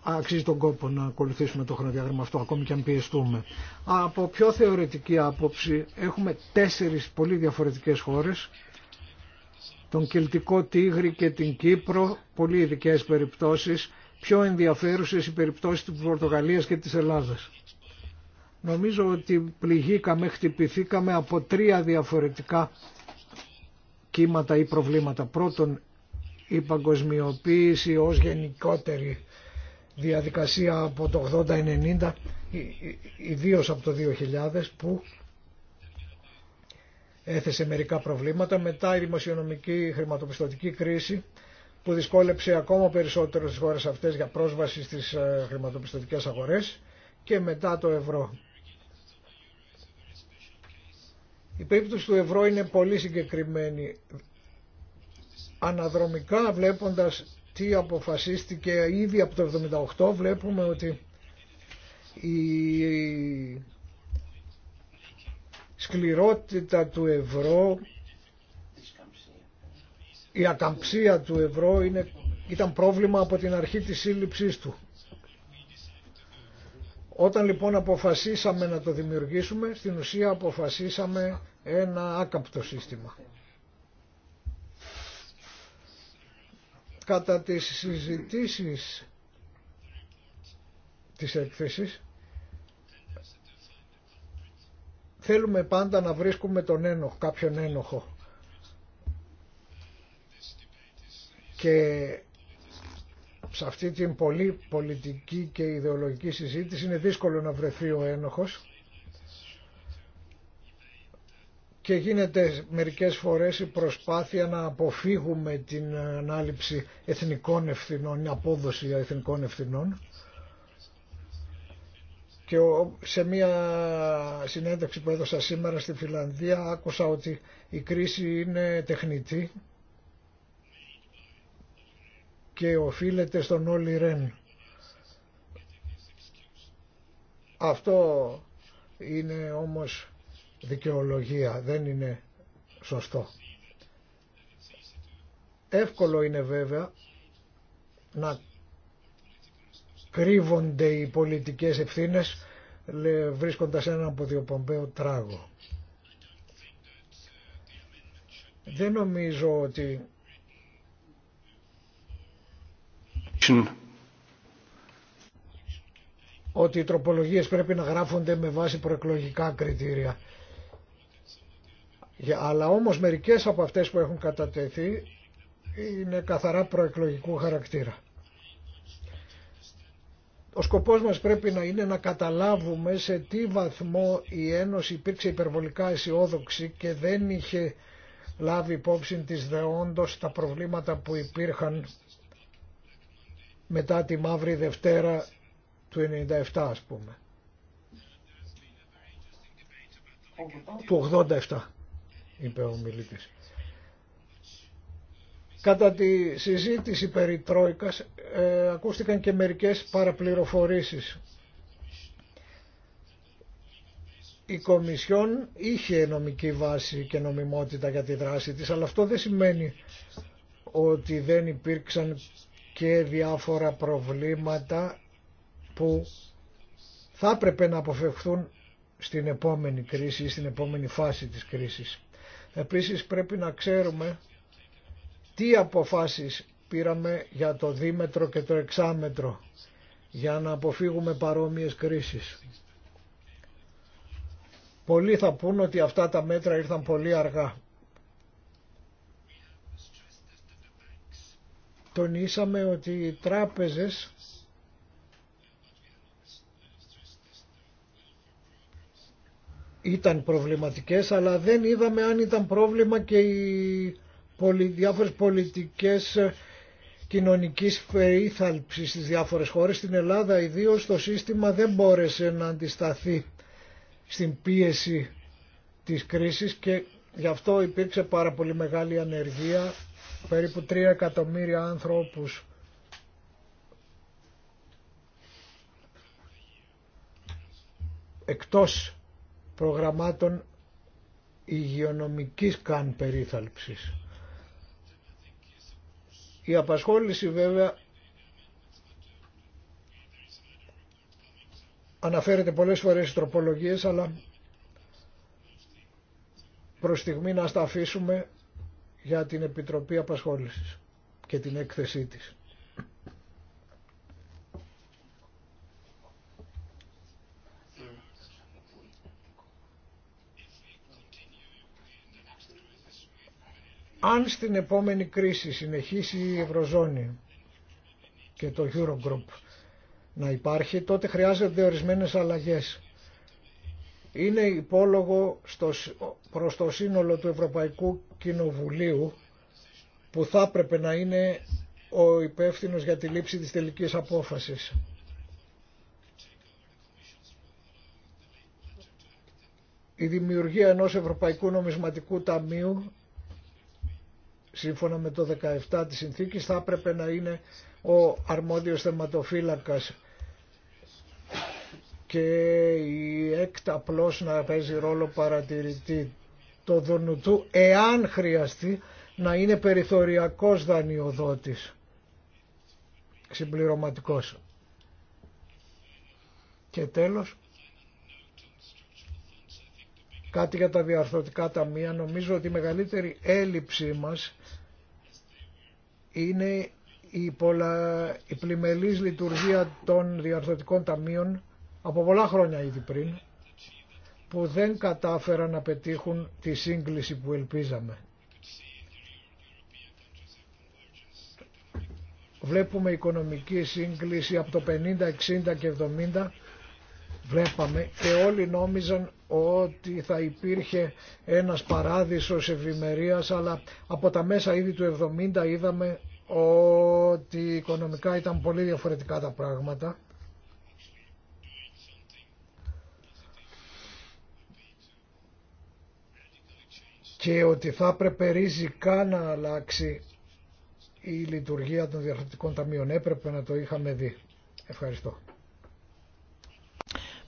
αξίζει τον κόπο να ακολουθήσουμε το χρονοδιάγραμμα αυτό ακόμη και αν πιεστούμε. Από πιο θεωρητική άποψη έχουμε τέσσερις πολύ διαφορετικές χώρες τον Κελτικό Τίγρη και την Κύπρο, πολύ ειδικέ περιπτώσεις, πιο ενδιαφέρουσες οι περιπτώσεις της Πορτογαλίας και της Ελλάδας. Νομίζω ότι πληγήκαμε, χτυπηθήκαμε από τρία διαφορετικά κύματα ή προβλήματα. Πρώτον, η παγκοσμιοποίηση ως γενικότερη διαδικασία από το 80-90, ιδίω από το 2000, που έθεσε μερικά προβλήματα. Μετά η δημοσιονομική χρηματοπιστωτική κρίση, που δυσκόλεψε ακόμα περισσότερο στις χώρες αυτές για πρόσβαση στις ε, χρηματοπιστωτικές αγορές και μετά το ευρώ. Η περίπτωση του ευρώ είναι πολύ συγκεκριμένη. Αναδρομικά βλέποντας τι αποφασίστηκε ήδη από το 1978 βλέπουμε ότι η σκληρότητα του ευρώ, η ακαμψία του ευρώ είναι, ήταν πρόβλημα από την αρχή της σύλληψής του. Όταν λοιπόν αποφασίσαμε να το δημιουργήσουμε, στην ουσία αποφασίσαμε ένα άκαπτο σύστημα. Κατά τις συζητήσεις της έκθεσης, θέλουμε πάντα να βρίσκουμε τον ένοχο, κάποιον ένοχο. Και σε αυτή την πολύ πολιτική και ιδεολογική συζήτηση είναι δύσκολο να βρεθεί ο ένοχος και γίνεται μερικές φορές η προσπάθεια να αποφύγουμε την ανάληψη εθνικών ευθυνών, η απόδοση εθνικών ευθυνών και σε μια συνέντευξη που έδωσα σήμερα στη Φιλανδία άκουσα ότι η κρίση είναι τεχνητή και οφείλεται στον Όλυ Ρεν. Αυτό είναι όμως δικαιολογία, δεν είναι σωστό. Εύκολο είναι βέβαια να κρύβονται οι πολιτικές ευθύνες βρίσκοντας έναν αποδιοπομπαίο τράγο. Δεν νομίζω ότι ότι οι τροπολογίες πρέπει να γράφονται με βάση προεκλογικά κριτήρια. Αλλά όμως μερικές από αυτές που έχουν κατατεθεί είναι καθαρά προεκλογικού χαρακτήρα. Ο σκοπός μας πρέπει να είναι να καταλάβουμε σε τι βαθμό η Ένωση υπήρξε υπερβολικά αισιόδοξη και δεν είχε λάβει υπόψη της δεόντος τα προβλήματα που υπήρχαν μετά τη Μαύρη Δευτέρα του 97 ας πούμε. Του 87 είπε ο μιλήτης. Κατά τη συζήτηση περί Τρόικας ε, ακούστηκαν και μερικές παραπληροφορήσεις. Η Κομισιόν είχε νομική βάση και νομιμότητα για τη δράση της, αλλά αυτό δεν σημαίνει ότι δεν υπήρξαν και διάφορα προβλήματα που θα έπρεπε να αποφευχθούν στην επόμενη κρίση ή στην επόμενη φάση της κρίσης. Επίσης πρέπει να ξέρουμε τι αποφάσεις πήραμε για το δίμετρο και το εξάμετρο για να αποφύγουμε παρόμοιες κρίσεις. Πολλοί θα πούν ότι αυτά τα μέτρα ήρθαν πολύ αργά. τονίσαμε ότι οι τράπεζες ήταν προβληματικές αλλά δεν είδαμε αν ήταν πρόβλημα και οι διάφορες πολιτικές κοινωνικής περίθαλψης στις διάφορες χώρες. Στην Ελλάδα ιδίως το σύστημα δεν μπόρεσε να αντισταθεί στην πίεση της κρίσης και Γι' αυτό υπήρξε πάρα πολύ μεγάλη ανεργία, περίπου 3 εκατομμύρια άνθρωπους εκτός προγραμμάτων υγειονομικής καν περίθαλψης. Η απασχόληση βέβαια αναφέρεται πολλές φορές στις τροπολογίες αλλά Προ στιγμή να στα αφήσουμε για την Επιτροπή Απασχόλησης και την έκθεσή της. Αν στην επόμενη κρίση συνεχίσει η Ευρωζώνη και το Eurogroup να υπάρχει, τότε χρειάζονται ορισμένες αλλαγές είναι υπόλογο στο, προς το σύνολο του Ευρωπαϊκού Κοινοβουλίου που θα έπρεπε να είναι ο υπεύθυνος για τη λήψη της τελικής απόφασης. Η δημιουργία ενός Ευρωπαϊκού Νομισματικού Ταμείου σύμφωνα με το 17 της συνθήκης θα έπρεπε να είναι ο αρμόδιος θεματοφύλακας και η ΕΚΤ να παίζει ρόλο παρατηρητή το δονουτού εάν χρειαστεί να είναι περιθωριακός δανειοδότης συμπληρωματικός. Και τέλος, κάτι για τα διαρθρωτικά ταμεία. Νομίζω ότι η μεγαλύτερη έλλειψή μας είναι η, πολλα... η πλημελής λειτουργία των διαρθρωτικών ταμείων από πολλά χρόνια ήδη πριν που δεν κατάφεραν να πετύχουν τη σύγκληση που ελπίζαμε. Βλέπουμε οικονομική σύγκληση από το 50, 60 και 70 βλέπαμε και όλοι νόμιζαν ότι θα υπήρχε ένας παράδεισος ευημερία, αλλά από τα μέσα ήδη του 70 είδαμε ότι οικονομικά ήταν πολύ διαφορετικά τα πράγματα και ότι θα έπρεπε ρίζικα να αλλάξει η λειτουργία των διαφορετικών ταμείων. Έπρεπε να το είχαμε δει. Ευχαριστώ.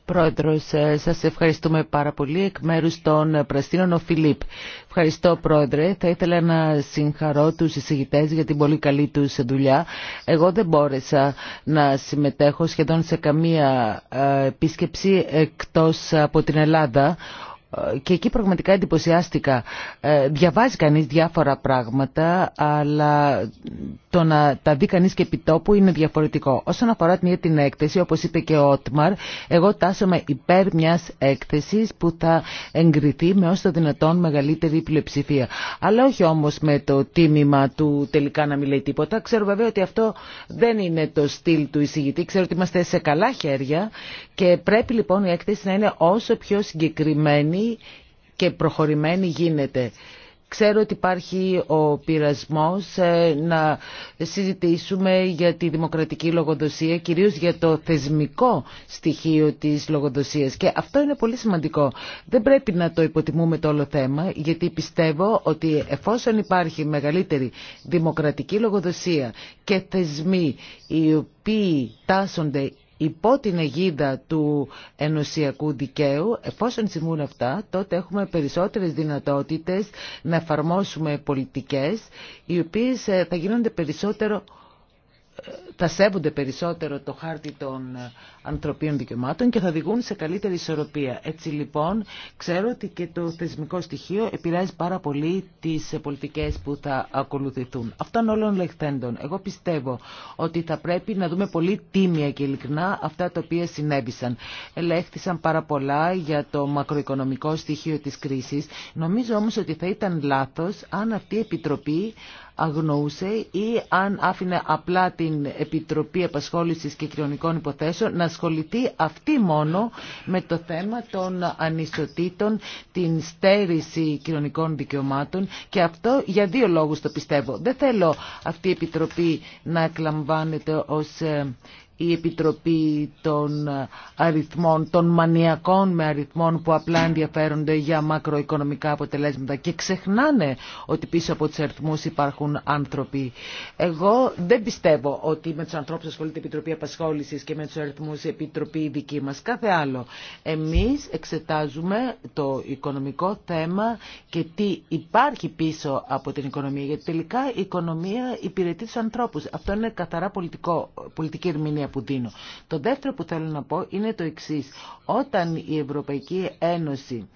Πρόεδρος, ε, σας ευχαριστούμε πάρα πολύ εκ μέρους των Πραστίνων ο Φιλίπ. Ευχαριστώ πρόεδρε. Θα ήθελα να συγχαρώ τους εισηγητές για την πολύ καλή τους δουλειά. Εγώ δεν μπόρεσα να συμμετέχω σχεδόν σε καμία ε, επίσκεψη εκτός από την Ελλάδα και εκεί πραγματικά εντυπωσιάστηκα. Ε, διαβάζει κανείς διάφορα πράγματα, αλλά το να τα δει κανείς και επιτόπου είναι διαφορετικό. Όσον αφορά την την έκθεση, όπως είπε και ο Ότμαρ, εγώ τάσαμε υπέρ μιας έκθεσης που θα εγκριθεί με όσο δυνατόν μεγαλύτερη πλειοψηφία. Αλλά όχι όμως με το τίμημα του τελικά να μην τίποτα. Ξέρω βέβαια ότι αυτό δεν είναι το στυλ του εισηγητή. Ξέρω ότι είμαστε σε καλά χέρια και πρέπει λοιπόν η έκθεση να είναι όσο πιο συγκεκριμένη και προχωρημένη γίνεται. Ξέρω ότι υπάρχει ο πειρασμός ε, να συζητήσουμε για τη δημοκρατική λογοδοσία, κυρίως για το θεσμικό στοιχείο της λογοδοσίας. Και αυτό είναι πολύ σημαντικό. Δεν πρέπει να το υποτιμούμε το όλο θέμα, γιατί πιστεύω ότι εφόσον υπάρχει μεγαλύτερη δημοκρατική λογοδοσία και θεσμοί οι οποίοι τάσσονται υπό την αιγίδα του ενωσιακού δικαίου, εφόσον συμβούν αυτά, τότε έχουμε περισσότερες δυνατότητες να εφαρμόσουμε πολιτικές, οι οποίες ε, θα γίνονται περισσότερο θα σέβονται περισσότερο το χάρτη των ε, ανθρωπίων δικαιωμάτων και θα οδηγούν σε καλύτερη ισορροπία. Έτσι λοιπόν ξέρω ότι και το θεσμικό στοιχείο επηρεάζει πάρα πολύ τις ε, πολιτικές που θα ακολουθηθούν. Αυτών όλων λεχθέντων. Εγώ πιστεύω ότι θα πρέπει να δούμε πολύ τίμια και ειλικρινά αυτά τα οποία συνέβησαν. Ελέγχθησαν πάρα πολλά για το μακροοικονομικό στοιχείο της κρίσης. Νομίζω όμως ότι θα ήταν λάθος αν αυτή η Επιτροπή αγνοούσε ή αν άφηνε απλά την Επιτροπή Επασχόλησης και Κοινωνικών Υποθέσεων να ασχοληθεί αυτή μόνο με το θέμα των ανισοτήτων, την στέρηση κοινωνικών δικαιωμάτων και αυτό για δύο λόγους το πιστεύω. Δεν θέλω αυτή η Επιτροπή να εκλαμβάνεται ως ε, η Επιτροπή των Αριθμών, των μανιακών με αριθμών που απλά ενδιαφέρονται για μακροοικονομικά αποτελέσματα και ξεχνάνε ότι πίσω από τους αριθμούς υπάρχουν άνθρωποι. Εγώ δεν πιστεύω ότι με τους ανθρώπους ασχολείται η Επιτροπή Απασχόλησης και με τους αριθμούς η Επιτροπή δική μας. Κάθε άλλο. Εμείς εξετάζουμε το οικονομικό θέμα και τι υπάρχει πίσω από την οικονομία. Γιατί τελικά η οικονομία υπηρετεί τους ανθρώπους. Αυτό είναι καθαρά πολιτικό, πολιτική ερμηνεία το δεύτερο που θέλω να πω είναι το εξής. Όταν η Ευρωπαϊκή Ένωση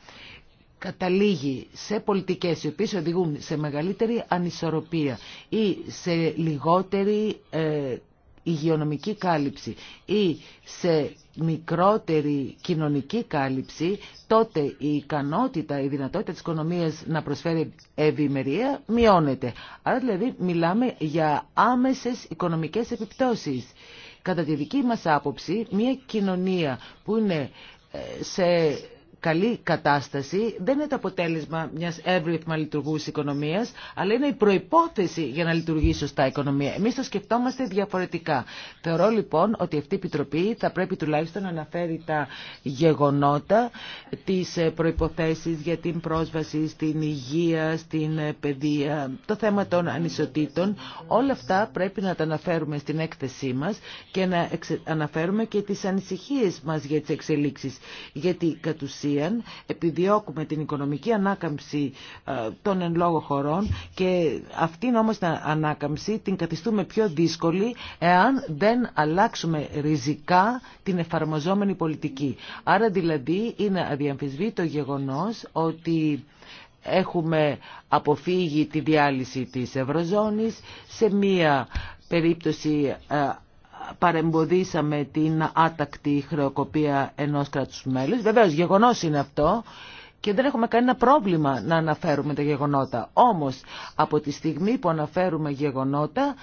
καταλήγει σε πολιτικές οι οποίες οδηγούν σε μεγαλύτερη ανισορροπία ή σε λιγότερη ε, υγειονομική κάλυψη ή σε μικρότερη κοινωνική κάλυψη, τότε η σε λιγοτερη υγειονομικη καλυψη η δυνατότητα της οικονομίας να προσφέρει ευημερία μειώνεται. Άρα δηλαδή μιλάμε για άμεσες οικονομικές επιπτώσεις. Κατά τη δική μας άποψη, μια κοινωνία που είναι ε, σε καλή κατάσταση δεν είναι το αποτέλεσμα μιας εύρυθμα λειτουργούς οικονομίας, αλλά είναι η προϋπόθεση για να λειτουργεί σωστά η οικονομία. Εμείς το σκεφτόμαστε διαφορετικά. Θεωρώ λοιπόν ότι αυτή η Επιτροπή θα πρέπει τουλάχιστον να αναφέρει τα γεγονότα, τις ε, προϋποθέσεις για την πρόσβαση στην υγεία, στην ε, παιδεία, το θέμα των ανισοτήτων. Όλα αυτά πρέπει να τα αναφέρουμε στην έκθεσή μας και να αναφέρουμε και τις ανησυχίε μας για τι εξελίξεις. Γιατί κατ' κατευθείαν επιδιώκουμε την οικονομική ανάκαμψη ε, των εν λόγω χωρών και αυτήν όμως την ανάκαμψη την καθιστούμε πιο δύσκολη εάν δεν αλλάξουμε ριζικά την εφαρμοζόμενη πολιτική. Άρα δηλαδή είναι αδιαμφισβήτο γεγονός ότι έχουμε αποφύγει τη διάλυση της Ευρωζώνης σε μία περίπτωση ε, παρεμποδίσαμε την άτακτη χρεοκοπία ενός κράτους μέλους. Βεβαίως γεγονός είναι αυτό και δεν έχουμε κανένα πρόβλημα να αναφέρουμε τα γεγονότα. Όμως από τη στιγμή που αναφέρουμε γεγονότα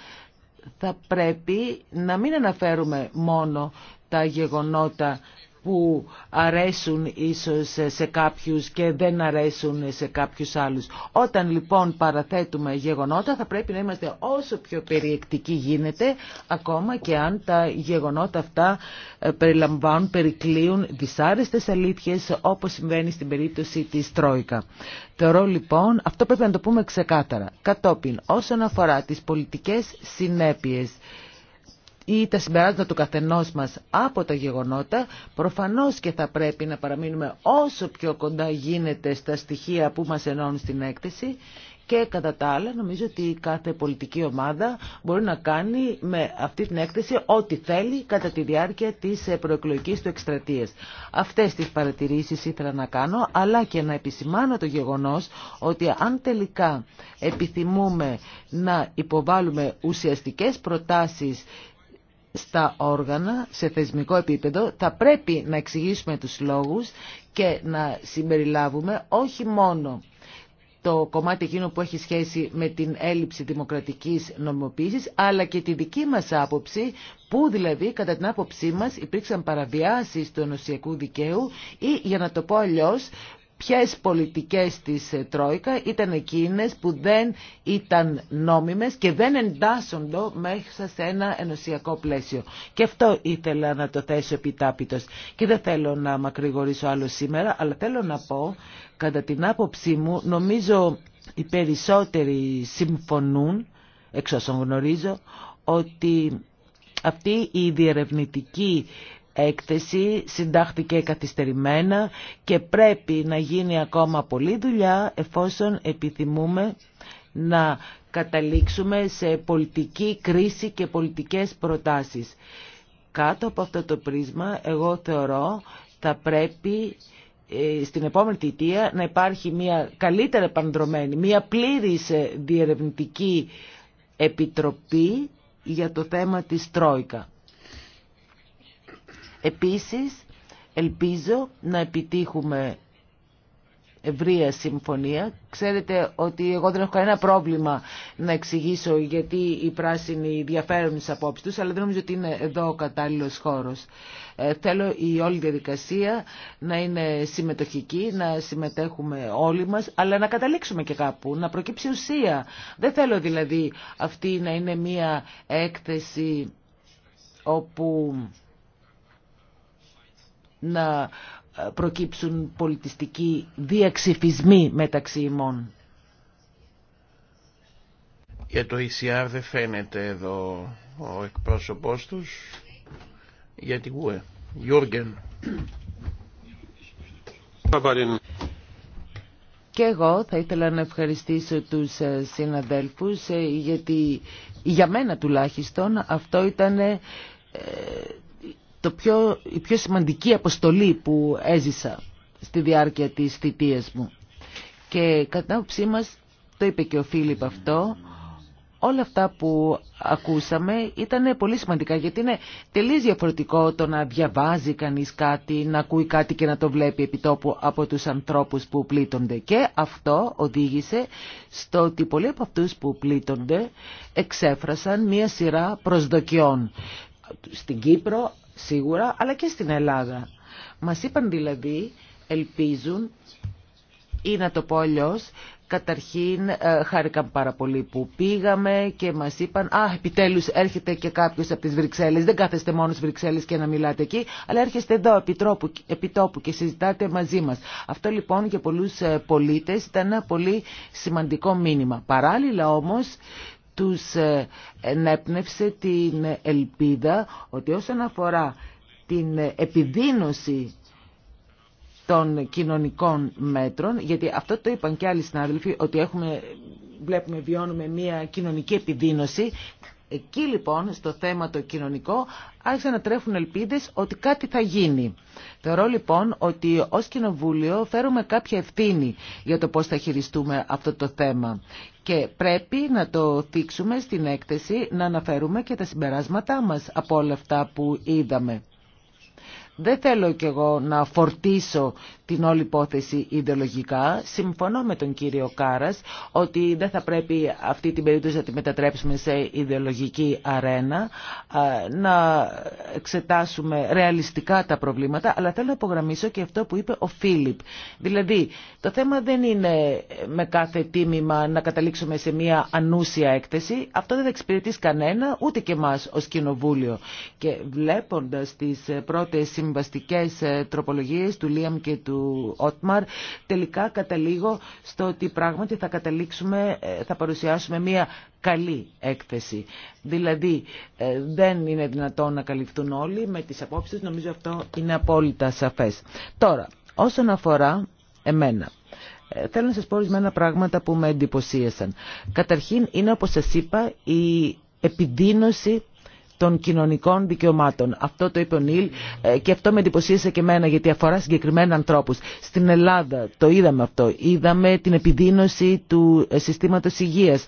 θα πρέπει να μην αναφέρουμε μόνο τα γεγονότα που αρέσουν ίσως σε κάποιους και δεν αρέσουν σε κάποιους άλλους. Όταν λοιπόν παραθέτουμε γεγονότα θα πρέπει να είμαστε όσο πιο περιεκτικοί γίνεται ακόμα και αν τα γεγονότα αυτά ε, περιλαμβάνουν, περικλείουν δυσάρεστες αλήθειες όπως συμβαίνει στην περίπτωση της Τρόικα. Θεωρώ λοιπόν, αυτό πρέπει να το πούμε ξεκάθαρα, κατόπιν όσον αφορά τις πολιτικές συνέπειες ή τα συμπεράσματα του καθενό μας από τα γεγονότα, προφανώς και θα πρέπει να παραμείνουμε όσο πιο κοντά γίνεται στα στοιχεία που μας ενώνουν στην έκθεση και κατά τα άλλα νομίζω ότι κάθε πολιτική ομάδα μπορεί να κάνει με αυτή την έκθεση ό,τι θέλει κατά τη διάρκεια της προεκλογικής του εκστρατείας. Αυτές τις παρατηρήσεις ήθελα να κάνω αλλά και να επισημάνω το γεγονός ότι αν τελικά επιθυμούμε να υποβάλουμε ουσιαστικές προτάσεις στα όργανα, σε θεσμικό επίπεδο, θα πρέπει να εξηγήσουμε τους λόγους και να συμπεριλάβουμε όχι μόνο το κομμάτι εκείνο που έχει σχέση με την έλλειψη δημοκρατικής νομιμοποίησης, αλλά και τη δική μας άποψη, που δηλαδή κατά την άποψή μας υπήρξαν παραβιάσεις του ενωσιακού δικαίου ή για να το πω αλλιώς ποιες πολιτικές της ε, Τρόικα ήταν εκείνες που δεν ήταν νόμιμες και δεν εντάσσονται μέσα σε ένα ενωσιακό πλαίσιο. Και αυτό ήθελα να το θέσω επιτάπητος. Και δεν θέλω να μακρηγορήσω άλλο σήμερα, αλλά θέλω να πω, κατά την άποψή μου, νομίζω οι περισσότεροι συμφωνούν, εξ όσων γνωρίζω, ότι αυτή η διερευνητική έκθεση συντάχθηκε καθυστερημένα και πρέπει να γίνει ακόμα πολλή δουλειά εφόσον επιθυμούμε να καταλήξουμε σε πολιτική κρίση και πολιτικές προτάσεις. Κάτω από αυτό το πρίσμα, εγώ θεωρώ, θα πρέπει ε, στην επόμενη θητεία να υπάρχει μια καλύτερα επανδρομένη, μια πλήρης ε, διερευνητική επιτροπή για το θέμα της Τρόικα. Επίσης, ελπίζω να επιτύχουμε ευρεία συμφωνία. Ξέρετε ότι εγώ δεν έχω κανένα πρόβλημα να εξηγήσω γιατί οι πράσινοι διαφέρουν τις απόψεις τους, αλλά δεν νομίζω ότι είναι εδώ ο κατάλληλος χώρος. Ε, θέλω η όλη διαδικασία να είναι συμμετοχική, να συμμετέχουμε όλοι μας, αλλά να καταλήξουμε και κάπου, να προκύψει ουσία. Δεν θέλω δηλαδή αυτή να είναι μία έκθεση όπου να ε, προκύψουν πολιτιστικοί διαξυφισμοί μεταξύ ημών. Για το ECR δεν φαίνεται εδώ ο εκπρόσωπός τους. Για την ΚΟΕ. Γιούργεν. Και εγώ θα ήθελα να ευχαριστήσω τους ε, συναδέλφους ε, γιατί για μένα τουλάχιστον αυτό ήταν το πιο, η πιο σημαντική αποστολή που έζησα στη διάρκεια της θητείας μου. Και κατά όψι μας, το είπε και ο Φίλιπ αυτό, όλα αυτά που ακούσαμε ήταν πολύ σημαντικά γιατί είναι τελείως διαφορετικό το να διαβάζει κανείς κάτι, να ακούει κάτι και να το βλέπει επιτόπου από τους ανθρώπους που πλήττονται και αυτό οδήγησε στο ότι πολλοί από αυτούς που πλήττονται εξέφρασαν μία σειρά προσδοκιών στην Κύπρο σίγουρα, αλλά και στην Ελλάδα. Μας είπαν δηλαδή, ελπίζουν, ή να το πω αλλιώς, Καταρχήν ε, χάρηκαν πάρα πολύ που πήγαμε και μας είπαν «Α, επιτέλους έρχεται και κάποιος από τις Βρυξέλλες, δεν κάθεστε μόνο στις Βρυξέλλες και να μιλάτε εκεί, αλλά έρχεστε εδώ επιτόπου, επιτόπου και συζητάτε μαζί μας». Αυτό λοιπόν για πολλούς ε, πολίτες ήταν ένα πολύ σημαντικό μήνυμα. Παράλληλα όμως τους ε, ενέπνευσε την ελπίδα ότι όσον αφορά την επιδίνωση των κοινωνικών μέτρων, γιατί αυτό το είπαν και άλλοι συνάδελφοι, ότι έχουμε, βλέπουμε, βιώνουμε μια κοινωνική επιδίνωση, Εκεί λοιπόν στο θέμα το κοινωνικό άρχισαν να τρέφουν ελπίδες ότι κάτι θα γίνει. Θεωρώ λοιπόν ότι ως Κοινοβούλιο φέρουμε κάποια ευθύνη για το πώς θα χειριστούμε αυτό το θέμα. Και πρέπει να το θίξουμε στην έκθεση, να αναφέρουμε και τα συμπεράσματά μας από όλα αυτά που είδαμε. Δεν θέλω κι εγώ να φορτίσω την όλη υπόθεση ιδεολογικά. Συμφωνώ με τον κύριο Κάρας ότι δεν θα πρέπει αυτή την περίπτωση να τη μετατρέψουμε σε ιδεολογική αρένα, να εξετάσουμε ρεαλιστικά τα προβλήματα, αλλά θέλω να υπογραμμίσω και αυτό που είπε ο Φίλιπ. Δηλαδή, το θέμα δεν είναι με κάθε τίμημα να καταλήξουμε σε μια ανούσια έκθεση. Αυτό δεν θα κανένα, ούτε και εμά ω Κοινοβούλιο. Και συμβαστικές ε, τροπολογίες του Λίαμ και του Ότμαρ. Τελικά καταλήγω στο ότι πράγματι θα καταλήξουμε, ε, θα παρουσιάσουμε μια καλή έκθεση. Δηλαδή ε, δεν είναι δυνατόν να καλυφθούν όλοι με τις απόψεις, νομίζω αυτό είναι απόλυτα σαφές. Τώρα, όσον αφορά εμένα, θέλω να σας πω ορισμένα πράγματα που με εντυπωσίασαν. Καταρχήν είναι όπως σας είπα η επιδίνωση των κοινωνικών δικαιωμάτων. Αυτό το είπε ο Νίλ ε, και αυτό με εντυπωσίασε και εμένα γιατί αφορά συγκεκριμένα ανθρώπου. Στην Ελλάδα το είδαμε αυτό. Είδαμε την επιδείνωση του ε, συστήματος υγείας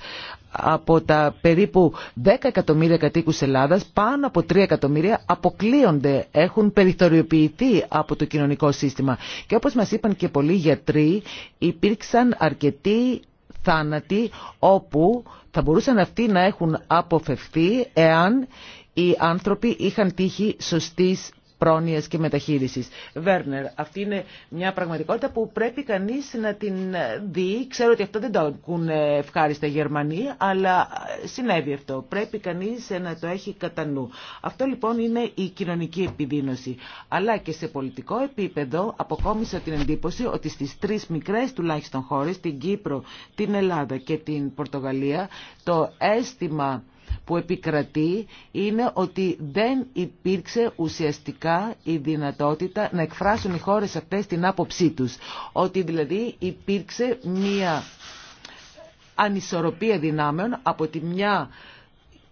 από τα περίπου 10 εκατομμύρια κατοίκους Ελλάδας, πάνω από 3 εκατομμύρια αποκλείονται, έχουν περιθωριοποιηθεί από το κοινωνικό σύστημα. Και όπως μας είπαν και πολλοί γιατροί, υπήρξαν αρκετοί θάνατοι όπου θα μπορούσαν αυτοί να έχουν αποφευθεί εάν οι άνθρωποι είχαν τύχει σωστής πρόνοιας και μεταχείρισης. Βέρνερ, αυτή είναι μια πραγματικότητα που πρέπει κανείς να την δει. Ξέρω ότι αυτό δεν το ακούν ευχάριστα οι Γερμανοί, αλλά συνέβη αυτό. Πρέπει κανείς να το έχει κατά νου. Αυτό λοιπόν είναι η κοινωνική επιδείνωση. Αλλά και σε πολιτικό επίπεδο αποκόμισα την εντύπωση ότι στις τρεις μικρές τουλάχιστον χώρες, την Κύπρο, την Ελλάδα και την Πορτογαλία, το αίσθημα που επικρατεί είναι ότι δεν υπήρξε ουσιαστικά η δυνατότητα να εκφράσουν οι χώρες αυτές την άποψή τους. Ότι δηλαδή υπήρξε μία ανισορροπία δυνάμεων από τη μια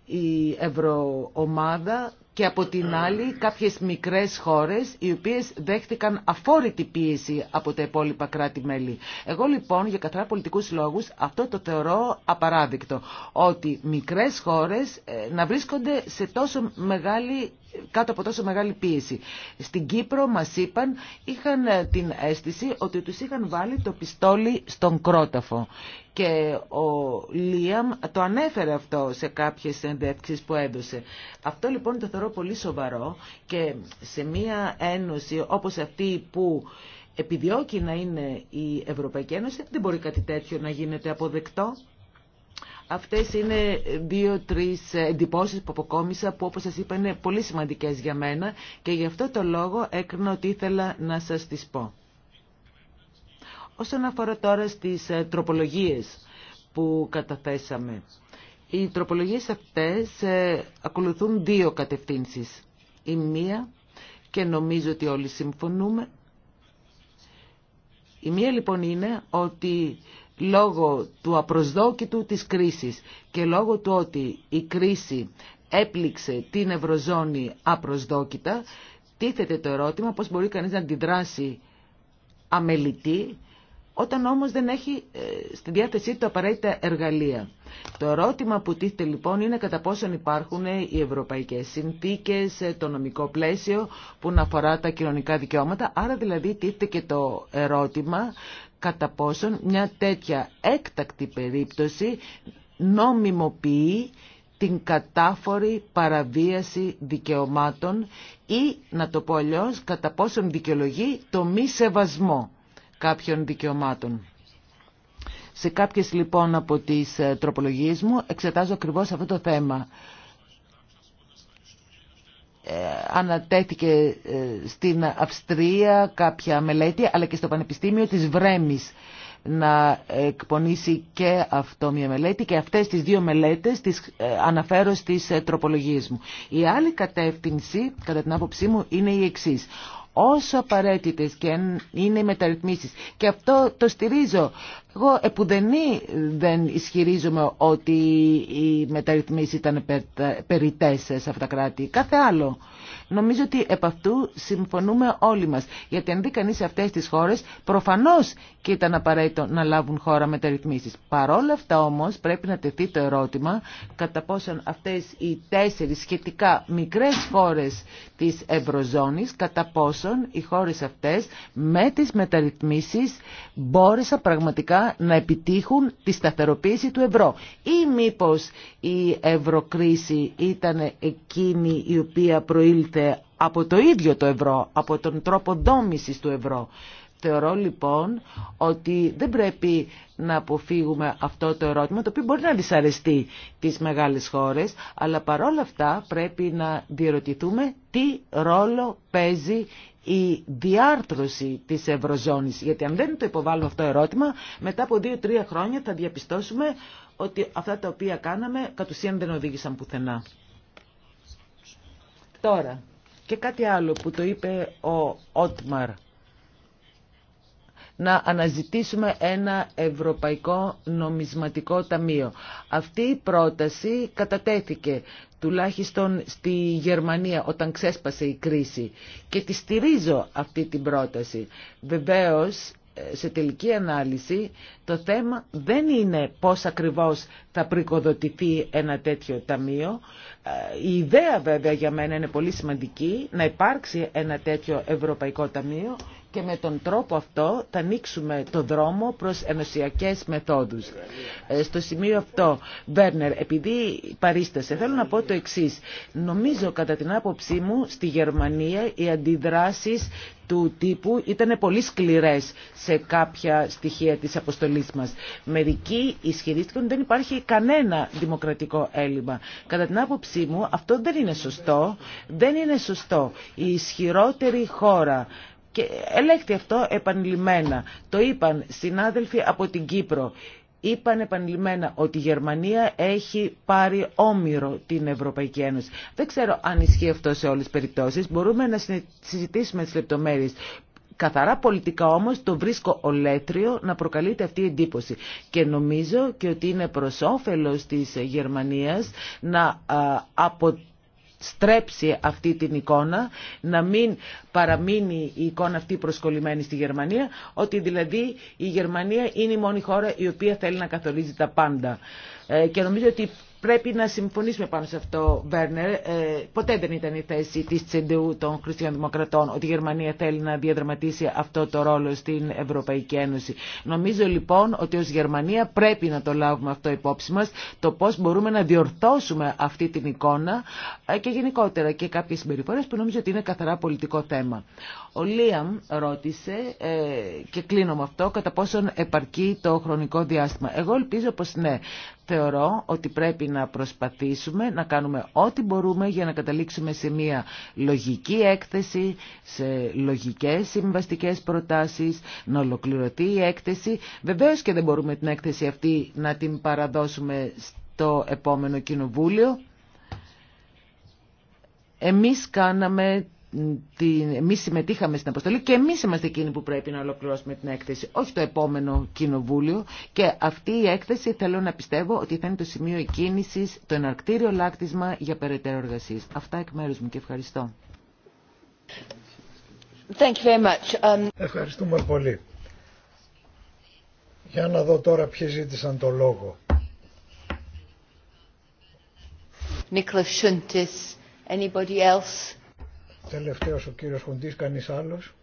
η ευρωομάδα και από την άλλη κάποιες μικρές χώρες οι οποίες δέχτηκαν αφόρητη πίεση από τα υπόλοιπα κράτη-μέλη. Εγώ λοιπόν για καθαρά πολιτικούς λόγους αυτό το θεωρώ απαράδεικτο, ότι μικρές χώρες ε, να βρίσκονται σε τόσο μεγάλη κάτω από τόσο μεγάλη πίεση. Στην Κύπρο μας είπαν, είχαν ε, την αίσθηση ότι τους είχαν βάλει το πιστόλι στον κρόταφο. Και ο Λίαμ το ανέφερε αυτό σε κάποιες συνδέξεις που έδωσε. Αυτό λοιπόν το θεωρώ πολύ σοβαρό και σε μια ένωση όπως αυτή που επιδιώκει να είναι η Ευρωπαϊκή Ένωση δεν μπορεί κάτι τέτοιο να γίνεται αποδεκτό. Αυτές είναι δύο-τρεις εντυπώσεις που αποκόμισα που όπως σας είπα είναι πολύ σημαντικές για μένα και γι' αυτό το λόγο έκρινα ότι ήθελα να σας τις πω. Όσον αφορά τώρα στις ε, τροπολογίες που καταθέσαμε. Οι τροπολογίες αυτές ε, ακολουθούν δύο κατευθύνσεις. Η μία, και νομίζω ότι όλοι συμφωνούμε, η μία λοιπόν είναι ότι λόγω του απροσδόκητου της κρίσης και λόγω του ότι η κρίση έπληξε την Ευρωζώνη απροσδόκητα, τίθεται το ερώτημα πώς μπορεί κανείς να αντιδράσει αμελητή, όταν όμως δεν έχει ε, στη διάθεσή του απαραίτητα εργαλεία. Το ερώτημα που τίθεται λοιπόν είναι κατά πόσον υπάρχουν ε, οι ευρωπαϊκές συνθήκες, ε, το νομικό πλαίσιο που να αφορά τα κοινωνικά δικαιώματα, άρα δηλαδή τίθεται και το ερώτημα κατά πόσον μια τέτοια έκτακτη περίπτωση νομιμοποιεί την κατάφορη παραβίαση δικαιωμάτων ή, να το πω αλλιώς, κατά πόσον δικαιολογεί το μη σεβασμό κάποιων δικαιωμάτων. Σε κάποιες λοιπόν από τις ε, τροπολογίες μου εξετάζω ακριβώς αυτό το θέμα. Ε, ανατέθηκε ε, στην Αυστρία κάποια μελέτη αλλά και στο Πανεπιστήμιο της Βρέμης να εκπονήσει και αυτό μια μελέτη και αυτές τις δύο μελέτες τις ε, αναφέρω στις τροπολογίες μου. Η άλλη κατεύθυνση κατά την άποψή μου είναι η εξής όσο απαραίτητε και είναι οι μεταρρυθμίσεις και αυτό το στηρίζω εγώ επουδενή δεν ισχυρίζομαι ότι οι μεταρρυθμίσει ήταν περιτές σε αυτά τα κράτη. Κάθε άλλο. Νομίζω ότι επ' αυτού συμφωνούμε όλοι μας. Γιατί αν δει κανεί σε αυτές τις χώρες, προφανώς και ήταν απαραίτητο να λάβουν χώρα μεταρρυθμίσεις. Παρόλα αυτά όμως πρέπει να τεθεί το ερώτημα κατά πόσον αυτές οι τέσσερις σχετικά μικρές χώρες της Ευρωζώνης, κατά πόσον οι χώρες αυτές με τις μεταρρυθμίσεις μπόρεσαν πραγματικά να επιτύχουν τη σταθεροποίηση του ευρώ. Ή μήπως η ευρωκρίση ήταν εκείνη η οποία προήλθε από το ίδιο το ευρώ, από τον τρόπο δόμησης του ευρώ. Θεωρώ λοιπόν ότι δεν πρέπει να αποφύγουμε αυτό το ερώτημα το οποίο μπορεί να δυσαρεστεί τις μεγάλες χώρες αλλά παρόλα αυτά πρέπει να διερωτηθούμε τι ρόλο παίζει η διάρθρωση της Ευρωζώνης. Γιατί αν δεν το υποβάλουμε αυτό το ερώτημα, μετά από δύο-τρία χρόνια θα διαπιστώσουμε ότι αυτά τα οποία κάναμε κατ' ουσίαν δεν οδήγησαν πουθενά. Τώρα, και κάτι άλλο που το είπε ο Ότμαρ. Να αναζητήσουμε ένα ευρωπαϊκό νομισματικό ταμείο. Αυτή η πρόταση κατατέθηκε τουλάχιστον στη Γερμανία όταν ξέσπασε η κρίση και τη στηρίζω αυτή την πρόταση. Βεβαίως σε τελική ανάλυση το θέμα δεν είναι πώς ακριβώς θα πρικοδοτηθεί ένα τέτοιο ταμείο. Ε, η ιδέα βέβαια για μένα είναι πολύ σημαντική να υπάρξει ένα τέτοιο ευρωπαϊκό ταμείο και με τον τρόπο αυτό θα ανοίξουμε το δρόμο προς ενωσιακές μεθόδους. Ε, στο σημείο αυτό, Βέρνερ, επειδή παρίστασε, θέλω να πω το εξής. Νομίζω κατά την άποψή μου στη Γερμανία οι αντιδράσεις του τύπου ήταν πολύ σκληρές σε κάποια στοιχεία της αποστολής μας. Μερικοί ισχυρίστηκαν ότι δεν υπάρχει κανένα δημοκρατικό έλλειμμα. Κατά την άποψή μου αυτό δεν είναι σωστό. Δεν είναι σωστό. Η ισχυρότερη χώρα και ελέγχθη αυτό επανειλημμένα. Το είπαν συνάδελφοι από την Κύπρο. Είπαν επανειλημμένα ότι η Γερμανία έχει πάρει όμοιρο την Ευρωπαϊκή Ένωση. Δεν ξέρω αν ισχύει αυτό σε όλες τις περιπτώσεις. Μπορούμε να συζητήσουμε τις λεπτομέρειες. Καθαρά πολιτικά όμως το βρίσκω ολέτριο να προκαλείται αυτή η εντύπωση. Και νομίζω και ότι είναι προς όφελος της Γερμανίας να αποστρέψει αυτή την εικόνα, να μην παραμείνει η εικόνα αυτή προσκολλημένη στη Γερμανία, ότι δηλαδή η Γερμανία είναι η μόνη χώρα η οποία θέλει να καθορίζει τα πάντα. Ε, και νομίζω ότι Πρέπει να συμφωνήσουμε πάνω σε αυτό, Βέρνερ. Ε, ποτέ δεν ήταν η θέση της Τσεντεού των Δημοκρατών ότι η Γερμανία θέλει να διαδραματίσει αυτό το ρόλο στην Ευρωπαϊκή Ένωση. Νομίζω λοιπόν ότι ως Γερμανία πρέπει να το λάβουμε αυτό υπόψη μας, το πώς μπορούμε να διορθώσουμε αυτή την εικόνα ε, και γενικότερα και κάποιες συμπεριφορές που νομίζω ότι είναι καθαρά πολιτικό θέμα. Ο Λίαμ ρώτησε ε, και κλείνω με αυτό κατά πόσον επαρκεί το χρονικό διάστημα. Εγώ ελπίζω πως ναι θεωρώ ότι πρέπει να προσπαθήσουμε να κάνουμε ό,τι μπορούμε για να καταλήξουμε σε μια λογική έκθεση, σε λογικές συμβαστικές προτάσεις, να ολοκληρωθεί η έκθεση. Βεβαίως και δεν μπορούμε την έκθεση αυτή να την παραδώσουμε στο επόμενο κοινοβούλιο. Εμείς κάναμε την, εμεί συμμετείχαμε στην αποστολή και εμείς είμαστε εκείνοι που πρέπει να ολοκληρώσουμε την έκθεση, όχι το επόμενο κοινοβούλιο και αυτή η έκθεση θέλω να πιστεύω ότι θα είναι το σημείο εκκίνησης, το εναρκτήριο λάκτισμα για περαιτέρω εργασίες. Αυτά εκ μέρους μου και ευχαριστώ. Um, Ευχαριστούμε πολύ. Για να δω τώρα ποιοι ζήτησαν το λόγο. anybody else? Τελευταίος ο κύριος Χουντής, κανείς άλλος.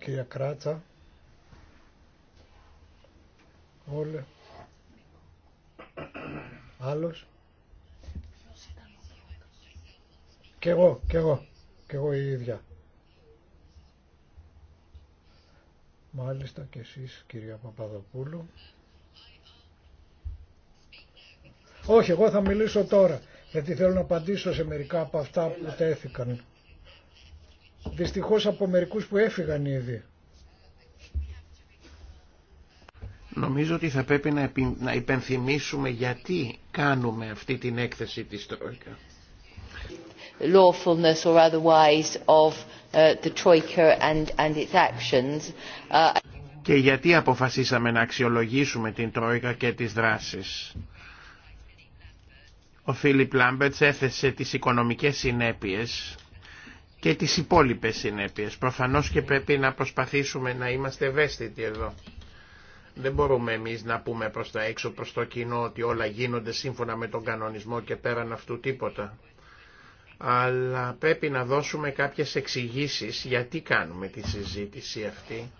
Κυρία Κράτσα. Όλε. Άλλος. και εγώ, κι εγώ, κι εγώ η ίδια. Μάλιστα και εσείς κυρία Παπαδοπούλου. Όχι, εγώ θα μιλήσω τώρα γιατί θέλω να απαντήσω σε μερικά από αυτά που τέθηκαν. Δυστυχώς από μερικούς που έφυγαν ήδη. Νομίζω ότι θα πρέπει να υπενθυμίσουμε γιατί κάνουμε αυτή την έκθεση της Τρόικα. of uh, the Troika and, its actions. Uh, και γιατί αποφασίσαμε να αξιολογήσουμε την Τρόικα και τις δράσεις. Ο Φίλιπ Λάμπερτς έθεσε τις οικονομικές συνέπειες και τις υπόλοιπες συνέπειες. Προφανώς και πρέπει να προσπαθήσουμε να είμαστε ευαίσθητοι εδώ. Δεν μπορούμε εμείς να πούμε προς τα έξω, προς το κοινό, ότι όλα γίνονται σύμφωνα με τον κανονισμό και πέραν αυτού τίποτα. Αλλά πρέπει να δώσουμε κάποιες εξηγήσει γιατί κάνουμε τη συζήτηση αυτή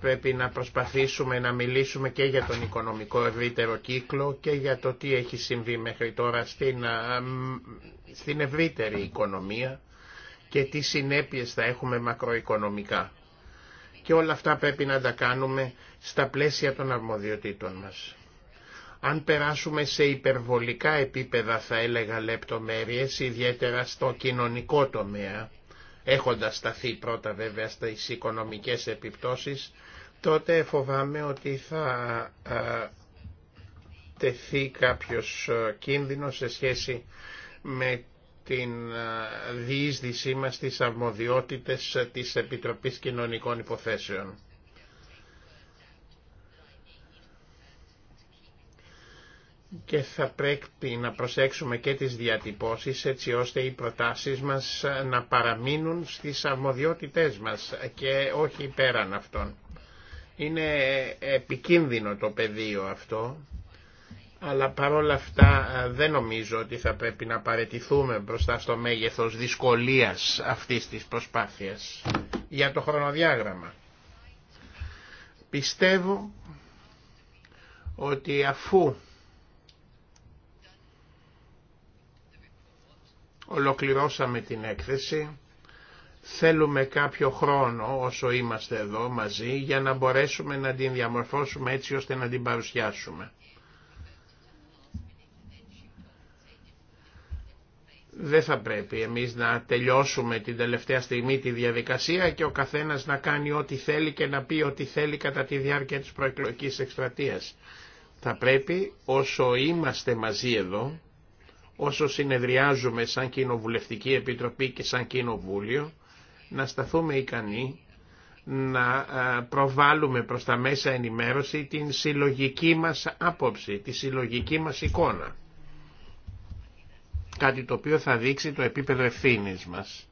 πρέπει να προσπαθήσουμε να μιλήσουμε και για τον οικονομικό ευρύτερο κύκλο και για το τι έχει συμβεί μέχρι τώρα στην, στην ευρύτερη οικονομία και τι συνέπειες θα έχουμε μακροοικονομικά. Και όλα αυτά πρέπει να τα κάνουμε στα πλαίσια των αρμοδιοτήτων μας. Αν περάσουμε σε υπερβολικά επίπεδα θα έλεγα λεπτομέρειες, ιδιαίτερα στο κοινωνικό τομέα, έχοντας σταθεί πρώτα βέβαια στις οικονομικές επιπτώσεις, τότε φοβάμαι ότι θα ε, τεθεί κάποιος ε, κίνδυνος σε σχέση με την ε, διείσδυσή μας στις αρμοδιότητες της Επιτροπής Κοινωνικών Υποθέσεων. και θα πρέπει να προσέξουμε και τις διατυπώσεις έτσι ώστε οι προτάσεις μας να παραμείνουν στις αρμοδιότητές μας και όχι πέραν αυτών. Είναι επικίνδυνο το πεδίο αυτό, αλλά παρόλα αυτά ε, δεν νομίζω ότι θα πρέπει να παρετηθούμε μπροστά στο μέγεθος δυσκολίας αυτής της προσπάθειας για το χρονοδιάγραμμα. Πιστεύω ότι αφού Ολοκληρώσαμε την έκθεση. Θέλουμε κάποιο χρόνο όσο είμαστε εδώ μαζί για να μπορέσουμε να την διαμορφώσουμε έτσι ώστε να την παρουσιάσουμε. δεν θα πρέπει εμείς να τελειώσουμε την τελευταία στιγμή τη διαδικασία και ο καθένας να κάνει ό,τι θέλει και να πει ό,τι θέλει κατά τη διάρκεια της προεκλογικής εκστρατείας. Θα πρέπει όσο είμαστε μαζί εδώ όσο συνεδριάζουμε σαν Κοινοβουλευτική Επιτροπή και σαν Κοινοβούλιο, να σταθούμε ικανοί να ε, προβάλλουμε προς τα μέσα ενημέρωση την συλλογική μας άποψη, τη συλλογική μας εικόνα. Κάτι το οποίο θα δείξει το επίπεδο ευθύνης μας.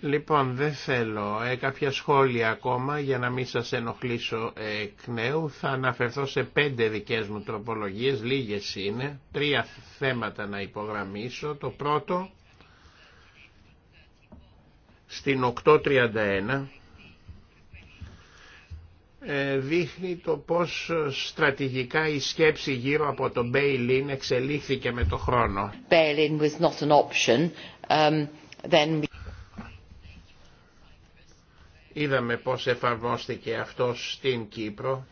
Λοιπόν, δεν θέλω ε, κάποια σχόλια ακόμα για να μην σας ενοχλήσω εκ νέου. Θα αναφερθώ σε πέντε δικές μου τροπολογίες, λίγες είναι. Τρία θέματα να υπογραμμίσω. Το πρώτο, στην 831, ε, δείχνει το πώς στρατηγικά η σκέψη γύρω από το Μπέιλιν εξελίχθηκε με το χρονο was not an um, Είδαμε πώς εφαρμόστηκε αυτό στην Κύπρο,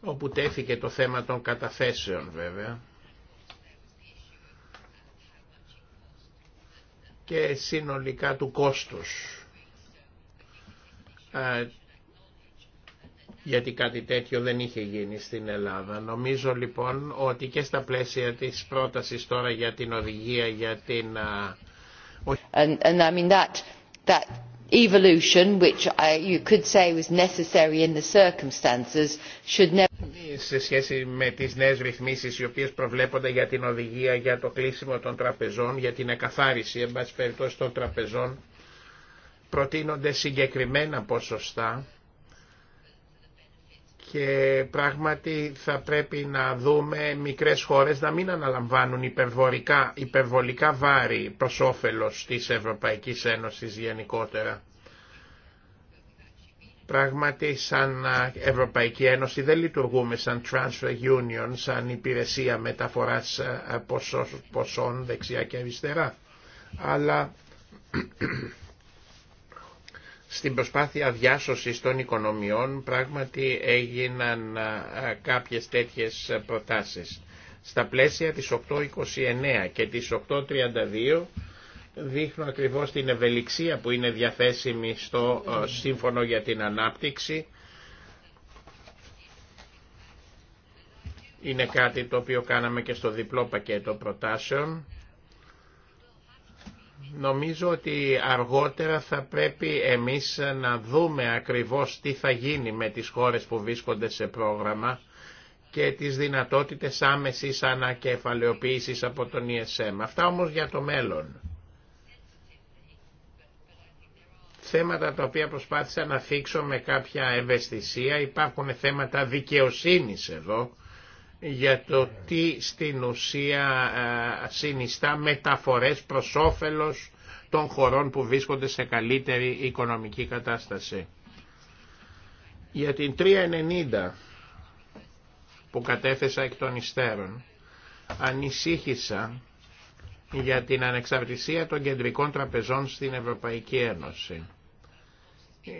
όπου τέθηκε το θέμα των καταθέσεων βέβαια. και συνολικά του κόστους. γιατί κάτι τέτοιο δεν είχε γίνει στην Ελλάδα. Νομίζω λοιπόν ότι και στα πλαίσια της πρότασης τώρα για την οδηγία για την... And, and σε σχέση με τις νέες ρυθμίσεις οι οποίες προβλέπονται για την οδηγία για το κλείσιμο των τραπεζών, για την εκαθάριση εν πάση περιπτώσει των τραπεζών προτείνονται συγκεκριμένα ποσοστά και πράγματι θα πρέπει να δούμε μικρές χώρες να μην αναλαμβάνουν υπερβολικά, υπερβολικά βάρη προς όφελος της Ευρωπαϊκής Ένωσης γενικότερα. Πράγματι σαν Ευρωπαϊκή Ένωση δεν λειτουργούμε σαν transfer union, σαν υπηρεσία μεταφοράς ε, ποσών δεξιά και αριστερά, αλλά στην προσπάθεια διάσωσης των οικονομιών πράγματι έγιναν κάποιες τέτοιες προτάσεις. Στα πλαίσια της 829 και της 832 δείχνω ακριβώς την ευελιξία που είναι διαθέσιμη στο Σύμφωνο για την Ανάπτυξη. Είναι κάτι το οποίο κάναμε και στο διπλό πακέτο προτάσεων. Νομίζω ότι αργότερα θα πρέπει εμείς να δούμε ακριβώς τι θα γίνει με τις χώρες που βρίσκονται σε πρόγραμμα και τις δυνατότητες άμεσης ανακεφαλαιοποίησης από τον ESM. Αυτά όμως για το μέλλον. Θέματα τα οποία προσπάθησα να θίξω με κάποια ευαισθησία. Υπάρχουν θέματα δικαιοσύνης εδώ για το τι στην ουσία συνιστά μεταφορές προς όφελος των χωρών που βρίσκονται σε καλύτερη οικονομική κατάσταση. Για την 390 που κατέθεσα εκ των υστέρων, ανησύχησα για την ανεξαρτησία των κεντρικών τραπεζών στην Ευρωπαϊκή Ένωση.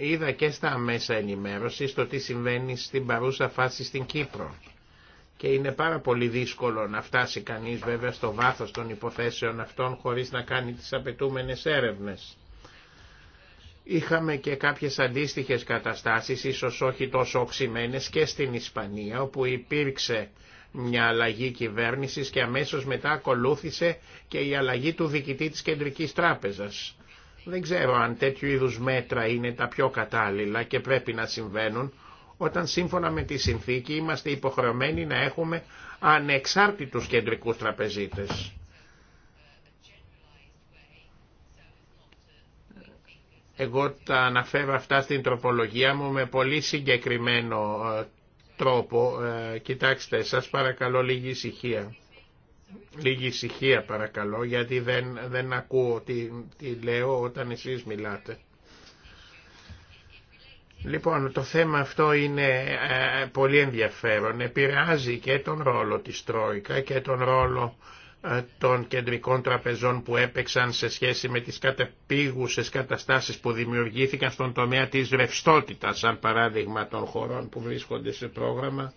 Είδα και στα μέσα ενημέρωση το τι συμβαίνει στην παρούσα φάση στην Κύπρο και είναι πάρα πολύ δύσκολο να φτάσει κανείς βέβαια στο βάθος των υποθέσεων αυτών χωρίς να κάνει τις απαιτούμενες έρευνες. Είχαμε και κάποιες αντίστοιχες καταστάσεις, ίσως όχι τόσο οξυμένες και στην Ισπανία, όπου υπήρξε μια αλλαγή κυβέρνησης και αμέσως μετά ακολούθησε και η αλλαγή του διοικητή της Κεντρικής Τράπεζας. Δεν ξέρω αν τέτοιου είδους μέτρα είναι τα πιο κατάλληλα και πρέπει να συμβαίνουν, όταν σύμφωνα με τη συνθήκη είμαστε υποχρεωμένοι να έχουμε ανεξάρτητους κεντρικούς τραπεζίτες. Εγώ τα αναφέρω αυτά στην τροπολογία μου με πολύ συγκεκριμένο ε, τρόπο. Ε, κοιτάξτε, σας παρακαλώ λίγη ησυχία. Λίγη ησυχία παρακαλώ, γιατί δεν, δεν ακούω τι, τι λέω όταν εσείς μιλάτε. Λοιπόν, το θέμα αυτό είναι ε, πολύ ενδιαφέρον. Επηρεάζει και τον ρόλο της Τρόικα και τον ρόλο ε, των κεντρικών τραπεζών που έπαιξαν σε σχέση με τις κατεπίγουσες καταστάσεις που δημιουργήθηκαν στον τομέα της ρευστότητα, σαν παράδειγμα των χωρών που βρίσκονται σε πρόγραμμα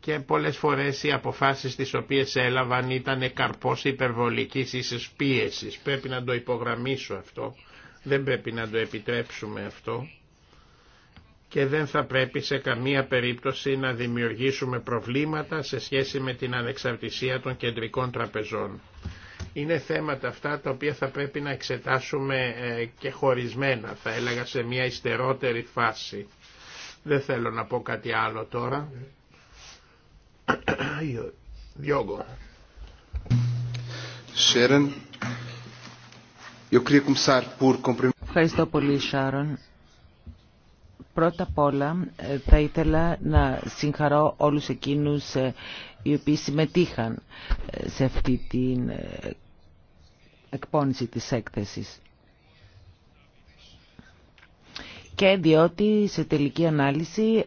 και πολλές φορές οι αποφάσεις τις οποίες έλαβαν ήταν καρπός υπερβολικής πίεσης. Πρέπει να το υπογραμμίσω αυτό δεν πρέπει να το επιτρέψουμε αυτό και δεν θα πρέπει σε καμία περίπτωση να δημιουργήσουμε προβλήματα σε σχέση με την ανεξαρτησία των κεντρικών τραπεζών. Είναι θέματα αυτά τα οποία θα πρέπει να εξετάσουμε ε, και χωρισμένα, θα έλεγα σε μια ιστερότερη φάση. Δεν θέλω να πω κάτι άλλο τώρα. (coughs) Διόγκο. Ευχαριστώ πολύ, Σάρον. Πρώτα απ' όλα ε, θα ήθελα να συγχαρώ όλους εκείνους ε, οι οποίοι συμμετείχαν ε, σε αυτή την εκπόνηση της έκθεσης. Και διότι σε τελική ανάλυση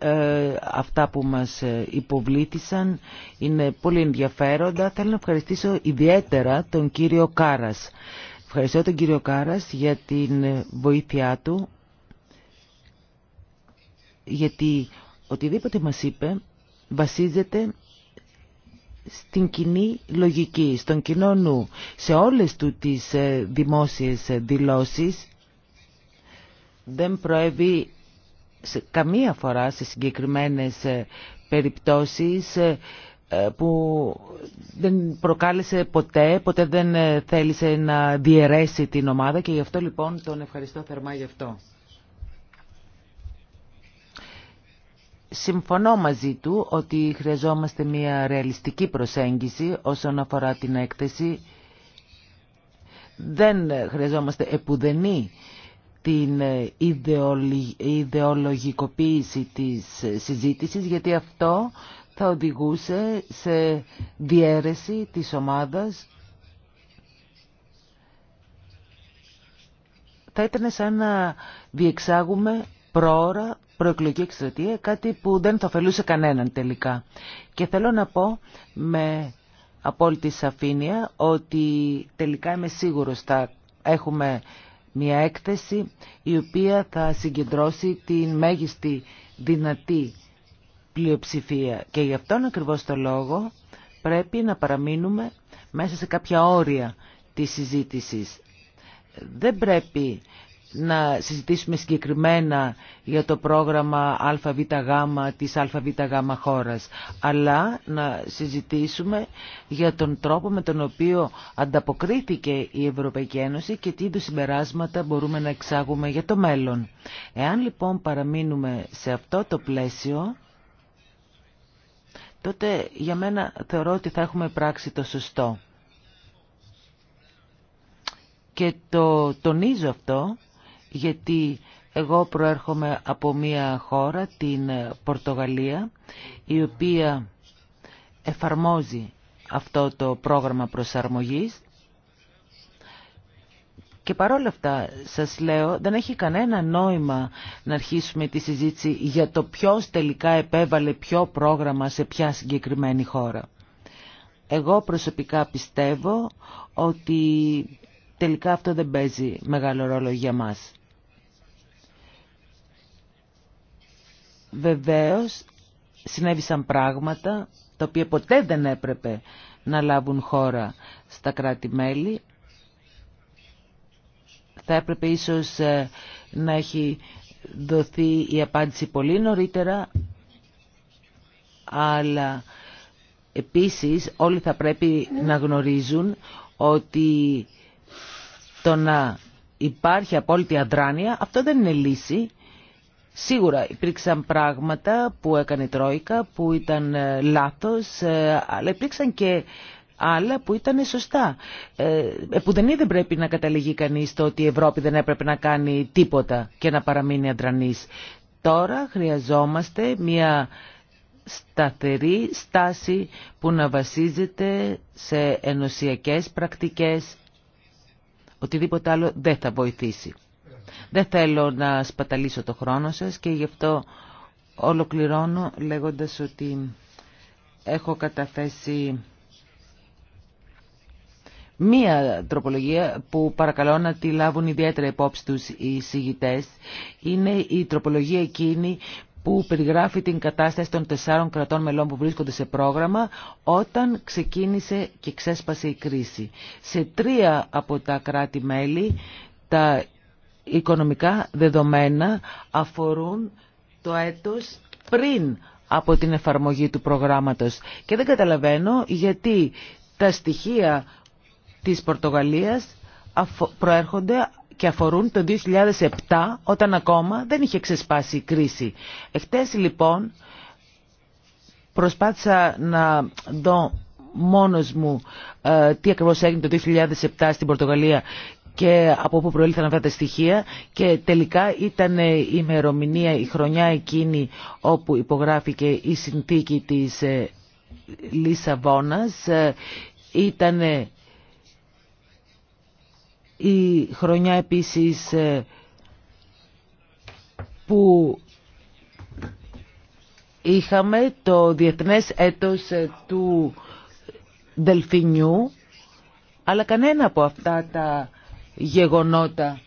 αυτά που μας υποβλήθησαν είναι πολύ ενδιαφέροντα. Θέλω να ευχαριστήσω ιδιαίτερα τον κύριο Κάρας Ευχαριστώ τον κύριο Κάρας για την ε, βοήθειά του, γιατί οτιδήποτε μας είπε βασίζεται στην κοινή λογική, στον κοινό νου, σε όλες του τις ε, δημόσιες ε, δηλώσεις δεν προέβη καμία φορά σε συγκεκριμένες περιπτώσεις ε, που δεν προκάλεσε ποτέ, ποτέ δεν ε, θέλησε να διαιρέσει την ομάδα και γι' αυτό λοιπόν τον ευχαριστώ θερμά γι' αυτό. Συμφωνώ μαζί του ότι χρειαζόμαστε μια ρεαλιστική προσέγγιση όσον αφορά την έκθεση. Δεν χρειαζόμαστε επουδενή την ε, ιδεολογικοποίηση της συζήτησης γιατί αυτό θα οδηγούσε σε διέρεση της ομάδας. Θα ήταν σαν να διεξάγουμε πρόωρα προεκλογική εκστρατεία, κάτι που δεν θα ωφελούσε κανέναν τελικά. Και θέλω να πω με απόλυτη σαφήνεια ότι τελικά είμαι σίγουρος θα έχουμε μια έκθεση η οποία θα συγκεντρώσει την μέγιστη δυνατή πλειοψηφία. Και γι' αυτόν ακριβώς το λόγο πρέπει να παραμείνουμε μέσα σε κάποια όρια της συζήτησης. Δεν πρέπει να συζητήσουμε συγκεκριμένα για το πρόγραμμα ΑΒΓ της ΑΒΓ χώρας, αλλά να συζητήσουμε για τον τρόπο με τον οποίο ανταποκρίθηκε η Ευρωπαϊκή Ένωση και τι είδους συμπεράσματα μπορούμε να εξάγουμε για το μέλλον. Εάν λοιπόν παραμείνουμε σε αυτό το πλαίσιο, τότε για μένα θεωρώ ότι θα έχουμε πράξει το σωστό. Και το τονίζω αυτό γιατί εγώ προέρχομαι από μια χώρα, την Πορτογαλία, η οποία εφαρμόζει αυτό το πρόγραμμα προσαρμογής και παρόλα αυτά σας λέω δεν έχει κανένα νόημα να αρχίσουμε τη συζήτηση για το ποιος τελικά επέβαλε ποιο πρόγραμμα σε ποια συγκεκριμένη χώρα. Εγώ προσωπικά πιστεύω ότι τελικά αυτό δεν παίζει μεγάλο ρόλο για μας. Βεβαίως συνέβησαν πράγματα τα οποία ποτέ δεν έπρεπε να λάβουν χώρα στα κράτη-μέλη θα έπρεπε ίσως ε, να έχει δοθεί η απάντηση πολύ νωρίτερα, αλλά επίσης όλοι θα πρέπει να γνωρίζουν ότι το να υπάρχει απόλυτη αδράνεια, αυτό δεν είναι λύση. Σίγουρα υπήρξαν πράγματα που έκανε η Τρόικα, που ήταν ε, λάθος, ε, αλλά υπήρξαν και άλλα που ήταν σωστά. Ε, ε, που δεν είδε πρέπει να καταληγεί κανείς το ότι η Ευρώπη δεν έπρεπε να κάνει τίποτα και να παραμείνει αντρανής. Τώρα χρειαζόμαστε μια σταθερή στάση που να βασίζεται σε ενωσιακές πρακτικές. Οτιδήποτε άλλο δεν θα βοηθήσει. Δεν θέλω να σπαταλίσω το χρόνο σας και γι' αυτό ολοκληρώνω λέγοντας ότι έχω καταθέσει Μία τροπολογία που παρακαλώ να τη λάβουν ιδιαίτερα υπόψη τους οι συγητές είναι η τροπολογία εκείνη που περιγράφει την κατάσταση των τεσσάρων κρατών μελών που βρίσκονται σε πρόγραμμα όταν ξεκίνησε και ξέσπασε η κρίση. Σε τρία από τα κράτη-μέλη τα οικονομικά δεδομένα αφορούν το έτος πριν από την εφαρμογή του προγράμματος. Και δεν καταλαβαίνω γιατί τα στοιχεία της Πορτογαλίας προέρχονται και αφορούν το 2007 όταν ακόμα δεν είχε ξεσπάσει η κρίση. Εχθές λοιπόν προσπάθησα να δω μόνος μου ε, τι ακριβώς έγινε το 2007 στην Πορτογαλία και από πού προήλθαν αυτά τα στοιχεία και τελικά ήταν η ημερομηνία, η χρονιά εκείνη όπου υπογράφηκε η συνθήκη της ε, Λισαβόνας ε, ήταν η χρονιά επίσης ε, που είχαμε το διεθνές έτος ε, του Δελφινιού αλλά κανένα από αυτά τα γεγονότα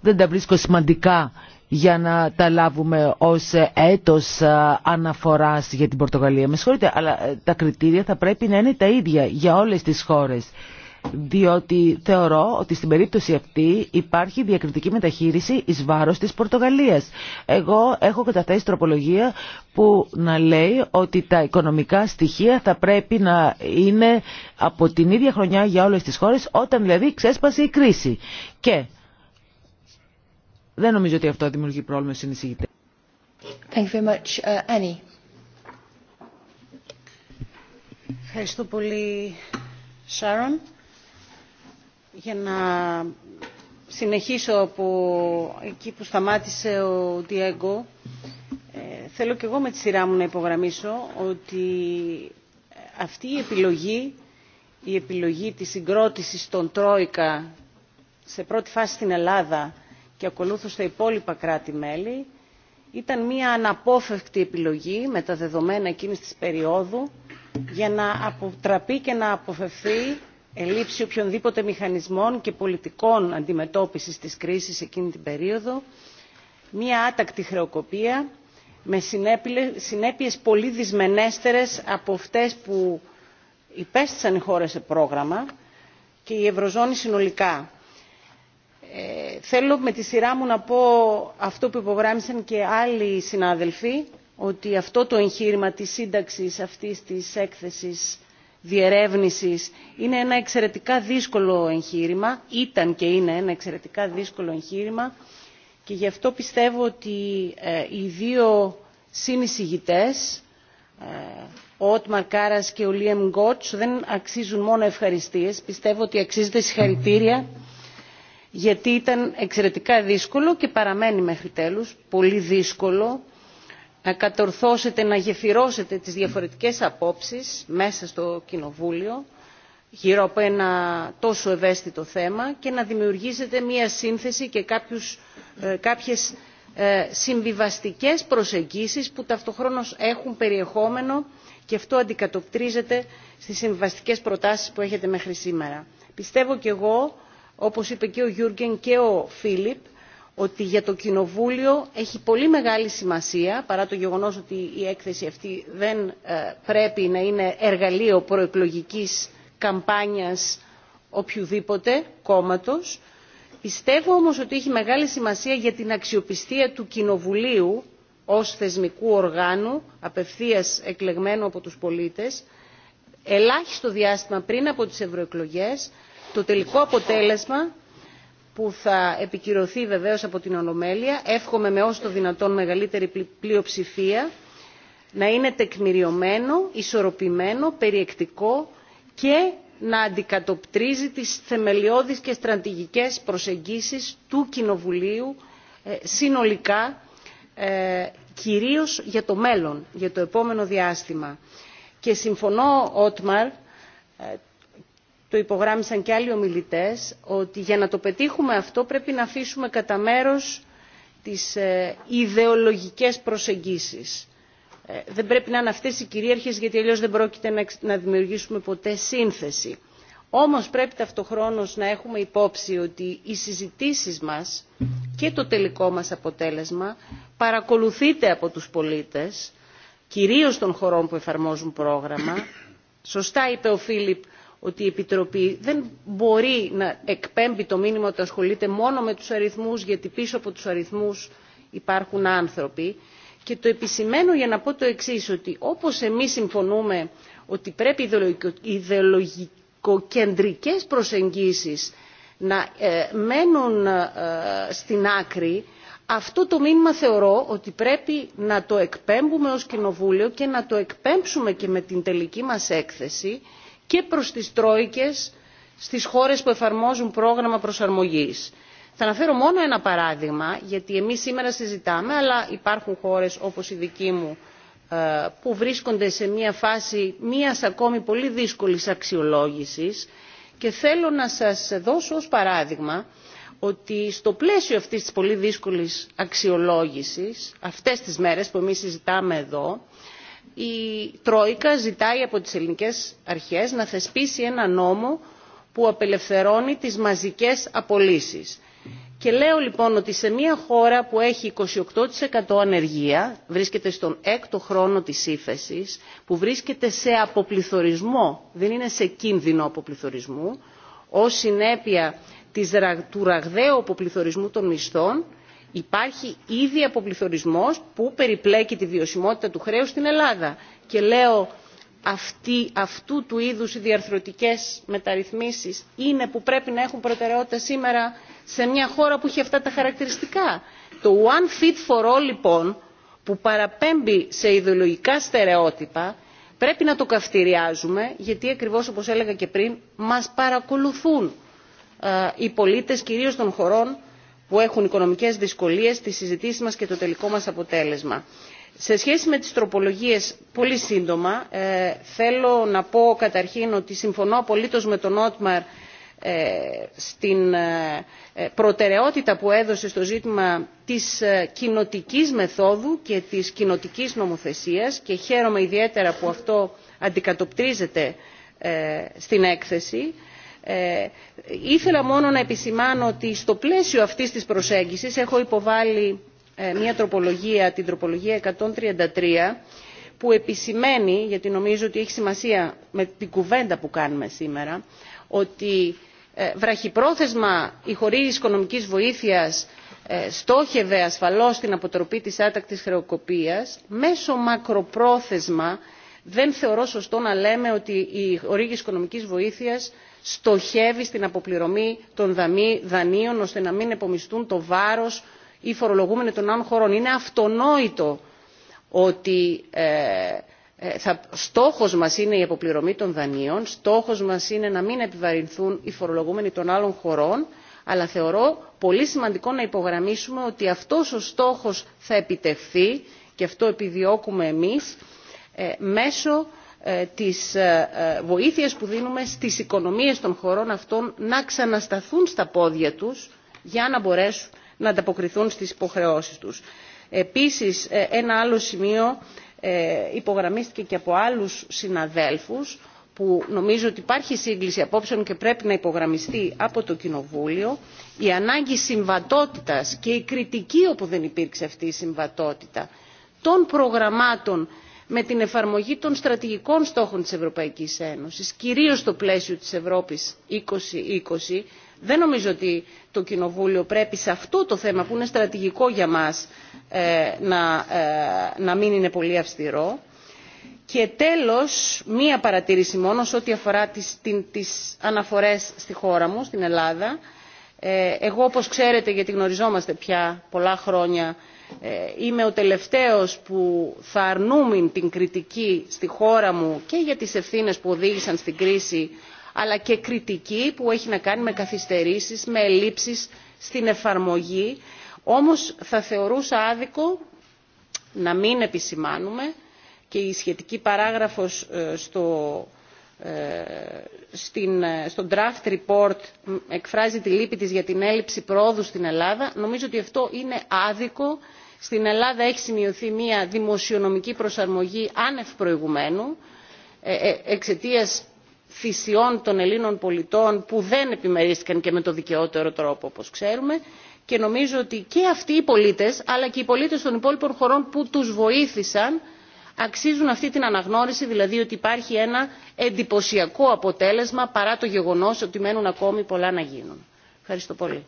δεν τα βρίσκω σημαντικά για να τα λάβουμε ως ε, έτος αναφοράς για την Πορτογαλία. Με συγχωρείτε, αλλά τα κριτήρια θα πρέπει να είναι τα ίδια για όλες τις χώρες διότι θεωρώ ότι στην περίπτωση αυτή υπάρχει διακριτική μεταχείριση εις βάρος της Πορτογαλίας. Εγώ έχω καταθέσει τροπολογία που να λέει ότι τα οικονομικά στοιχεία θα πρέπει να είναι από την ίδια χρονιά για όλες τις χώρες όταν δηλαδή ξέσπασε η κρίση. Και δεν νομίζω ότι αυτό δημιουργεί πρόβλημα στους συνεισηγητές. Uh, Ευχαριστώ πολύ, Sharon για να συνεχίσω από εκεί που σταμάτησε ο Διέγκο. Ε, θέλω και εγώ με τη σειρά μου να υπογραμμίσω ότι αυτή η επιλογή, η επιλογή της συγκρότησης των Τρόικα σε πρώτη φάση στην Ελλάδα και ακολούθως στα υπόλοιπα κράτη-μέλη ήταν μια αναπόφευκτη επιλογή με τα δεδομένα εκείνης της περίοδου για να αποτραπεί και να αποφευθεί ελλείψη οποιονδήποτε μηχανισμών και πολιτικών αντιμετώπισης της κρίσης εκείνη την περίοδο, μία άτακτη χρεοκοπία με συνέπειες πολύ δυσμενέστερες από αυτές που υπέστησαν οι χώρες σε πρόγραμμα και η Ευρωζώνη συνολικά. Ε, θέλω με τη σειρά μου να πω αυτό που υπογράμμισαν και άλλοι συνάδελφοι, ότι αυτό το εγχείρημα της σύνταξης αυτής της έκθεσης διερεύνησης είναι ένα εξαιρετικά δύσκολο εγχείρημα, ήταν και είναι ένα εξαιρετικά δύσκολο εγχείρημα και γι' αυτό πιστεύω ότι ε, οι δύο συνεισηγητές, ο ε, Ότμαρ Κάρας και ο Λίεμ Γκότς, δεν αξίζουν μόνο ευχαριστίες, πιστεύω ότι αξίζεται συγχαρητήρια γιατί ήταν εξαιρετικά δύσκολο και παραμένει μέχρι τέλους πολύ δύσκολο να κατορθώσετε να γεφυρώσετε τις διαφορετικές απόψεις μέσα στο κοινοβούλιο γύρω από ένα τόσο ευαίσθητο θέμα και να δημιουργήσετε μία σύνθεση και κάποιους, ε, κάποιες ε, συμβιβαστικές προσεγγίσεις που ταυτοχρόνως έχουν περιεχόμενο και αυτό αντικατοπτρίζεται στις συμβιβαστικές προτάσεις που έχετε μέχρι σήμερα. Πιστεύω και εγώ, όπως είπε και ο Γιούργεν και ο Φίλιπ, ότι για το Κοινοβούλιο έχει πολύ μεγάλη σημασία, παρά το γεγονός ότι η έκθεση αυτή δεν ε, πρέπει να είναι εργαλείο προεκλογικής καμπάνιας οποιοδήποτε κόμματος, πιστεύω όμως ότι έχει μεγάλη σημασία για την αξιοπιστία του Κοινοβουλίου ως θεσμικού οργάνου, απευθείας εκλεγμένου από τους πολίτες, ελάχιστο διάστημα πριν από τις ευρωεκλογέ, το τελικό αποτέλεσμα που θα επικυρωθεί βεβαίως από την Ολομέλεια. Εύχομαι με όσο το δυνατόν μεγαλύτερη πλειοψηφία να είναι τεκμηριωμένο, ισορροπημένο, περιεκτικό και να αντικατοπτρίζει τις θεμελιώδεις και στρατηγικές προσεγγίσεις του Κοινοβουλίου ε, συνολικά, ε, κυρίως για το μέλλον, για το επόμενο διάστημα. Και συμφωνώ, Ότμαρ, ε, το υπογράμμισαν και άλλοι ομιλητέ ότι για να το πετύχουμε αυτό πρέπει να αφήσουμε κατά μέρος τις ε, ιδεολογικές προσεγγίσεις. Ε, δεν πρέπει να είναι αυτές οι κυρίαρχε, γιατί αλλιώ δεν πρόκειται να δημιουργήσουμε ποτέ σύνθεση. Όμως πρέπει ταυτοχρόνω να έχουμε υπόψη ότι οι συζητήσει μας και το τελικό μα αποτέλεσμα παρακολουθείται από του πολίτε κυρίω των χωρών που εφαρμόζουν πρόγραμμα. Σωστά είπε ο Φίλιπ ότι η Επιτροπή δεν μπορεί να εκπέμπει το μήνυμα ότι ασχολείται μόνο με τους αριθμούς, γιατί πίσω από τους αριθμούς υπάρχουν άνθρωποι. Και το επισημαίνω για να πω το εξή ότι όπως εμείς συμφωνούμε ότι πρέπει οι ιδεολογικοκεντρικές προσεγγίσεις να ε, μένουν ε, στην άκρη, αυτό το μήνυμα θεωρώ ότι πρέπει να το εκπέμπουμε ως Κοινοβούλιο και να το εκπέμψουμε και με την τελική μας έκθεση, και προς τις τρόικες στις χώρες που εφαρμόζουν πρόγραμμα προσαρμογής. Θα αναφέρω μόνο ένα παράδειγμα, γιατί εμείς σήμερα συζητάμε, αλλά υπάρχουν χώρες όπως η δική μου ε, που βρίσκονται σε μια φάση μίας ακόμη πολύ δύσκολης αξιολόγησης και θέλω να σας δώσω ως παράδειγμα ότι στο πλαίσιο αυτής της πολύ δύσκολης αξιολόγησης, αυτές τις μέρες που εμείς συζητάμε εδώ, η Τρόικα ζητάει από τις ελληνικές αρχές να θεσπίσει ένα νόμο που απελευθερώνει τις μαζικές απολύσεις. Και λέω λοιπόν ότι σε μια χώρα που έχει 28% ανεργία, βρίσκεται στον έκτο χρόνο της ύφεση, που βρίσκεται σε αποπληθωρισμό, δεν είναι σε κίνδυνο αποπληθωρισμού, ως συνέπεια του ραγδαίου αποπληθωρισμού των μισθών, Υπάρχει ήδη αποπληθωρισμός που περιπλέκει τη βιωσιμότητα του χρέους στην Ελλάδα. Και λέω αυτού του είδους οι διαρθρωτικές μεταρρυθμίσεις είναι που πρέπει να έχουν προτεραιότητα σήμερα σε μια χώρα που έχει αυτά τα χαρακτηριστικά. Το one fit for all λοιπόν που παραπέμπει σε ιδεολογικά στερεότυπα πρέπει να το καυτηριάζουμε γιατί ακριβώς όπως έλεγα και πριν μας παρακολουθούν ε, οι πολίτες κυρίως των χωρών που έχουν οικονομικές δυσκολίες, τις συζητήσεις μας και το τελικό μας αποτέλεσμα. Σε σχέση με τις τροπολογίες, πολύ σύντομα, ε, θέλω να πω καταρχήν ότι συμφωνώ απολύτως με τον Ότμαρ ε, στην ε, προτεραιότητα που έδωσε στο ζήτημα της κοινοτικής μεθόδου και της κοινοτικής νομοθεσίας και χαίρομαι ιδιαίτερα που αυτό αντικατοπτρίζεται στην έκθεση ε, ήθελα μόνο να επισημάνω ότι στο πλαίσιο αυτής της προσέγγισης έχω υποβάλει ε, μια τροπολογία, την τροπολογία 133, που επισημαίνει, γιατί νομίζω ότι έχει σημασία με την κουβέντα που κάνουμε σήμερα, ότι ε, βραχυπρόθεσμα η χορήγηση οικονομικής βοήθειας στόχευε ασφαλώς την αποτροπή της άτακτης χρεοκοπίας, μέσω μακροπρόθεσμα δεν θεωρώ σωστό να λέμε ότι η χορήγηση οικονομικής βοήθειας στοχεύει στην αποπληρωμή των δανείων ώστε να μην επομιστούν το βάρος οι φορολογούμενοι των άλλων χωρών. Είναι αυτονόητο ότι ε, ε στόχος μας είναι η αποπληρωμή των δανείων, στόχος μας είναι να μην επιβαρυνθούν οι φορολογούμενοι των άλλων χωρών, αλλά θεωρώ πολύ σημαντικό να υπογραμμίσουμε ότι αυτός ο στόχος θα επιτευχθεί και αυτό επιδιώκουμε εμείς ε, μέσω ε, τις ε, ε, βοήθειες που δίνουμε στις οικονομίες των χωρών αυτών να ξανασταθούν στα πόδια τους για να μπορέσουν να ανταποκριθούν στις υποχρεώσεις τους. Επίσης, ένα άλλο σημείο υπογραμμίστηκε και από άλλους συναδέλφους που νομίζω ότι υπάρχει σύγκληση απόψεων και πρέπει να υπογραμμιστεί από το Κοινοβούλιο η ανάγκη συμβατότητας και η κριτική όπου δεν υπήρξε αυτή η συμβατότητα των προγραμμάτων με την εφαρμογή των στρατηγικών στόχων της Ευρωπαϊκής Ένωσης, κυρίως στο πλαίσιο της Ευρώπης 2020. Δεν νομίζω ότι το Κοινοβούλιο πρέπει σε αυτό το θέμα που είναι στρατηγικό για μας ε, να, ε, να μην είναι πολύ αυστηρό. Και τέλος, μία παρατήρηση μόνο σε ό,τι αφορά τις, τις αναφορές στη χώρα μου, στην Ελλάδα. Ε, εγώ, όπως ξέρετε, γιατί γνωριζόμαστε πια πολλά χρόνια, ε, είμαι ο τελευταίος που θα αρνούμουν την κριτική στη χώρα μου και για τις ευθύνες που οδήγησαν στην κρίση αλλά και κριτική που έχει να κάνει με καθυστερήσεις, με ελλείψεις στην εφαρμογή. Όμως θα θεωρούσα άδικο να μην επισημάνουμε και η σχετική παράγραφος ε, στο, ε, στην, στο draft report εκφράζει τη λύπη της για την έλλειψη πρόοδου στην Ελλάδα. Νομίζω ότι αυτό είναι άδικο στην ελλάδα έχει σημειωθεί μια δημοσιονομική προσαρμογή άνευ προηγουμένου ε, ε, εξαιτίας θυσιών των ελλήνων πολιτών που δεν επιμερίστηκαν και με το δικαιότερο τρόπο όπως ξέρουμε και νομίζω ότι και αυτοί οι πολίτες αλλά και οι πολίτες των υπόλοιπων χωρών που τους βοήθησαν αξίζουν αυτή την αναγνώριση δηλαδή ότι υπάρχει ένα εντυπωσιακό αποτέλεσμα παρά το γεγονός ότι μένουν ακόμη πολλά να γίνουν. Ευχαριστώ πολύ.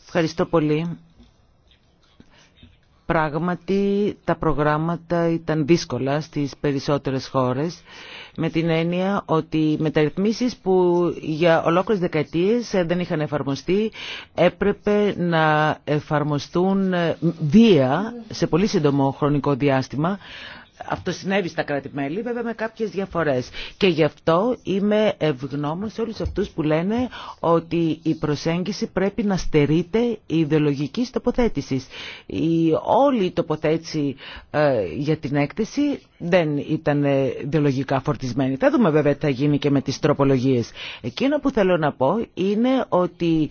Ευχαριστώ πολύ. Πράγματι τα προγράμματα ήταν δύσκολα στις περισσότερες χώρες με την έννοια ότι μεταρρυθμίσεις που για ολόκληρες δεκαετίες δεν είχαν εφαρμοστεί έπρεπε να εφαρμοστούν ε, βία σε πολύ σύντομο χρονικό διάστημα αυτό συνέβη στα κράτη-μέλη, βέβαια με κάποιες διαφορές. Και γι' αυτό είμαι ευγνώμων σε όλους αυτούς που λένε ότι η προσέγγιση πρέπει να στερείται η ιδεολογική τοποθέτηση. Η όλη η τοποθέτηση ε, για την έκθεση δεν ήταν ιδεολογικά φορτισμένη. Θα δούμε βέβαια τι θα γίνει και με τις τροπολογίες. Εκείνο που θέλω να πω είναι ότι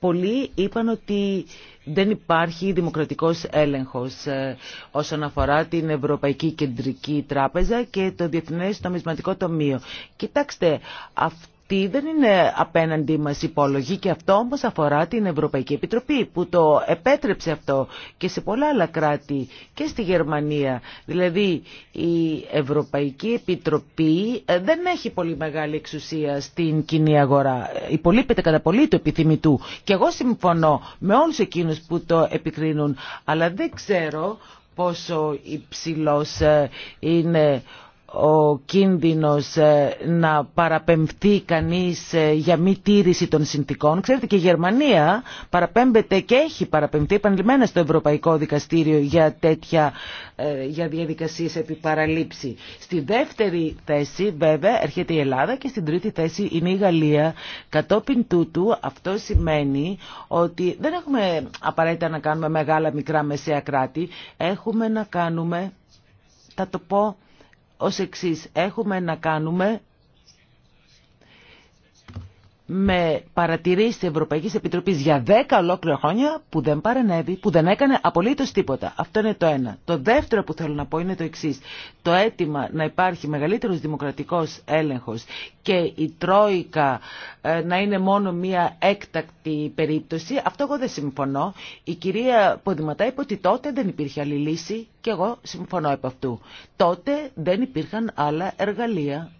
Πολλοί είπαν ότι δεν υπάρχει δημοκρατικός έλεγχος ε, όσον αφορά την Ευρωπαϊκή Κεντρική Τράπεζα και το Διεθνές Νομισματικό Τομείο. Κοιτάξτε, αυτό τι δεν είναι απέναντί μας υπόλογη και αυτό όμως αφορά την Ευρωπαϊκή Επιτροπή που το επέτρεψε αυτό και σε πολλά άλλα κράτη και στη Γερμανία. Δηλαδή η Ευρωπαϊκή Επιτροπή ε, δεν έχει πολύ μεγάλη εξουσία στην κοινή αγορά. Υπολείπεται κατά πολύ το επιθυμητού και εγώ συμφωνώ με όλους εκείνους που το επικρίνουν αλλά δεν ξέρω πόσο υψηλός ε, είναι ο κίνδυνος ε, να παραπεμφθεί κανείς ε, για μη τήρηση των συνθήκων. Ξέρετε και η Γερμανία παραπέμπεται και έχει παραπεμφθεί επανειλημμένα στο Ευρωπαϊκό Δικαστήριο για τέτοια ε, για διαδικασίες επί παραλήψη. Στη δεύτερη θέση βέβαια έρχεται η Ελλάδα και στην τρίτη θέση είναι η Γαλλία. Κατόπιν τούτου αυτό σημαίνει ότι δεν έχουμε απαραίτητα να κάνουμε μεγάλα μικρά μεσαία κράτη. Έχουμε να κάνουμε, θα το πω ως εξής. Έχουμε να κάνουμε με παρατηρήσει τη Ευρωπαϊκή Επιτροπή για 10 ολόκληρα χρόνια που δεν παρενέβη, που δεν έκανε απολύτω τίποτα. Αυτό είναι το ένα. Το δεύτερο που θέλω να πω είναι το εξή. Το αίτημα να υπάρχει μεγαλύτερο δημοκρατικό έλεγχο και η Τρόικα ε, να είναι μόνο μία έκτακτη περίπτωση, αυτό εγώ δεν συμφωνώ. Η κυρία Ποδηματά είπε ότι τότε δεν υπήρχε άλλη λύση και εγώ συμφωνώ επ' αυτού. Τότε δεν υπήρχαν άλλα εργαλεία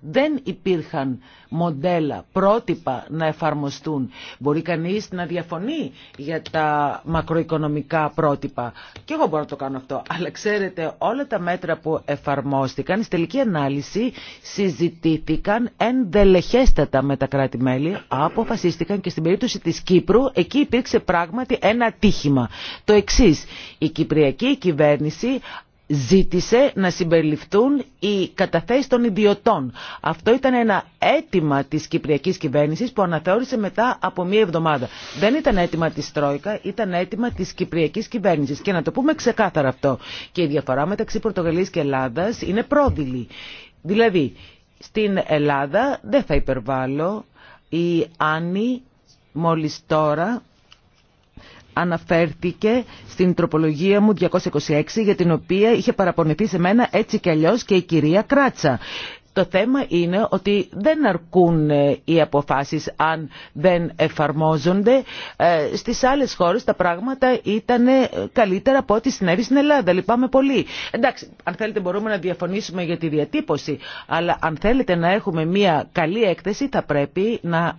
δεν υπήρχαν μοντέλα, πρότυπα να εφαρμοστούν. Μπορεί κανείς να διαφωνεί για τα μακροοικονομικά πρότυπα. Και εγώ μπορώ να το κάνω αυτό. Αλλά ξέρετε, όλα τα μέτρα που εφαρμόστηκαν, στη τελική ανάλυση συζητήθηκαν ενδελεχέστατα με τα κράτη-μέλη, αποφασίστηκαν και στην περίπτωση της Κύπρου, εκεί υπήρξε πράγματι ένα τύχημα. Το εξή, η κυπριακή κυβέρνηση ζήτησε να συμπεριληφθούν οι καταθέσεις των ιδιωτών. Αυτό ήταν ένα αίτημα της κυπριακής κυβέρνησης που αναθεώρησε μετά από μία εβδομάδα. Δεν ήταν αίτημα της Τρόικα, ήταν αίτημα της κυπριακής κυβέρνησης. Και να το πούμε ξεκάθαρα αυτό. Και η διαφορά μεταξύ Πορτογαλίας και Ελλάδας είναι πρόδειλη. Δηλαδή, στην Ελλάδα, δεν θα υπερβάλλω, η Άννη μόλις τώρα αναφέρθηκε στην τροπολογία μου 226 για την οποία είχε παραπονηθεί σε μένα έτσι και αλλιώς και η κυρία Κράτσα. Το θέμα είναι ότι δεν αρκούν ε, οι αποφάσεις αν δεν εφαρμόζονται. Ε, στις άλλες χώρες τα πράγματα ήταν ε, καλύτερα από ό,τι συνέβη στην Ελλάδα. Λυπάμαι πολύ. Εντάξει, αν θέλετε μπορούμε να διαφωνήσουμε για τη διατύπωση, αλλά αν θέλετε να έχουμε μια καλή έκθεση θα πρέπει να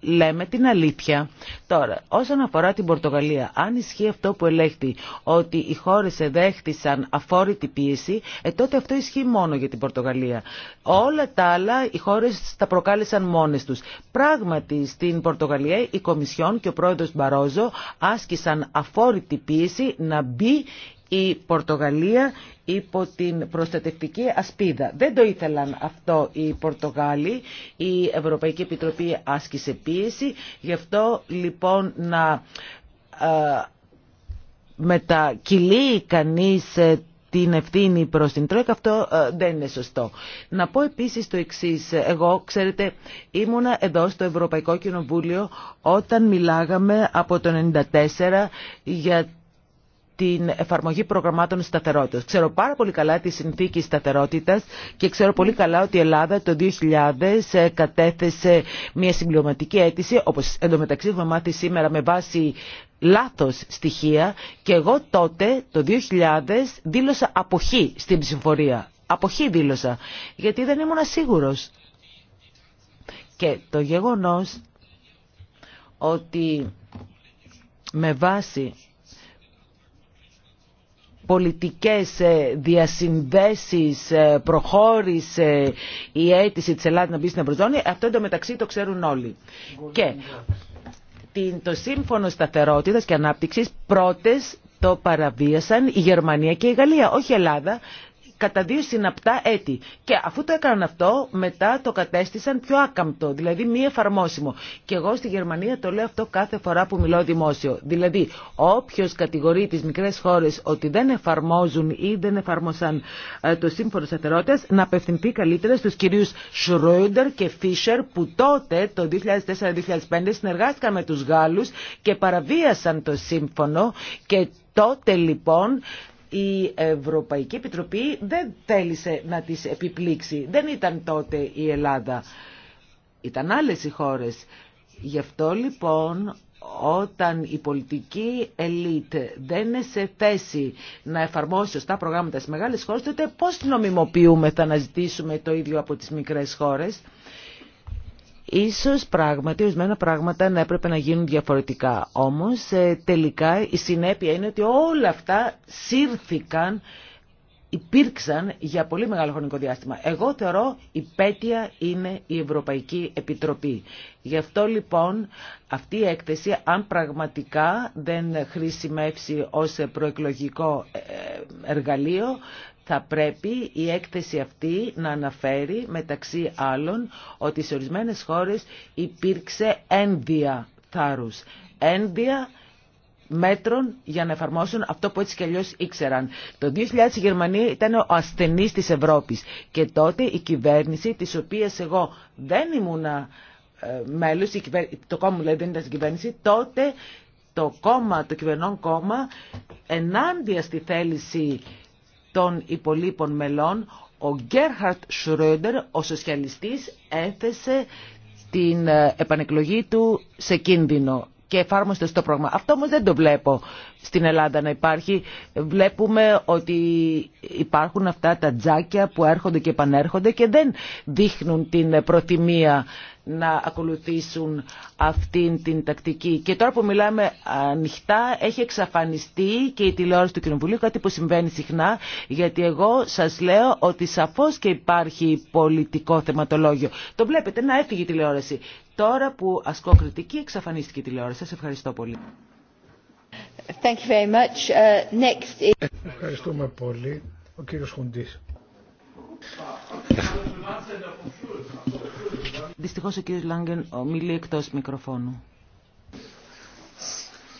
λέμε την αλήθεια. Τώρα, όσον αφορά την Πορτογαλία, αν ισχύει αυτό που ελέγχει ότι οι χώρες εδέχτησαν αφόρητη πίεση, ε, τότε αυτό ισχύει μόνο για την Πορτογαλία. Όλα τα άλλα οι χώρες τα προκάλεσαν μόνες τους. Πράγματι, στην Πορτογαλία η Κομισιόν και ο πρόεδρος Μπαρόζο άσκησαν αφόρητη πίεση να μπει η Πορτογαλία υπό την προστατευτική ασπίδα. Δεν το ήθελαν αυτό οι Πορτογάλοι. Η Ευρωπαϊκή Επιτροπή άσκησε πίεση. Γι' αυτό λοιπόν να μετακυλεί κανείς ε, την ευθύνη προς την Τρόικα, αυτό ε, δεν είναι σωστό. Να πω επίσης το εξής. Εγώ, ξέρετε, ήμουνα εδώ στο Ευρωπαϊκό Κοινοβούλιο όταν μιλάγαμε από το 1994 για την εφαρμογή προγραμμάτων σταθερότητας. Ξέρω πάρα πολύ καλά τη συνθήκη σταθερότητας και ξέρω πολύ καλά ότι η Ελλάδα το 2000 ε, κατέθεσε μια συμπληρωματική αίτηση, όπως εντωμεταξύ έχουμε μάθει σήμερα με βάση λάθος στοιχεία και εγώ τότε το 2000 δήλωσα αποχή στην ψηφορία. Αποχή δήλωσα, γιατί δεν ήμουν σίγουρος. Και το γεγονός ότι με βάση πολιτικές ε, διασυνδέσεις ε, προχώρησε η αίτηση της Ελλάδας να μπει στην Ευρωζώνη, αυτό μεταξύ το ξέρουν όλοι. Και το σύμφωνο σταθερότητας και ανάπτυξης πρώτες το παραβίασαν η Γερμανία και η Γαλλία, όχι η Ελλάδα κατά δύο συναπτά έτη. Και αφού το έκαναν αυτό, μετά το κατέστησαν πιο άκαμπτο, δηλαδή μη εφαρμόσιμο. Και εγώ στη Γερμανία το λέω αυτό κάθε φορά που μιλώ δημόσιο. Δηλαδή, όποιο κατηγορεί τι μικρέ χώρε ότι δεν εφαρμόζουν ή δεν εφαρμόσαν ε, το σύμφωνο σταθερότητα, να απευθυνθεί καλύτερα στου κυρίου Σρόιντερ και Φίσερ που τότε, το 2004-2005, συνεργάστηκαν με του Γάλλου και παραβίασαν το σύμφωνο και τότε λοιπόν η Ευρωπαϊκή Επιτροπή δεν θέλησε να τις επιπλήξει. Δεν ήταν τότε η Ελλάδα. Ήταν άλλες οι χώρες. Γι' αυτό λοιπόν όταν η πολιτική ελίτ δεν είναι σε θέση να εφαρμόσει σωστά προγράμματα στις μεγάλες χώρες, τότε πώς νομιμοποιούμε θα αναζητήσουμε το ίδιο από τις μικρές χώρες. Ίσως πράγματι, ορισμένα πράγματα να έπρεπε να γίνουν διαφορετικά. Όμως ε, τελικά η συνέπεια είναι ότι όλα αυτά σύρθηκαν, υπήρξαν για πολύ μεγάλο χρονικό διάστημα. Εγώ θεωρώ η πέτεια είναι η Ευρωπαϊκή Επιτροπή. Γι' αυτό λοιπόν αυτή η έκθεση αν πραγματικά δεν χρησιμεύσει ως προεκλογικό ε, εργαλείο θα πρέπει η έκθεση αυτή να αναφέρει μεταξύ άλλων ότι σε ορισμένες χώρες υπήρξε ένδια θάρρους. Ένδια μέτρων για να εφαρμόσουν αυτό που έτσι κι αλλιώ ήξεραν. Το 2000 η Γερμανία ήταν ο ασθενή τη Ευρώπη και τότε η κυβέρνηση, της οποία εγώ δεν ήμουνα ε, μέλο, το κόμμα μου λέει δηλαδή, δεν ήταν στην κυβέρνηση, τότε το κόμμα, το κυβερνών κόμμα, ενάντια στη θέληση των υπολείπων μελών, ο Γκέρχαρτ Σρόντερ, ο σοσιαλιστής, έθεσε την ε, επανεκλογή του σε κίνδυνο και εφάρμοστε στο πρόγραμμα. Αυτό όμως δεν το βλέπω στην Ελλάδα να υπάρχει. Βλέπουμε ότι υπάρχουν αυτά τα τζάκια που έρχονται και επανέρχονται και δεν δείχνουν την προθυμία να ακολουθήσουν αυτήν την τακτική. Και τώρα που μιλάμε ανοιχτά έχει εξαφανιστεί και η τηλεόραση του Κοινοβουλίου, κάτι που συμβαίνει συχνά, γιατί εγώ σας λέω ότι σαφώς και υπάρχει πολιτικό θεματολόγιο. Το βλέπετε, να έφυγε η τηλεόραση. Τώρα που ασκώ κριτική εξαφανίστηκε η τηλεόραση. Σας ευχαριστώ πολύ. Thank you very much. Uh, next... Ευχαριστούμε πολύ. Ο κύριος Χουντής. Δυστυχώς ο κύριος Λάγκεν ομιλεί εκτός μικροφώνου.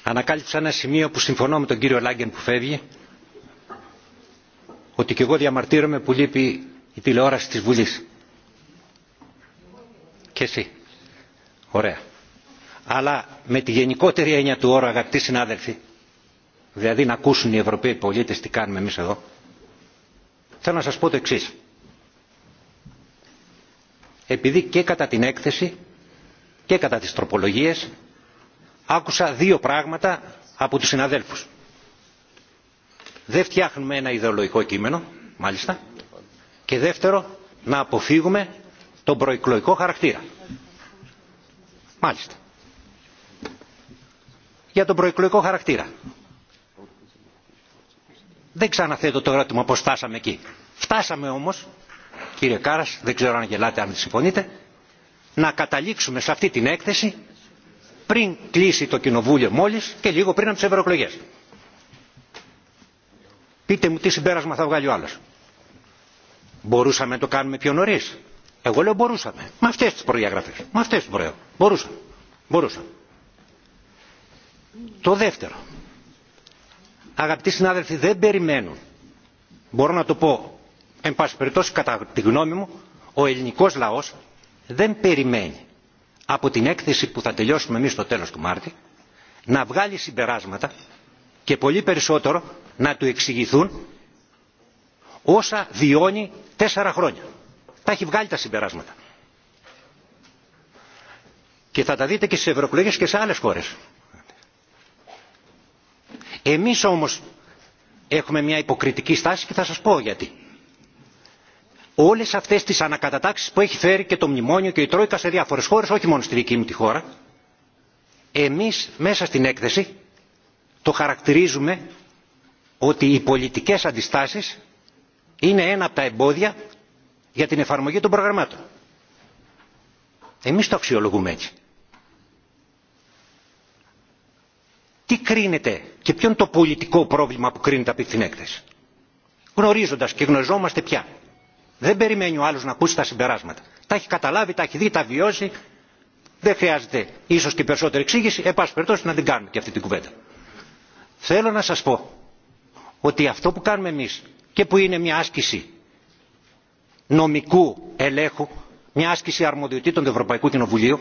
Ανακάλυψα ένα σημείο που συμφωνώ με τον κύριο Λάγκεν που φεύγει ότι και εγώ διαμαρτύρομαι που λείπει η τηλεόραση της Βουλής. Και εσύ. Ωραία. Αλλά με τη γενικότερη έννοια του όρου αγαπητοί συνάδελφοι, δηλαδή να ακούσουν οι Ευρωπαίοι πολίτες τι κάνουμε εμείς εδώ, θέλω να σας πω το εξής επειδή και κατά την έκθεση και κατά τις τροπολογίες άκουσα δύο πράγματα από τους συναδέλφους. Δεν φτιάχνουμε ένα ιδεολογικό κείμενο, μάλιστα, και δεύτερο, να αποφύγουμε τον προεκλογικό χαρακτήρα. Μάλιστα. Για τον προεκλογικό χαρακτήρα. Δεν ξαναθέτω το ερώτημα πώς φτάσαμε εκεί. Φτάσαμε όμως κύριε Κάρας, δεν ξέρω αν γελάτε αν συμφωνείτε, να καταλήξουμε σε αυτή την έκθεση πριν κλείσει το κοινοβούλιο μόλις και λίγο πριν από τις ευρωεκλογές. Πείτε μου τι συμπέρασμα θα βγάλει ο άλλος. Μπορούσαμε να το κάνουμε πιο νωρίς. Εγώ λέω μπορούσαμε. Με αυτές τις προδιαγραφές. Με αυτές τις προδιαγραφές. Το δεύτερο. Αγαπητοί συνάδελφοι, δεν περιμένουν. Μπορώ να το πω Εν πάση περιπτώσει, κατά τη γνώμη μου, ο ελληνικός λαός δεν περιμένει από την έκθεση που θα τελειώσουμε εμείς στο τέλος του Μάρτη να βγάλει συμπεράσματα και πολύ περισσότερο να του εξηγηθούν όσα βιώνει τέσσερα χρόνια. Τα έχει βγάλει τα συμπεράσματα. Και θα τα δείτε και στις ευρωεκλογές και σε άλλες χώρες. Εμείς όμως έχουμε μια υποκριτική στάση και θα σας πω γιατί όλες αυτές τις ανακατατάξεις που έχει φέρει και το μνημόνιο και η τρόικα σε διάφορε χώρε όχι μόνο στη δική μου τη χώρα εμείς μέσα στην έκθεση το χαρακτηρίζουμε ότι οι πολιτικές αντιστάσεις είναι ένα από τα εμπόδια για την εφαρμογή των προγραμμάτων. Εμεί το αξιολογούμε έτσι. Τι κρίνεται και ποιο είναι το πολιτικό πρόβλημα που κρίνεται από την έκθεση. Γνωρίζοντας και γνωριζόμαστε πια δεν περιμένει ο άλλος να ακούσει τα συμπεράσματα. Τα έχει καταλάβει, τα έχει δει, τα βιώσει. Δεν χρειάζεται ίσως και περισσότερη εξήγηση. Εν πάση περιπτώσει να την κάνουμε και αυτή την κουβέντα. Θέλω να σας πω ότι αυτό που κάνουμε εμείς και που είναι μια άσκηση νομικού ελέγχου, μια άσκηση αρμοδιοτήτων του Ευρωπαϊκού Κοινοβουλίου,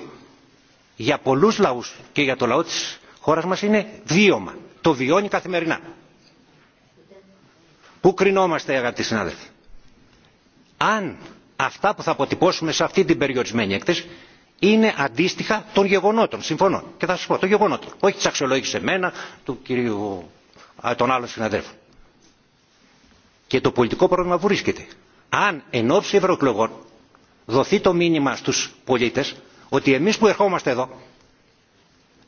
για πολλούς λαούς και για το λαό της χώρας μας είναι βίωμα. Το βιώνει καθημερινά. Πού κρινόμαστε αγαπητοί συνάδελφοι αν αυτά που θα αποτυπώσουμε σε αυτή την περιορισμένη έκθεση είναι αντίστοιχα των γεγονότων. Συμφωνώ. Και θα σα πω των γεγονότων. Όχι τη αξιολόγηση εμένα, του κυρίου, των άλλων συναδέλφων. Και το πολιτικό πρόβλημα που βρίσκεται. Αν εν ώψη ευρωεκλογών δοθεί το μήνυμα στου πολίτε ότι εμεί που ερχόμαστε εδώ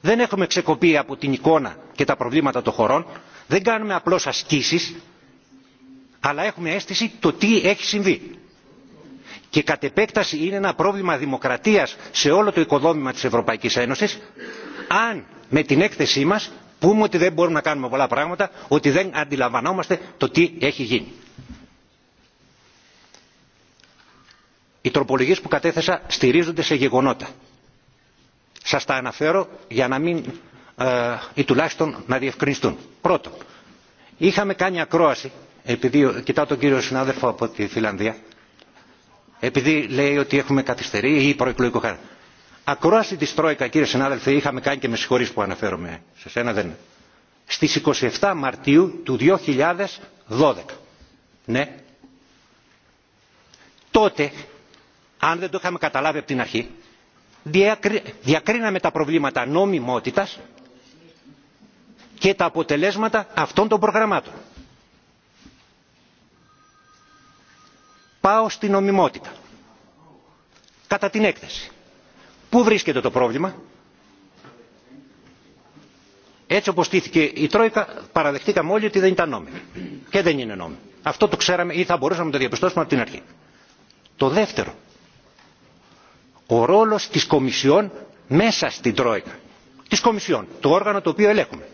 δεν έχουμε ξεκοπεί από την εικόνα και τα προβλήματα των χωρών, δεν κάνουμε απλώ ασκήσει, αλλά έχουμε αίσθηση το τι έχει συμβεί και κατ' επέκταση είναι ένα πρόβλημα δημοκρατίας σε όλο το οικοδόμημα της Ευρωπαϊκής Ένωσης, αν με την έκθεσή μας πούμε ότι δεν μπορούμε να κάνουμε πολλά πράγματα, ότι δεν αντιλαμβανόμαστε το τι έχει γίνει. Οι τροπολογίες που κατέθεσα στηρίζονται σε γεγονότα. Σας τα αναφέρω για να μην ε, ή τουλάχιστον να διευκρινιστούν. Πρώτον, είχαμε κάνει ακρόαση, επειδή κοιτάω τον κύριο συνάδελφο από τη Φιλανδία, επειδή λέει ότι έχουμε καθυστερεί ή προεκλογικό χάρη, Ακρόαση τη Τρόικα, κύριε συνάδελφε, είχαμε κάνει και με συγχωρεί που αναφέρομαι σε σένα, δεν Στι 27 Μαρτίου του 2012. Ναι. Τότε, αν δεν το είχαμε καταλάβει από την αρχή, διακρίναμε τα προβλήματα νομιμότητας και τα αποτελέσματα αυτών των προγραμμάτων. πάω στην νομιμότητα. Κατά την έκθεση. Πού βρίσκεται το πρόβλημα. Έτσι όπως στήθηκε η Τρόικα παραδεχτήκαμε όλοι ότι δεν ήταν νόμιμη. Και δεν είναι νόμιμη. Αυτό το ξέραμε ή θα μπορούσαμε να το διαπιστώσουμε από την αρχή. Το δεύτερο. Ο ρόλος της Κομισιόν μέσα στην Τρόικα. Της Κομισιόν. Το όργανο το οποίο ελέγχουμε.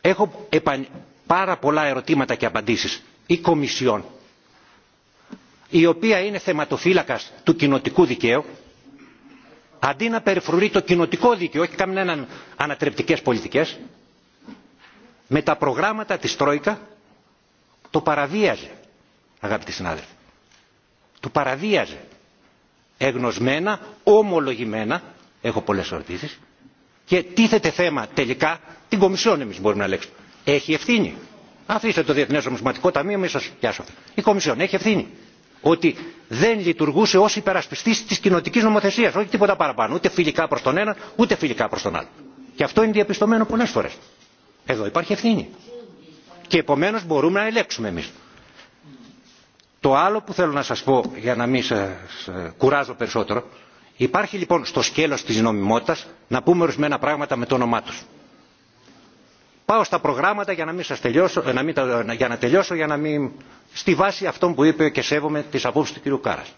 Έχω επαν... πάρα πολλά ερωτήματα και απαντήσεις η Κομισιόν, η οποία είναι θεματοφύλακας του κοινοτικού δικαίου, αντί να περιφρουρεί το κοινοτικό δίκαιο, όχι καμιά ανατρεπτικές πολιτικές, με τα προγράμματα της Τρόικα το παραβίαζε, αγαπητοί συνάδελφοι. Το παραβίαζε. Εγνωσμένα, ομολογημένα, έχω πολλές ερωτήσεις, και τίθεται θέμα τελικά, την Κομισιόν εμείς μπορούμε να λέξουμε. Έχει ευθύνη. Αφήστε το Διεθνέ Νομισματικό Ταμείο, μην σα πιάσω. Η Κομισιόν έχει ευθύνη. Ότι δεν λειτουργούσε ω υπερασπιστή τη κοινοτική νομοθεσία. Όχι τίποτα παραπάνω. Ούτε φιλικά προ τον ένα, ούτε φιλικά προ τον άλλο. Και αυτό είναι διαπιστωμένο πολλέ φορέ. Εδώ υπάρχει ευθύνη. Και επομένω μπορούμε να ελέγξουμε εμεί. Το άλλο που θέλω να σα πω για να μην σα κουράζω περισσότερο, υπάρχει λοιπόν στο σκέλο τη νομιμότητα να πούμε ορισμένα πράγματα με το όνομά του. Πάω στα προγράμματα για να, μην ε, ε, τελειώσω, για να μην... στη βάση αυτών που είπε και σέβομαι τις απόψεις του κ. Κάρας.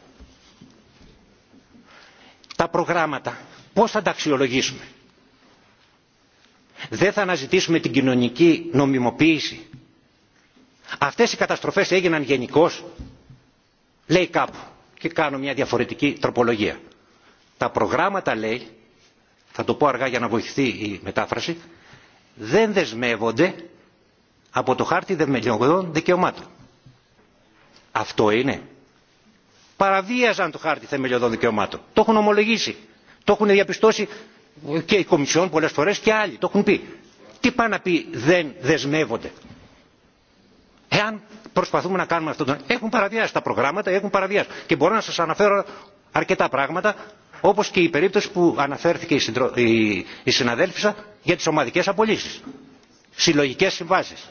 Τα προγράμματα πώς θα τα αξιολογήσουμε. Δεν θα αναζητήσουμε την κοινωνική νομιμοποίηση. Αυτές οι καταστροφές έγιναν γενικώ, λέει κάπου και κάνω μια διαφορετική τροπολογία. Τα προγράμματα λέει, θα το πω αργά για να βοηθηθεί η μετάφραση, δεν δεσμεύονται από το χάρτη δεμελιωδών δικαιωμάτων. Αυτό είναι. Παραβίαζαν το χάρτη θεμελιωδών δικαιωμάτων. Το έχουν ομολογήσει. Το έχουν διαπιστώσει και οι Κομισιόν πολλές φορές και άλλοι. Το έχουν πει. Τι πάει να πει δεν δεσμεύονται. Εάν προσπαθούμε να κάνουμε αυτό τον... Έχουν παραβιάσει τα προγράμματα, έχουν παραβιάσει. Και μπορώ να σας αναφέρω αρκετά πράγματα, όπως και η περίπτωση που αναφέρθηκε η συναδέλφισσα για τις ομαδικές απολύσεις, συλλογικές συμβάσεις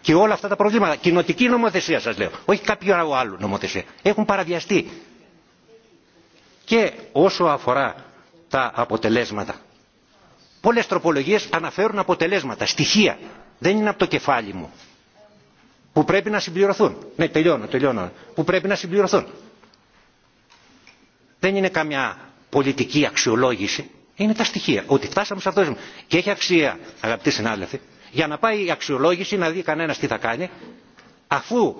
και όλα αυτά τα προβλήματα. Κοινοτική νομοθεσία σας λέω, όχι κάποιο άλλο νομοθεσία. Έχουν παραβιαστεί. Και όσο αφορά τα αποτελέσματα, πολλές τροπολογίες αναφέρουν αποτελέσματα, στοιχεία. Δεν είναι από το κεφάλι μου που πρέπει να συμπληρωθούν. Ναι, τελειώνω, τελειώνω. Που πρέπει να συμπληρωθούν. Δεν είναι καμιά πολιτική αξιολόγηση είναι τα στοιχεία. Ότι φτάσαμε σε αυτό. Και έχει αξία, αγαπητοί συνάδελφοι, για να πάει η αξιολόγηση να δει κανένα τι θα κάνει, αφού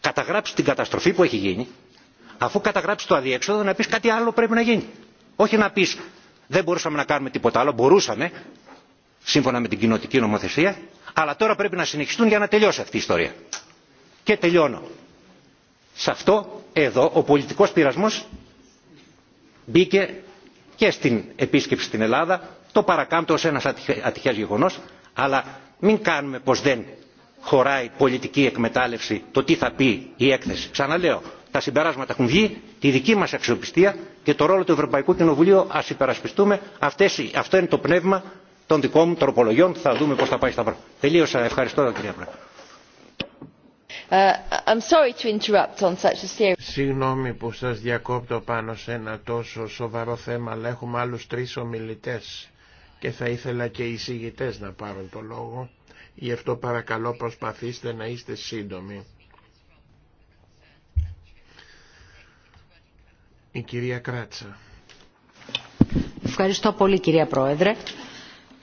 καταγράψει την καταστροφή που έχει γίνει, αφού καταγράψει το αδιέξοδο, να πει κάτι άλλο πρέπει να γίνει. Όχι να πει δεν μπορούσαμε να κάνουμε τίποτα άλλο, μπορούσαμε, σύμφωνα με την κοινοτική νομοθεσία, αλλά τώρα πρέπει να συνεχιστούν για να τελειώσει αυτή η ιστορία. Και τελειώνω. Σε αυτό εδώ ο πολιτικό πειρασμό μπήκε και στην επίσκεψη στην Ελλάδα. Το παρακάμπτω ως ένας ατυχές γεγονός, αλλά μην κάνουμε πως δεν χωράει πολιτική εκμετάλλευση το τι θα πει η έκθεση. Ξαναλέω, τα συμπεράσματα έχουν βγει, τη δική μας αξιοπιστία και το ρόλο του Ευρωπαϊκού Κοινοβουλίου ας υπερασπιστούμε. Αυτές, αυτό είναι το πνεύμα των δικών μου τροπολογιών. Θα δούμε πώς θα πάει στα πράγματα. Τελείωσα. Ευχαριστώ κυρία Πρόεδρε. Uh, Συγγνώμη που σας διακόπτω πάνω σε ένα τόσο σοβαρό θέμα, αλλά έχουμε άλλους τρεις ομιλητές και θα ήθελα και οι συγητές να πάρουν το λόγο. Γι' αυτό παρακαλώ προσπαθήστε να είστε σύντομοι. Η κυρία Κράτσα. Ευχαριστώ πολύ κυρία Πρόεδρε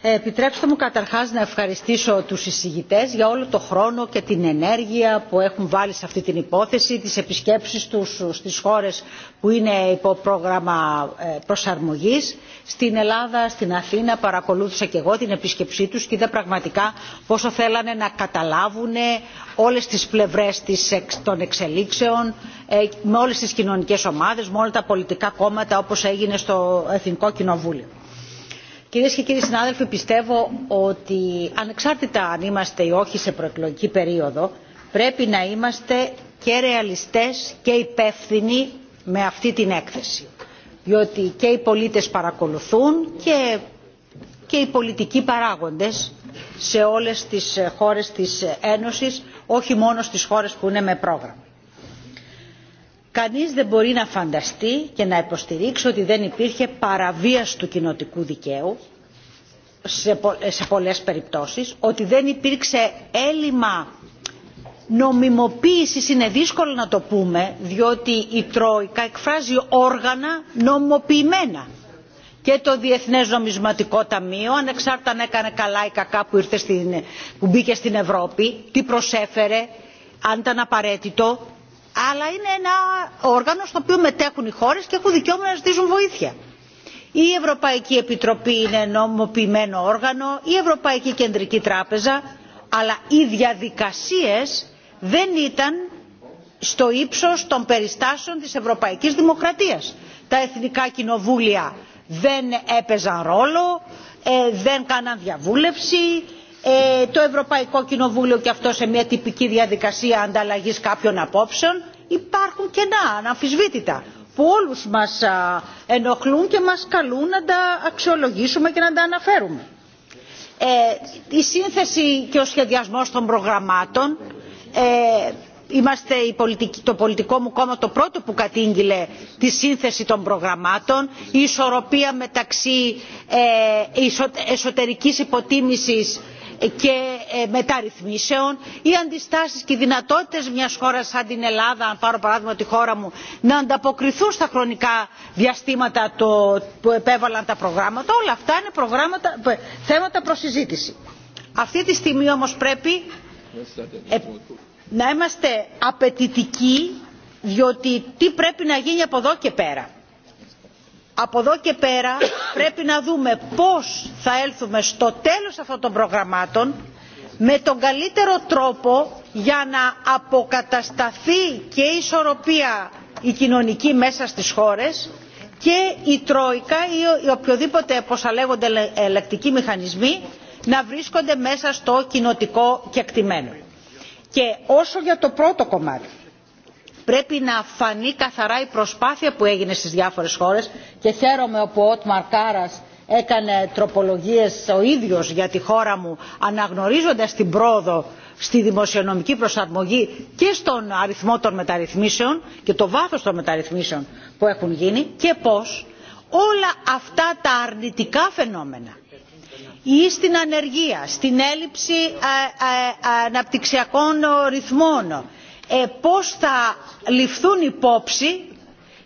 επιτρέψτε μου καταρχάς να ευχαριστήσω τους εισηγητές για όλο το χρόνο και την ενέργεια που έχουν βάλει σε αυτή την υπόθεση τις επισκέψεις τους στις χώρες που είναι υπό πρόγραμμα ε, προσαρμογής στην Ελλάδα, στην Αθήνα παρακολούθησα και εγώ την επίσκεψή τους και είδα πραγματικά πόσο θέλανε να καταλάβουν όλες τις πλευρές των εξελίξεων ε, με όλες τις κοινωνικές ομάδες, με όλα τα πολιτικά κόμματα όπως έγινε στο Εθνικό Κοινοβούλιο Κυρίες και κύριοι συνάδελφοι, πιστεύω ότι ανεξάρτητα αν είμαστε ή όχι σε προεκλογική περίοδο, πρέπει να είμαστε και ρεαλιστές και υπεύθυνοι με αυτή την έκθεση. Διότι και οι πολίτες παρακολουθούν και, οι πολιτικοί παράγοντες σε όλες τις χώρες της Ένωσης, όχι μόνο στις χώρες που είναι με πρόγραμμα κανείς δεν μπορεί να φανταστεί και να υποστηρίξει ότι δεν υπήρχε παραβίαση του κοινοτικού δικαίου σε πολλές περιπτώσεις, ότι δεν υπήρξε έλλειμμα νομιμοποίησης είναι δύσκολο να το πούμε διότι η Τρόικα εκφράζει όργανα νομιμοποιημένα και το Διεθνές Νομισματικό Ταμείο ανεξάρτητα αν έκανε καλά ή κακά που, ήρθε στην, που μπήκε στην Ευρώπη τι προσέφερε, αν ήταν απαραίτητο αλλά είναι ένα όργανο στο οποίο μετέχουν οι χώρες και έχουν δικαίωμα να ζητήσουν βοήθεια. Η Ευρωπαϊκή Επιτροπή είναι νομοποιημένο όργανο, η Ευρωπαϊκή Κεντρική Τράπεζα, αλλά οι διαδικασίες δεν ήταν στο ύψος των περιστάσεων της Ευρωπαϊκής Δημοκρατίας. Τα εθνικά κοινοβούλια δεν έπαιζαν ρόλο, ε, δεν κάναν διαβούλευση, ε, το Ευρωπαϊκό Κοινοβούλιο και αυτό σε μια τυπική διαδικασία ανταλλαγής κάποιων απόψεων υπάρχουν κενά αναμφισβήτητα που όλους μας ενοχλούν και μας καλούν να τα αξιολογήσουμε και να τα αναφέρουμε. Ε, η σύνθεση και ο σχεδιασμός των προγραμμάτων ε, είμαστε η το πολιτικό μου κόμμα το πρώτο που κατήγγειλε τη σύνθεση των προγραμμάτων η ισορροπία μεταξύ ε, εσωτερικής υποτίμησης και ε, μεταρρυθμίσεων ή αντιστάσεις και οι δυνατότητες μιας χώρας σαν την ελλάδα αν πάρω παράδειγμα τη χώρα μου να ανταποκριθούν στα χρονικά διαστήματα που επέβαλαν τα προγράμματα όλα αυτά είναι προγράμματα, θέματα προς συζήτηση. αυτή τη στιγμή όμως πρέπει ε, να είμαστε απαιτητικοί διότι τι πρέπει να γίνει από εδώ και πέρα από εδώ και πέρα πρέπει να δούμε πώς θα έλθουμε στο τέλος αυτών των προγραμμάτων με τον καλύτερο τρόπο για να αποκατασταθεί και η ισορροπία η κοινωνική μέσα στις χώρες και η τρόικα ή οποιοδήποτε πως θα λέγονται ελεκτικοί μηχανισμοί να βρίσκονται μέσα στο κοινοτικό κεκτημένο. Και όσο για το πρώτο κομμάτι πρέπει να φανεί καθαρά η προσπάθεια που έγινε στις διάφορες χώρες και χαίρομαι που ο Ότμαρ Κάρας έκανε τροπολογίες ο ίδιος για τη χώρα μου αναγνωρίζοντας την πρόοδο στη δημοσιονομική προσαρμογή και στον αριθμό των μεταρρυθμίσεων και το βάθος των μεταρρυθμίσεων που έχουν γίνει και πώς όλα αυτά τα αρνητικά φαινόμενα ή στην ανεργία, στην έλλειψη ε, ε, αναπτυξιακών ρυθμών, ε, πώς θα ληφθούν υπόψη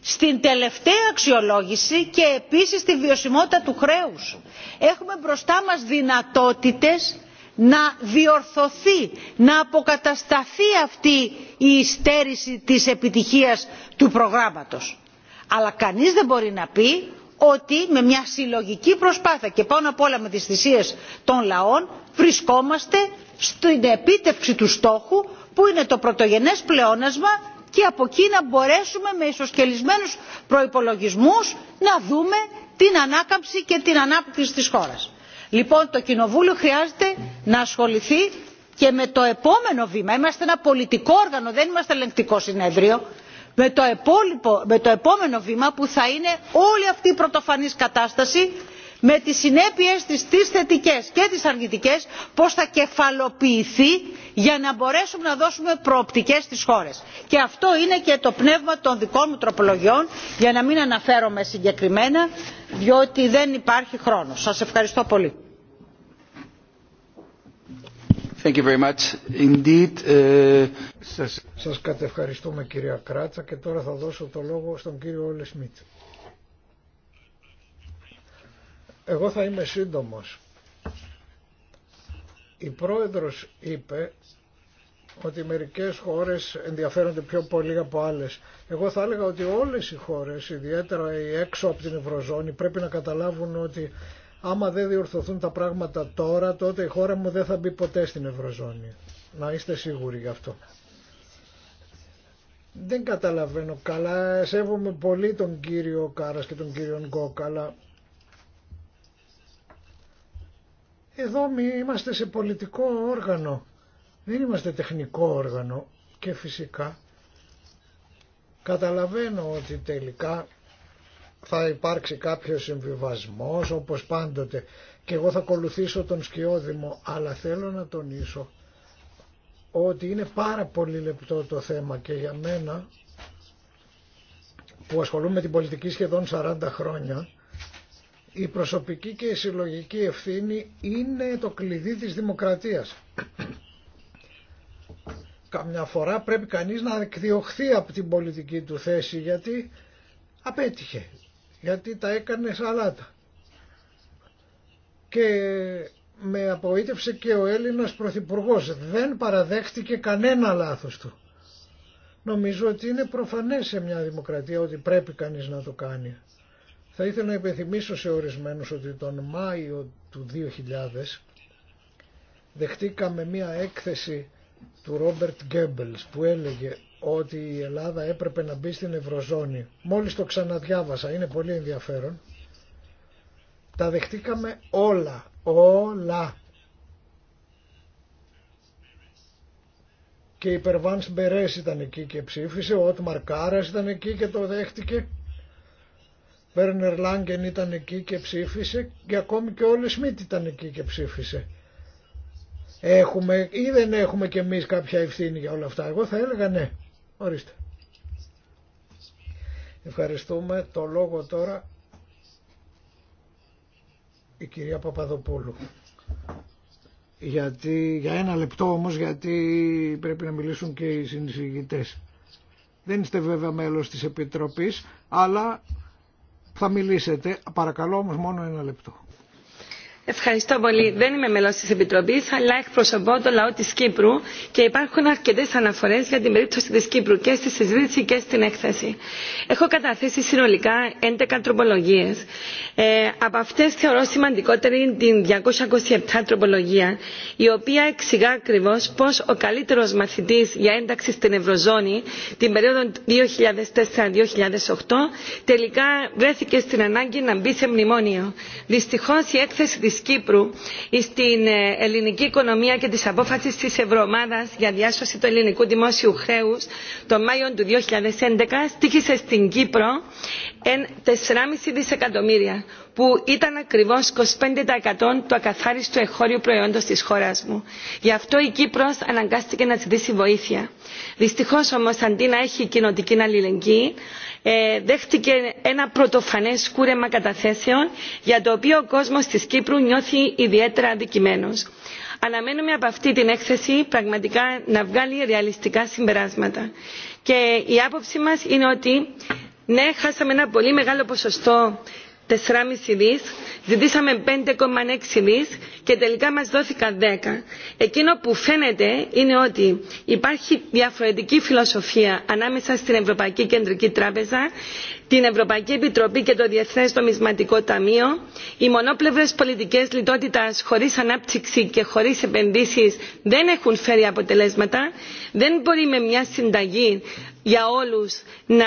στην τελευταία αξιολόγηση και επίσης στη βιωσιμότητα του χρέους. Έχουμε μπροστά μας δυνατότητες να διορθωθεί, να αποκατασταθεί αυτή η υστέρηση της επιτυχίας του προγράμματος. Αλλά κανείς δεν μπορεί να πει ότι με μια συλλογική προσπάθεια και πάνω απ' όλα με τις θυσίες των λαών βρισκόμαστε στην επίτευξη του στόχου που είναι το πρωτογενές πλεόνασμα και από εκεί να μπορέσουμε με ισοσκελισμένους προϋπολογισμούς να δούμε την ανάκαμψη και την ανάπτυξη της χώρας. Λοιπόν, το Κοινοβούλιο χρειάζεται να ασχοληθεί και με το επόμενο βήμα. Είμαστε ένα πολιτικό όργανο, δεν είμαστε ελεγκτικό συνέδριο. Με το, επόμενο βήμα που θα είναι όλη αυτή η πρωτοφανής κατάσταση με τις συνέπειες της τις θετικές και τις αρνητικές πώς θα κεφαλοποιηθεί για να μπορέσουμε να δώσουμε προοπτικές στις χώρες. Και αυτό είναι και το πνεύμα των δικών μου τροπολογιών για να μην αναφέρομαι συγκεκριμένα διότι δεν υπάρχει χρόνος. Σας ευχαριστώ πολύ. Thank you very much. Indeed, uh, σας, σας κατευχαριστούμε κυρία Κράτσα και τώρα θα δώσω το λόγο στον κύριο Όλε Σμίτ. Εγώ θα είμαι σύντομος η πρόεδρος είπε ότι μερικές χώρες ενδιαφέρονται πιο πολύ από άλλες. Εγώ θα έλεγα ότι όλες οι χώρες, ιδιαίτερα οι έξω από την Ευρωζώνη, πρέπει να καταλάβουν ότι άμα δεν διορθωθούν τα πράγματα τώρα, τότε η χώρα μου δεν θα μπει ποτέ στην Ευρωζώνη. Να είστε σίγουροι γι' αυτό. Δεν καταλαβαίνω καλά, σέβομαι πολύ τον κύριο Κάρας και τον κύριο Γκόκ, Εδώ είμαστε σε πολιτικό όργανο, δεν είμαστε τεχνικό όργανο και φυσικά καταλαβαίνω ότι τελικά θα υπάρξει κάποιο συμβιβασμό όπως πάντοτε και εγώ θα ακολουθήσω τον σκιώδημο αλλά θέλω να τονίσω ότι είναι πάρα πολύ λεπτό το θέμα και για μένα που ασχολούμαι με την πολιτική σχεδόν 40 χρόνια η προσωπική και η συλλογική ευθύνη είναι το κλειδί της δημοκρατίας. Καμιά φορά πρέπει κανείς να εκδιωχθεί από την πολιτική του θέση γιατί απέτυχε, γιατί τα έκανε σαλάτα. Και με απογοήτευσε και ο Έλληνας Πρωθυπουργός. Δεν παραδέχτηκε κανένα λάθος του. Νομίζω ότι είναι προφανές σε μια δημοκρατία ότι πρέπει κανείς να το κάνει. Θα ήθελα να υπενθυμίσω σε ορισμένους ότι τον Μάιο του 2000 δεχτήκαμε μία έκθεση του Ρόμπερτ Γκέμπελς που έλεγε ότι η Ελλάδα έπρεπε να μπει στην Ευρωζώνη. Μόλις το ξαναδιάβασα, είναι πολύ ενδιαφέρον. Τα δεχτήκαμε όλα, όλα. Και η Περβάνς Μπερές ήταν εκεί και ψήφισε, ο Ότμαρ Κάρας ήταν εκεί και το δέχτηκε. Βέρνερ Λάγκεν ήταν εκεί και ψήφισε και ακόμη και ο Σμίτ ήταν εκεί και ψήφισε. Έχουμε ή δεν έχουμε κι εμείς κάποια ευθύνη για όλα αυτά. Εγώ θα έλεγα ναι. Ορίστε. Ευχαριστούμε. Το λόγο τώρα η κυρία και εμεις Γιατί, για ένα λεπτό όμως γιατί πρέπει να μιλήσουν και οι συνεισηγητές. Δεν είστε βέβαια μέλος της Επιτροπής, αλλά θα μιλήσετε. Παρακαλώ όμως μόνο ένα λεπτό. Ευχαριστώ πολύ. Δεν είμαι μέλος της Επιτροπής, αλλά εκπροσωπώ το λαό της Κύπρου και υπάρχουν αρκετές αναφορές για την περίπτωση της Κύπρου και στη συζήτηση και στην έκθεση. Έχω καταθέσει συνολικά 11 τροπολογίες. Ε, από αυτές θεωρώ σημαντικότερη την 227 τροπολογία, η οποία εξηγά ακριβώ πώς ο καλύτερος μαθητής για ένταξη στην Ευρωζώνη την περίοδο 2004-2008 τελικά βρέθηκε στην ανάγκη να μπει σε μνημόνιο. Δυστυχώς η έκθεση της Κύπρου στην ε, ελληνική οικονομία και τη απόφασης της Ευρωομάδας για διάσωση του ελληνικού δημόσιου χρέου τον Μάιο του 2011 στήχησε στην Κύπρο 4,5 δισεκατομμύρια που ήταν ακριβώς 25% του ακαθάριστου εγχώριου προϊόντος της χώρας μου. Γι' αυτό η Κύπρος αναγκάστηκε να ζητήσει βοήθεια. Δυστυχώ όμω, αντί να έχει κοινοτική αλληλεγγύη ε, δέχτηκε ένα πρωτοφανέ κούρεμα καταθέσεων για το οποίο ο κόσμο τη Κύπρου νιώθει ιδιαίτερα αντικειμένος. Αναμένουμε από αυτή την έκθεση πραγματικά να βγάλει ρεαλιστικά συμπεράσματα. Και η άποψή μα είναι ότι ναι, χάσαμε ένα πολύ μεγάλο ποσοστό 4,5 δι, ζητήσαμε 5,6 δι και τελικά μα δόθηκαν 10. Εκείνο που φαίνεται είναι ότι υπάρχει διαφορετική φιλοσοφία ανάμεσα στην Ευρωπαϊκή Κεντρική Τράπεζα, την Ευρωπαϊκή Επιτροπή και το Διεθνέ Νομισματικό Ταμείο. Οι μονόπλευρε πολιτικέ λιτότητα χωρί ανάπτυξη και χωρί επενδύσει δεν έχουν φέρει αποτελέσματα. Δεν μπορεί με μια συνταγή για όλους να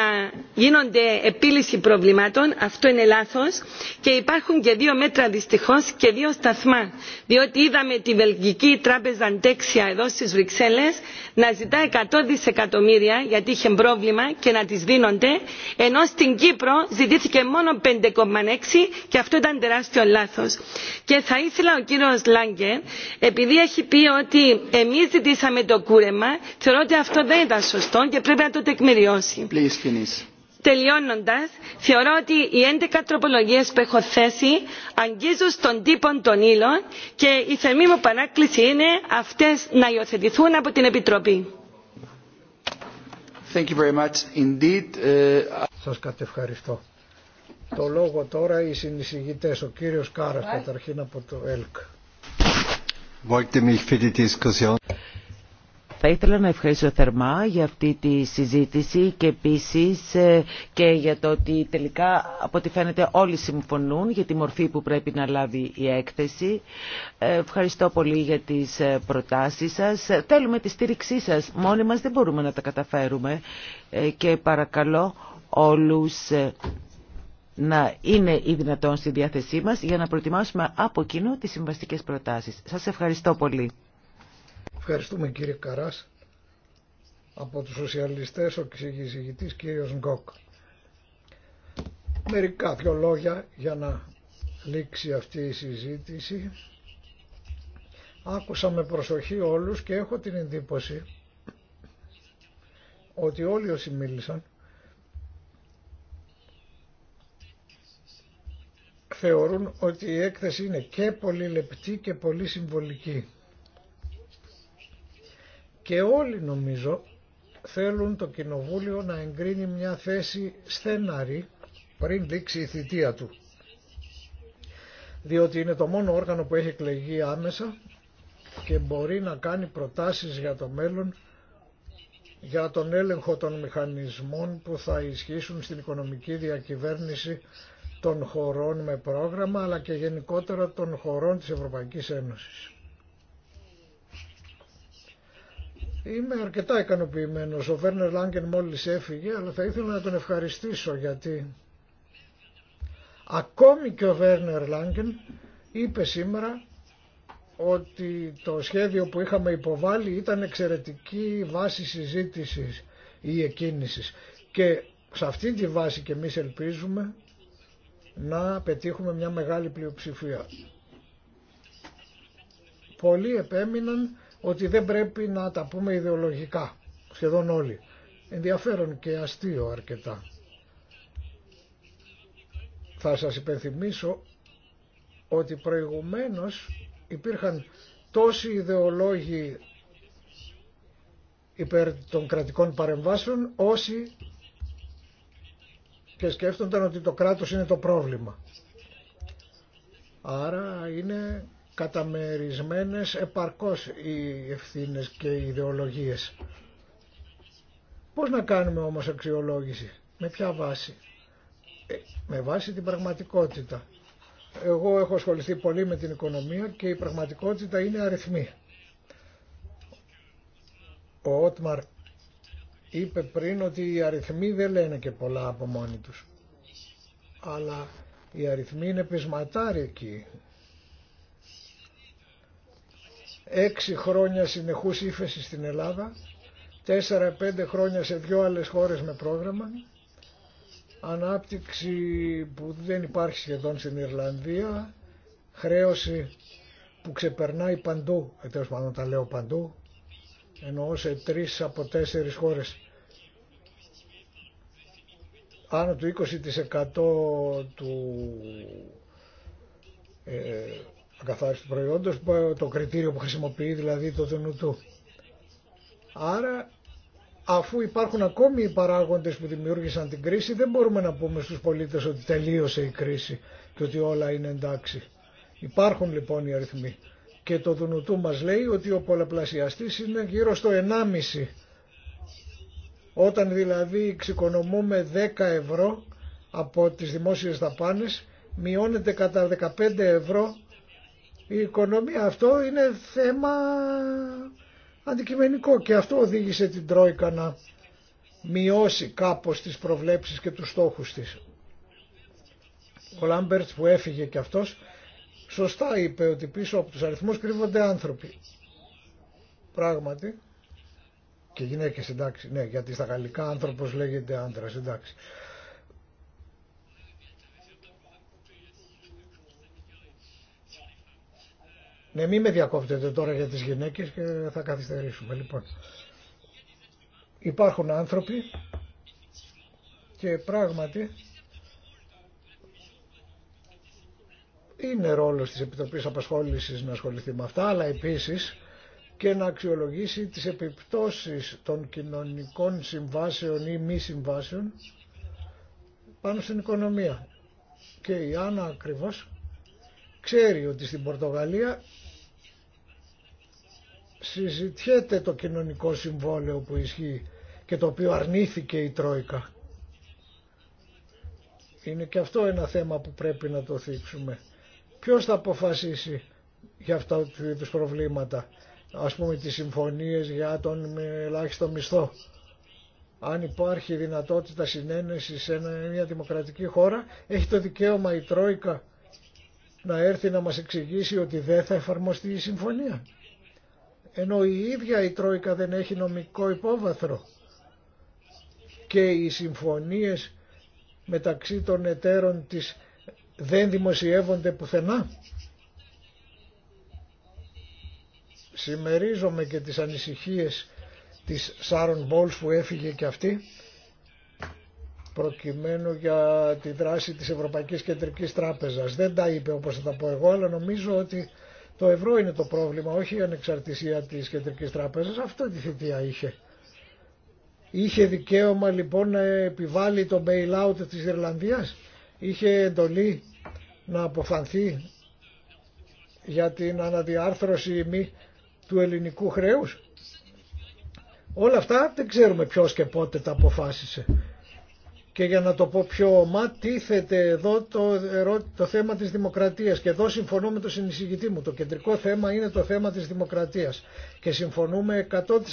γίνονται επίλυση προβλημάτων αυτό είναι λάθος και υπάρχουν και δύο μέτρα δυστυχώς και δύο σταθμά διότι είδαμε τη βελγική τράπεζα αντέξια εδώ στις βρυξέλλες να ζητά 100 δισεκατομμύρια γιατί είχε πρόβλημα και να τις δίνονται ενώ στην Κύπρο ζητήθηκε μόνο 5,6 και αυτό ήταν τεράστιο λάθο. Και θα ήθελα ο κύριο Λάγκε επειδή έχει πει ότι εμεί ζητήσαμε το κούρεμα θεωρώ ότι αυτό δεν ήταν σωστό και πρέπει να το τεκμηριώσει. Τελειώνοντα, θεωρώ ότι οι 11 τροπολογίε που έχω θέσει αγγίζουν στον τύπο των ύλων και η θερμή μου παράκληση είναι αυτέ να υιοθετηθούν από την Επιτροπή. Thank you ε, Σας κατευχαριστώ. Το λόγο τώρα οι συνεισηγητές, ο κύριος Κάρας καταρχήν από το ΕΛΚ. Θα ήθελα να ευχαριστώ θερμά για αυτή τη συζήτηση και επίσης ε, και για το ότι τελικά από ό,τι φαίνεται όλοι συμφωνούν για τη μορφή που πρέπει να λάβει η έκθεση. Ε, ευχαριστώ πολύ για τις ε, προτάσεις σας. Θέλουμε τη στήριξή σας. Μόνοι μας δεν μπορούμε να τα καταφέρουμε και παρακαλώ όλους να είναι οι δυνατόν στη διάθεσή μας για να προετοιμάσουμε από κοινού τις συμβαστικές προτάσεις. Σας ευχαριστώ πολύ. Ευχαριστούμε κύριε Καράς. Από τους σοσιαλιστές ο εξηγητής κύριος Γκόκ. Μερικά δυο λόγια για να λήξει αυτή η συζήτηση. Άκουσα με προσοχή όλους και έχω την εντύπωση ότι όλοι όσοι μίλησαν θεωρούν ότι η έκθεση είναι και πολύ λεπτή και πολύ συμβολική και όλοι νομίζω θέλουν το Κοινοβούλιο να εγκρίνει μια θέση στέναρη πριν δείξει η θητεία του. Διότι είναι το μόνο όργανο που έχει εκλεγεί άμεσα και μπορεί να κάνει προτάσεις για το μέλλον για τον έλεγχο των μηχανισμών που θα ισχύσουν στην οικονομική διακυβέρνηση των χωρών με πρόγραμμα αλλά και γενικότερα των χωρών της Ευρωπαϊκής Ένωσης. Είμαι αρκετά ικανοποιημένο. Ο Βέρνερ Λάγκεν μόλις έφυγε, αλλά θα ήθελα να τον ευχαριστήσω γιατί ακόμη και ο Βέρνερ Λάγκεν είπε σήμερα ότι το σχέδιο που είχαμε υποβάλει ήταν εξαιρετική βάση συζήτησης ή εκκίνησης και σε αυτή τη βάση και εμείς ελπίζουμε να πετύχουμε μια μεγάλη πλειοψηφία. Πολλοί επέμειναν ότι δεν πρέπει να τα πούμε ιδεολογικά, σχεδόν όλοι. Ενδιαφέρον και αστείο αρκετά. Θα σας υπενθυμίσω ότι προηγουμένως υπήρχαν τόσοι ιδεολόγοι υπέρ των κρατικών παρεμβάσεων όσοι και σκέφτονταν ότι το κράτος είναι το πρόβλημα. Άρα είναι καταμερισμένες επαρκώς οι ευθύνες και οι ιδεολογίες. Πώς να κάνουμε όμως αξιολόγηση, με ποια βάση. Ε, με βάση την πραγματικότητα. Εγώ έχω ασχοληθεί πολύ με την οικονομία και η πραγματικότητα είναι αριθμή. Ο Ότμαρ είπε πριν ότι οι αριθμοί δεν λένε και πολλά από μόνοι τους. Αλλά οι αριθμοί είναι πεισματάρικοι έξι χρόνια συνεχούς ύφεση στην Ελλάδα, τέσσερα-πέντε χρόνια σε δυο άλλες χώρες με πρόγραμμα, ανάπτυξη που δεν υπάρχει σχεδόν στην Ιρλανδία, χρέωση που ξεπερνάει παντού, ε, τέλος πάντων τα λέω παντού, εννοώ σε τρεις από τέσσερις χώρες άνω του 20% του ε, ακαθάριση του προϊόντος, ε, το κριτήριο που χρησιμοποιεί δηλαδή το Δουνουτού. Άρα αφού υπάρχουν ακόμη οι παράγοντες που δημιούργησαν την κρίση δεν μπορούμε να πούμε στους πολίτες ότι τελείωσε η κρίση και ότι όλα είναι εντάξει. Υπάρχουν λοιπόν οι αριθμοί και το Δουνουτού μας λέει ότι ο πολλαπλασιαστής είναι γύρω στο 1,5. Όταν δηλαδή ξεκονομούμε 10 ευρώ από τις δημόσιες δαπάνες μειώνεται κατά 15 ευρώ η οικονομία. Αυτό είναι θέμα αντικειμενικό και αυτό οδήγησε την Τρόικα να μειώσει κάπως τις προβλέψεις και τους στόχους της. Ο Λάμπερτ που έφυγε και αυτός σωστά είπε ότι πίσω από τους αριθμούς κρύβονται άνθρωποι. Πράγματι και γυναίκες εντάξει, ναι γιατί στα γαλλικά άνθρωπος λέγεται άντρας εντάξει. Ναι, μην με διακόπτετε τώρα για τις γυναίκες και θα καθυστερήσουμε. Λοιπόν, υπάρχουν άνθρωποι και πράγματι είναι ρόλος της Επιτροπής Απασχόλησης να ασχοληθεί με αυτά, αλλά επίσης και να αξιολογήσει τις επιπτώσεις των κοινωνικών συμβάσεων ή μη συμβάσεων πάνω στην οικονομία. Και η Άννα ακριβώς ξέρει ότι στην Πορτογαλία συζητιέται το κοινωνικό συμβόλαιο που ισχύει και το οποίο αρνήθηκε η Τρόικα. Είναι και αυτό ένα θέμα που πρέπει να το θίξουμε. Ποιος θα αποφασίσει για αυτά τους προβλήματα, ας πούμε τις συμφωνίες για τον ελάχιστο μισθό. Αν υπάρχει δυνατότητα συνένεση σε μια δημοκρατική χώρα, έχει το δικαίωμα η Τρόικα να έρθει να μας εξηγήσει ότι δεν θα εφαρμοστεί η συμφωνία ενώ η ίδια η Τρόικα δεν έχει νομικό υπόβαθρο και οι συμφωνίες μεταξύ των εταίρων της δεν δημοσιεύονται πουθενά. Σημερίζομαι και τις ανησυχίες της Σάρων Μπόλς που έφυγε και αυτή προκειμένου για τη δράση της Ευρωπαϊκής Κεντρικής Τράπεζας. Δεν τα είπε όπως θα τα πω εγώ, αλλά νομίζω ότι το ευρώ είναι το πρόβλημα, όχι η ανεξαρτησία της Κεντρικής Τράπεζας. Αυτό τη θητεία είχε. Είχε δικαίωμα λοιπόν να επιβάλλει το bailout της Ιρλανδίας. Είχε εντολή να αποφανθεί για την αναδιάρθρωση μη του ελληνικού χρέους. Όλα αυτά δεν ξέρουμε ποιος και πότε τα αποφάσισε. Και για να το πω πιο ομά, τίθεται εδώ το, το θέμα της δημοκρατίας και εδώ συμφωνώ με τον συνεισηγητή μου. Το κεντρικό θέμα είναι το θέμα της δημοκρατίας και συμφωνούμε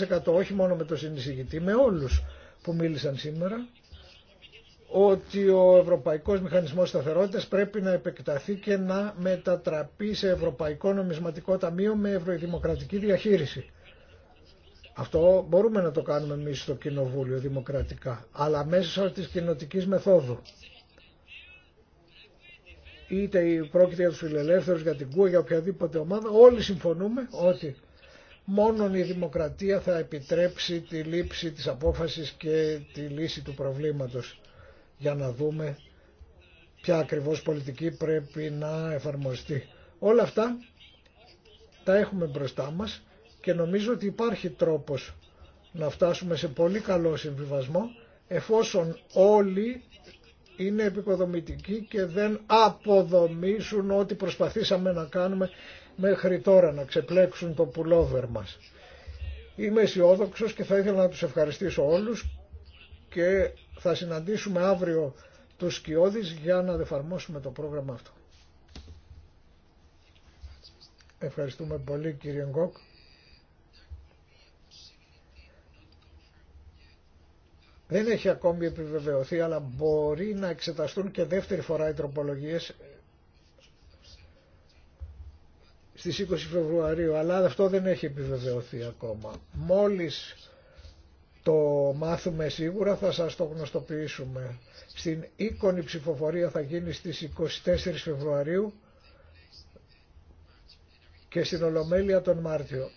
100% όχι μόνο με τον συνεισηγητή, με όλους που μίλησαν σήμερα ότι ο Ευρωπαϊκός Μηχανισμός Σταθερότητας πρέπει να επεκταθεί και να μετατραπεί σε Ευρωπαϊκό Νομισματικό Ταμείο με ευρωδημοκρατική διαχείριση. Αυτό μπορούμε να το κάνουμε εμείς στο Κοινοβούλιο δημοκρατικά, αλλά μέσω της κοινοτικής μεθόδου. Είτε πρόκειται για τους φιλελεύθερους, για την ΚΟΥ, για οποιαδήποτε ομάδα, όλοι συμφωνούμε ότι μονο η δημοκρατία θα επιτρέψει τη λήψη της απόφασης και τη λύση του προβλήματος για να δούμε ποια ακριβώς πολιτική πρέπει να εφαρμοστεί. Όλα αυτά τα έχουμε μπροστά μας και νομίζω ότι υπάρχει τρόπος να φτάσουμε σε πολύ καλό συμβιβασμό εφόσον όλοι είναι επικοδομητικοί και δεν αποδομήσουν ό,τι προσπαθήσαμε να κάνουμε μέχρι τώρα, να ξεπλέξουν το πουλόβερ μας. Είμαι αισιόδοξο και θα ήθελα να τους ευχαριστήσω όλους και θα συναντήσουμε αύριο τους Σκιώδης για να δεφαρμόσουμε το πρόγραμμα αυτό. Ευχαριστούμε πολύ κύριε Γκόκ. Δεν έχει ακόμη επιβεβαιωθεί, αλλά μπορεί να εξεταστούν και δεύτερη φορά οι τροπολογίε στις 20 Φεβρουαρίου, αλλά αυτό δεν έχει επιβεβαιωθεί ακόμα. Μόλις το μάθουμε σίγουρα θα σας το γνωστοποιήσουμε. Στην οίκονη ψηφοφορία θα γίνει στις 24 Φεβρουαρίου και στην Ολομέλεια τον Μάρτιο.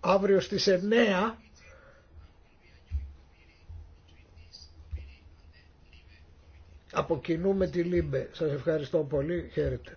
Αύριο στις 9 Αποκινούμε τη Λίμπε. Σας ευχαριστώ πολύ. Χαίρετε.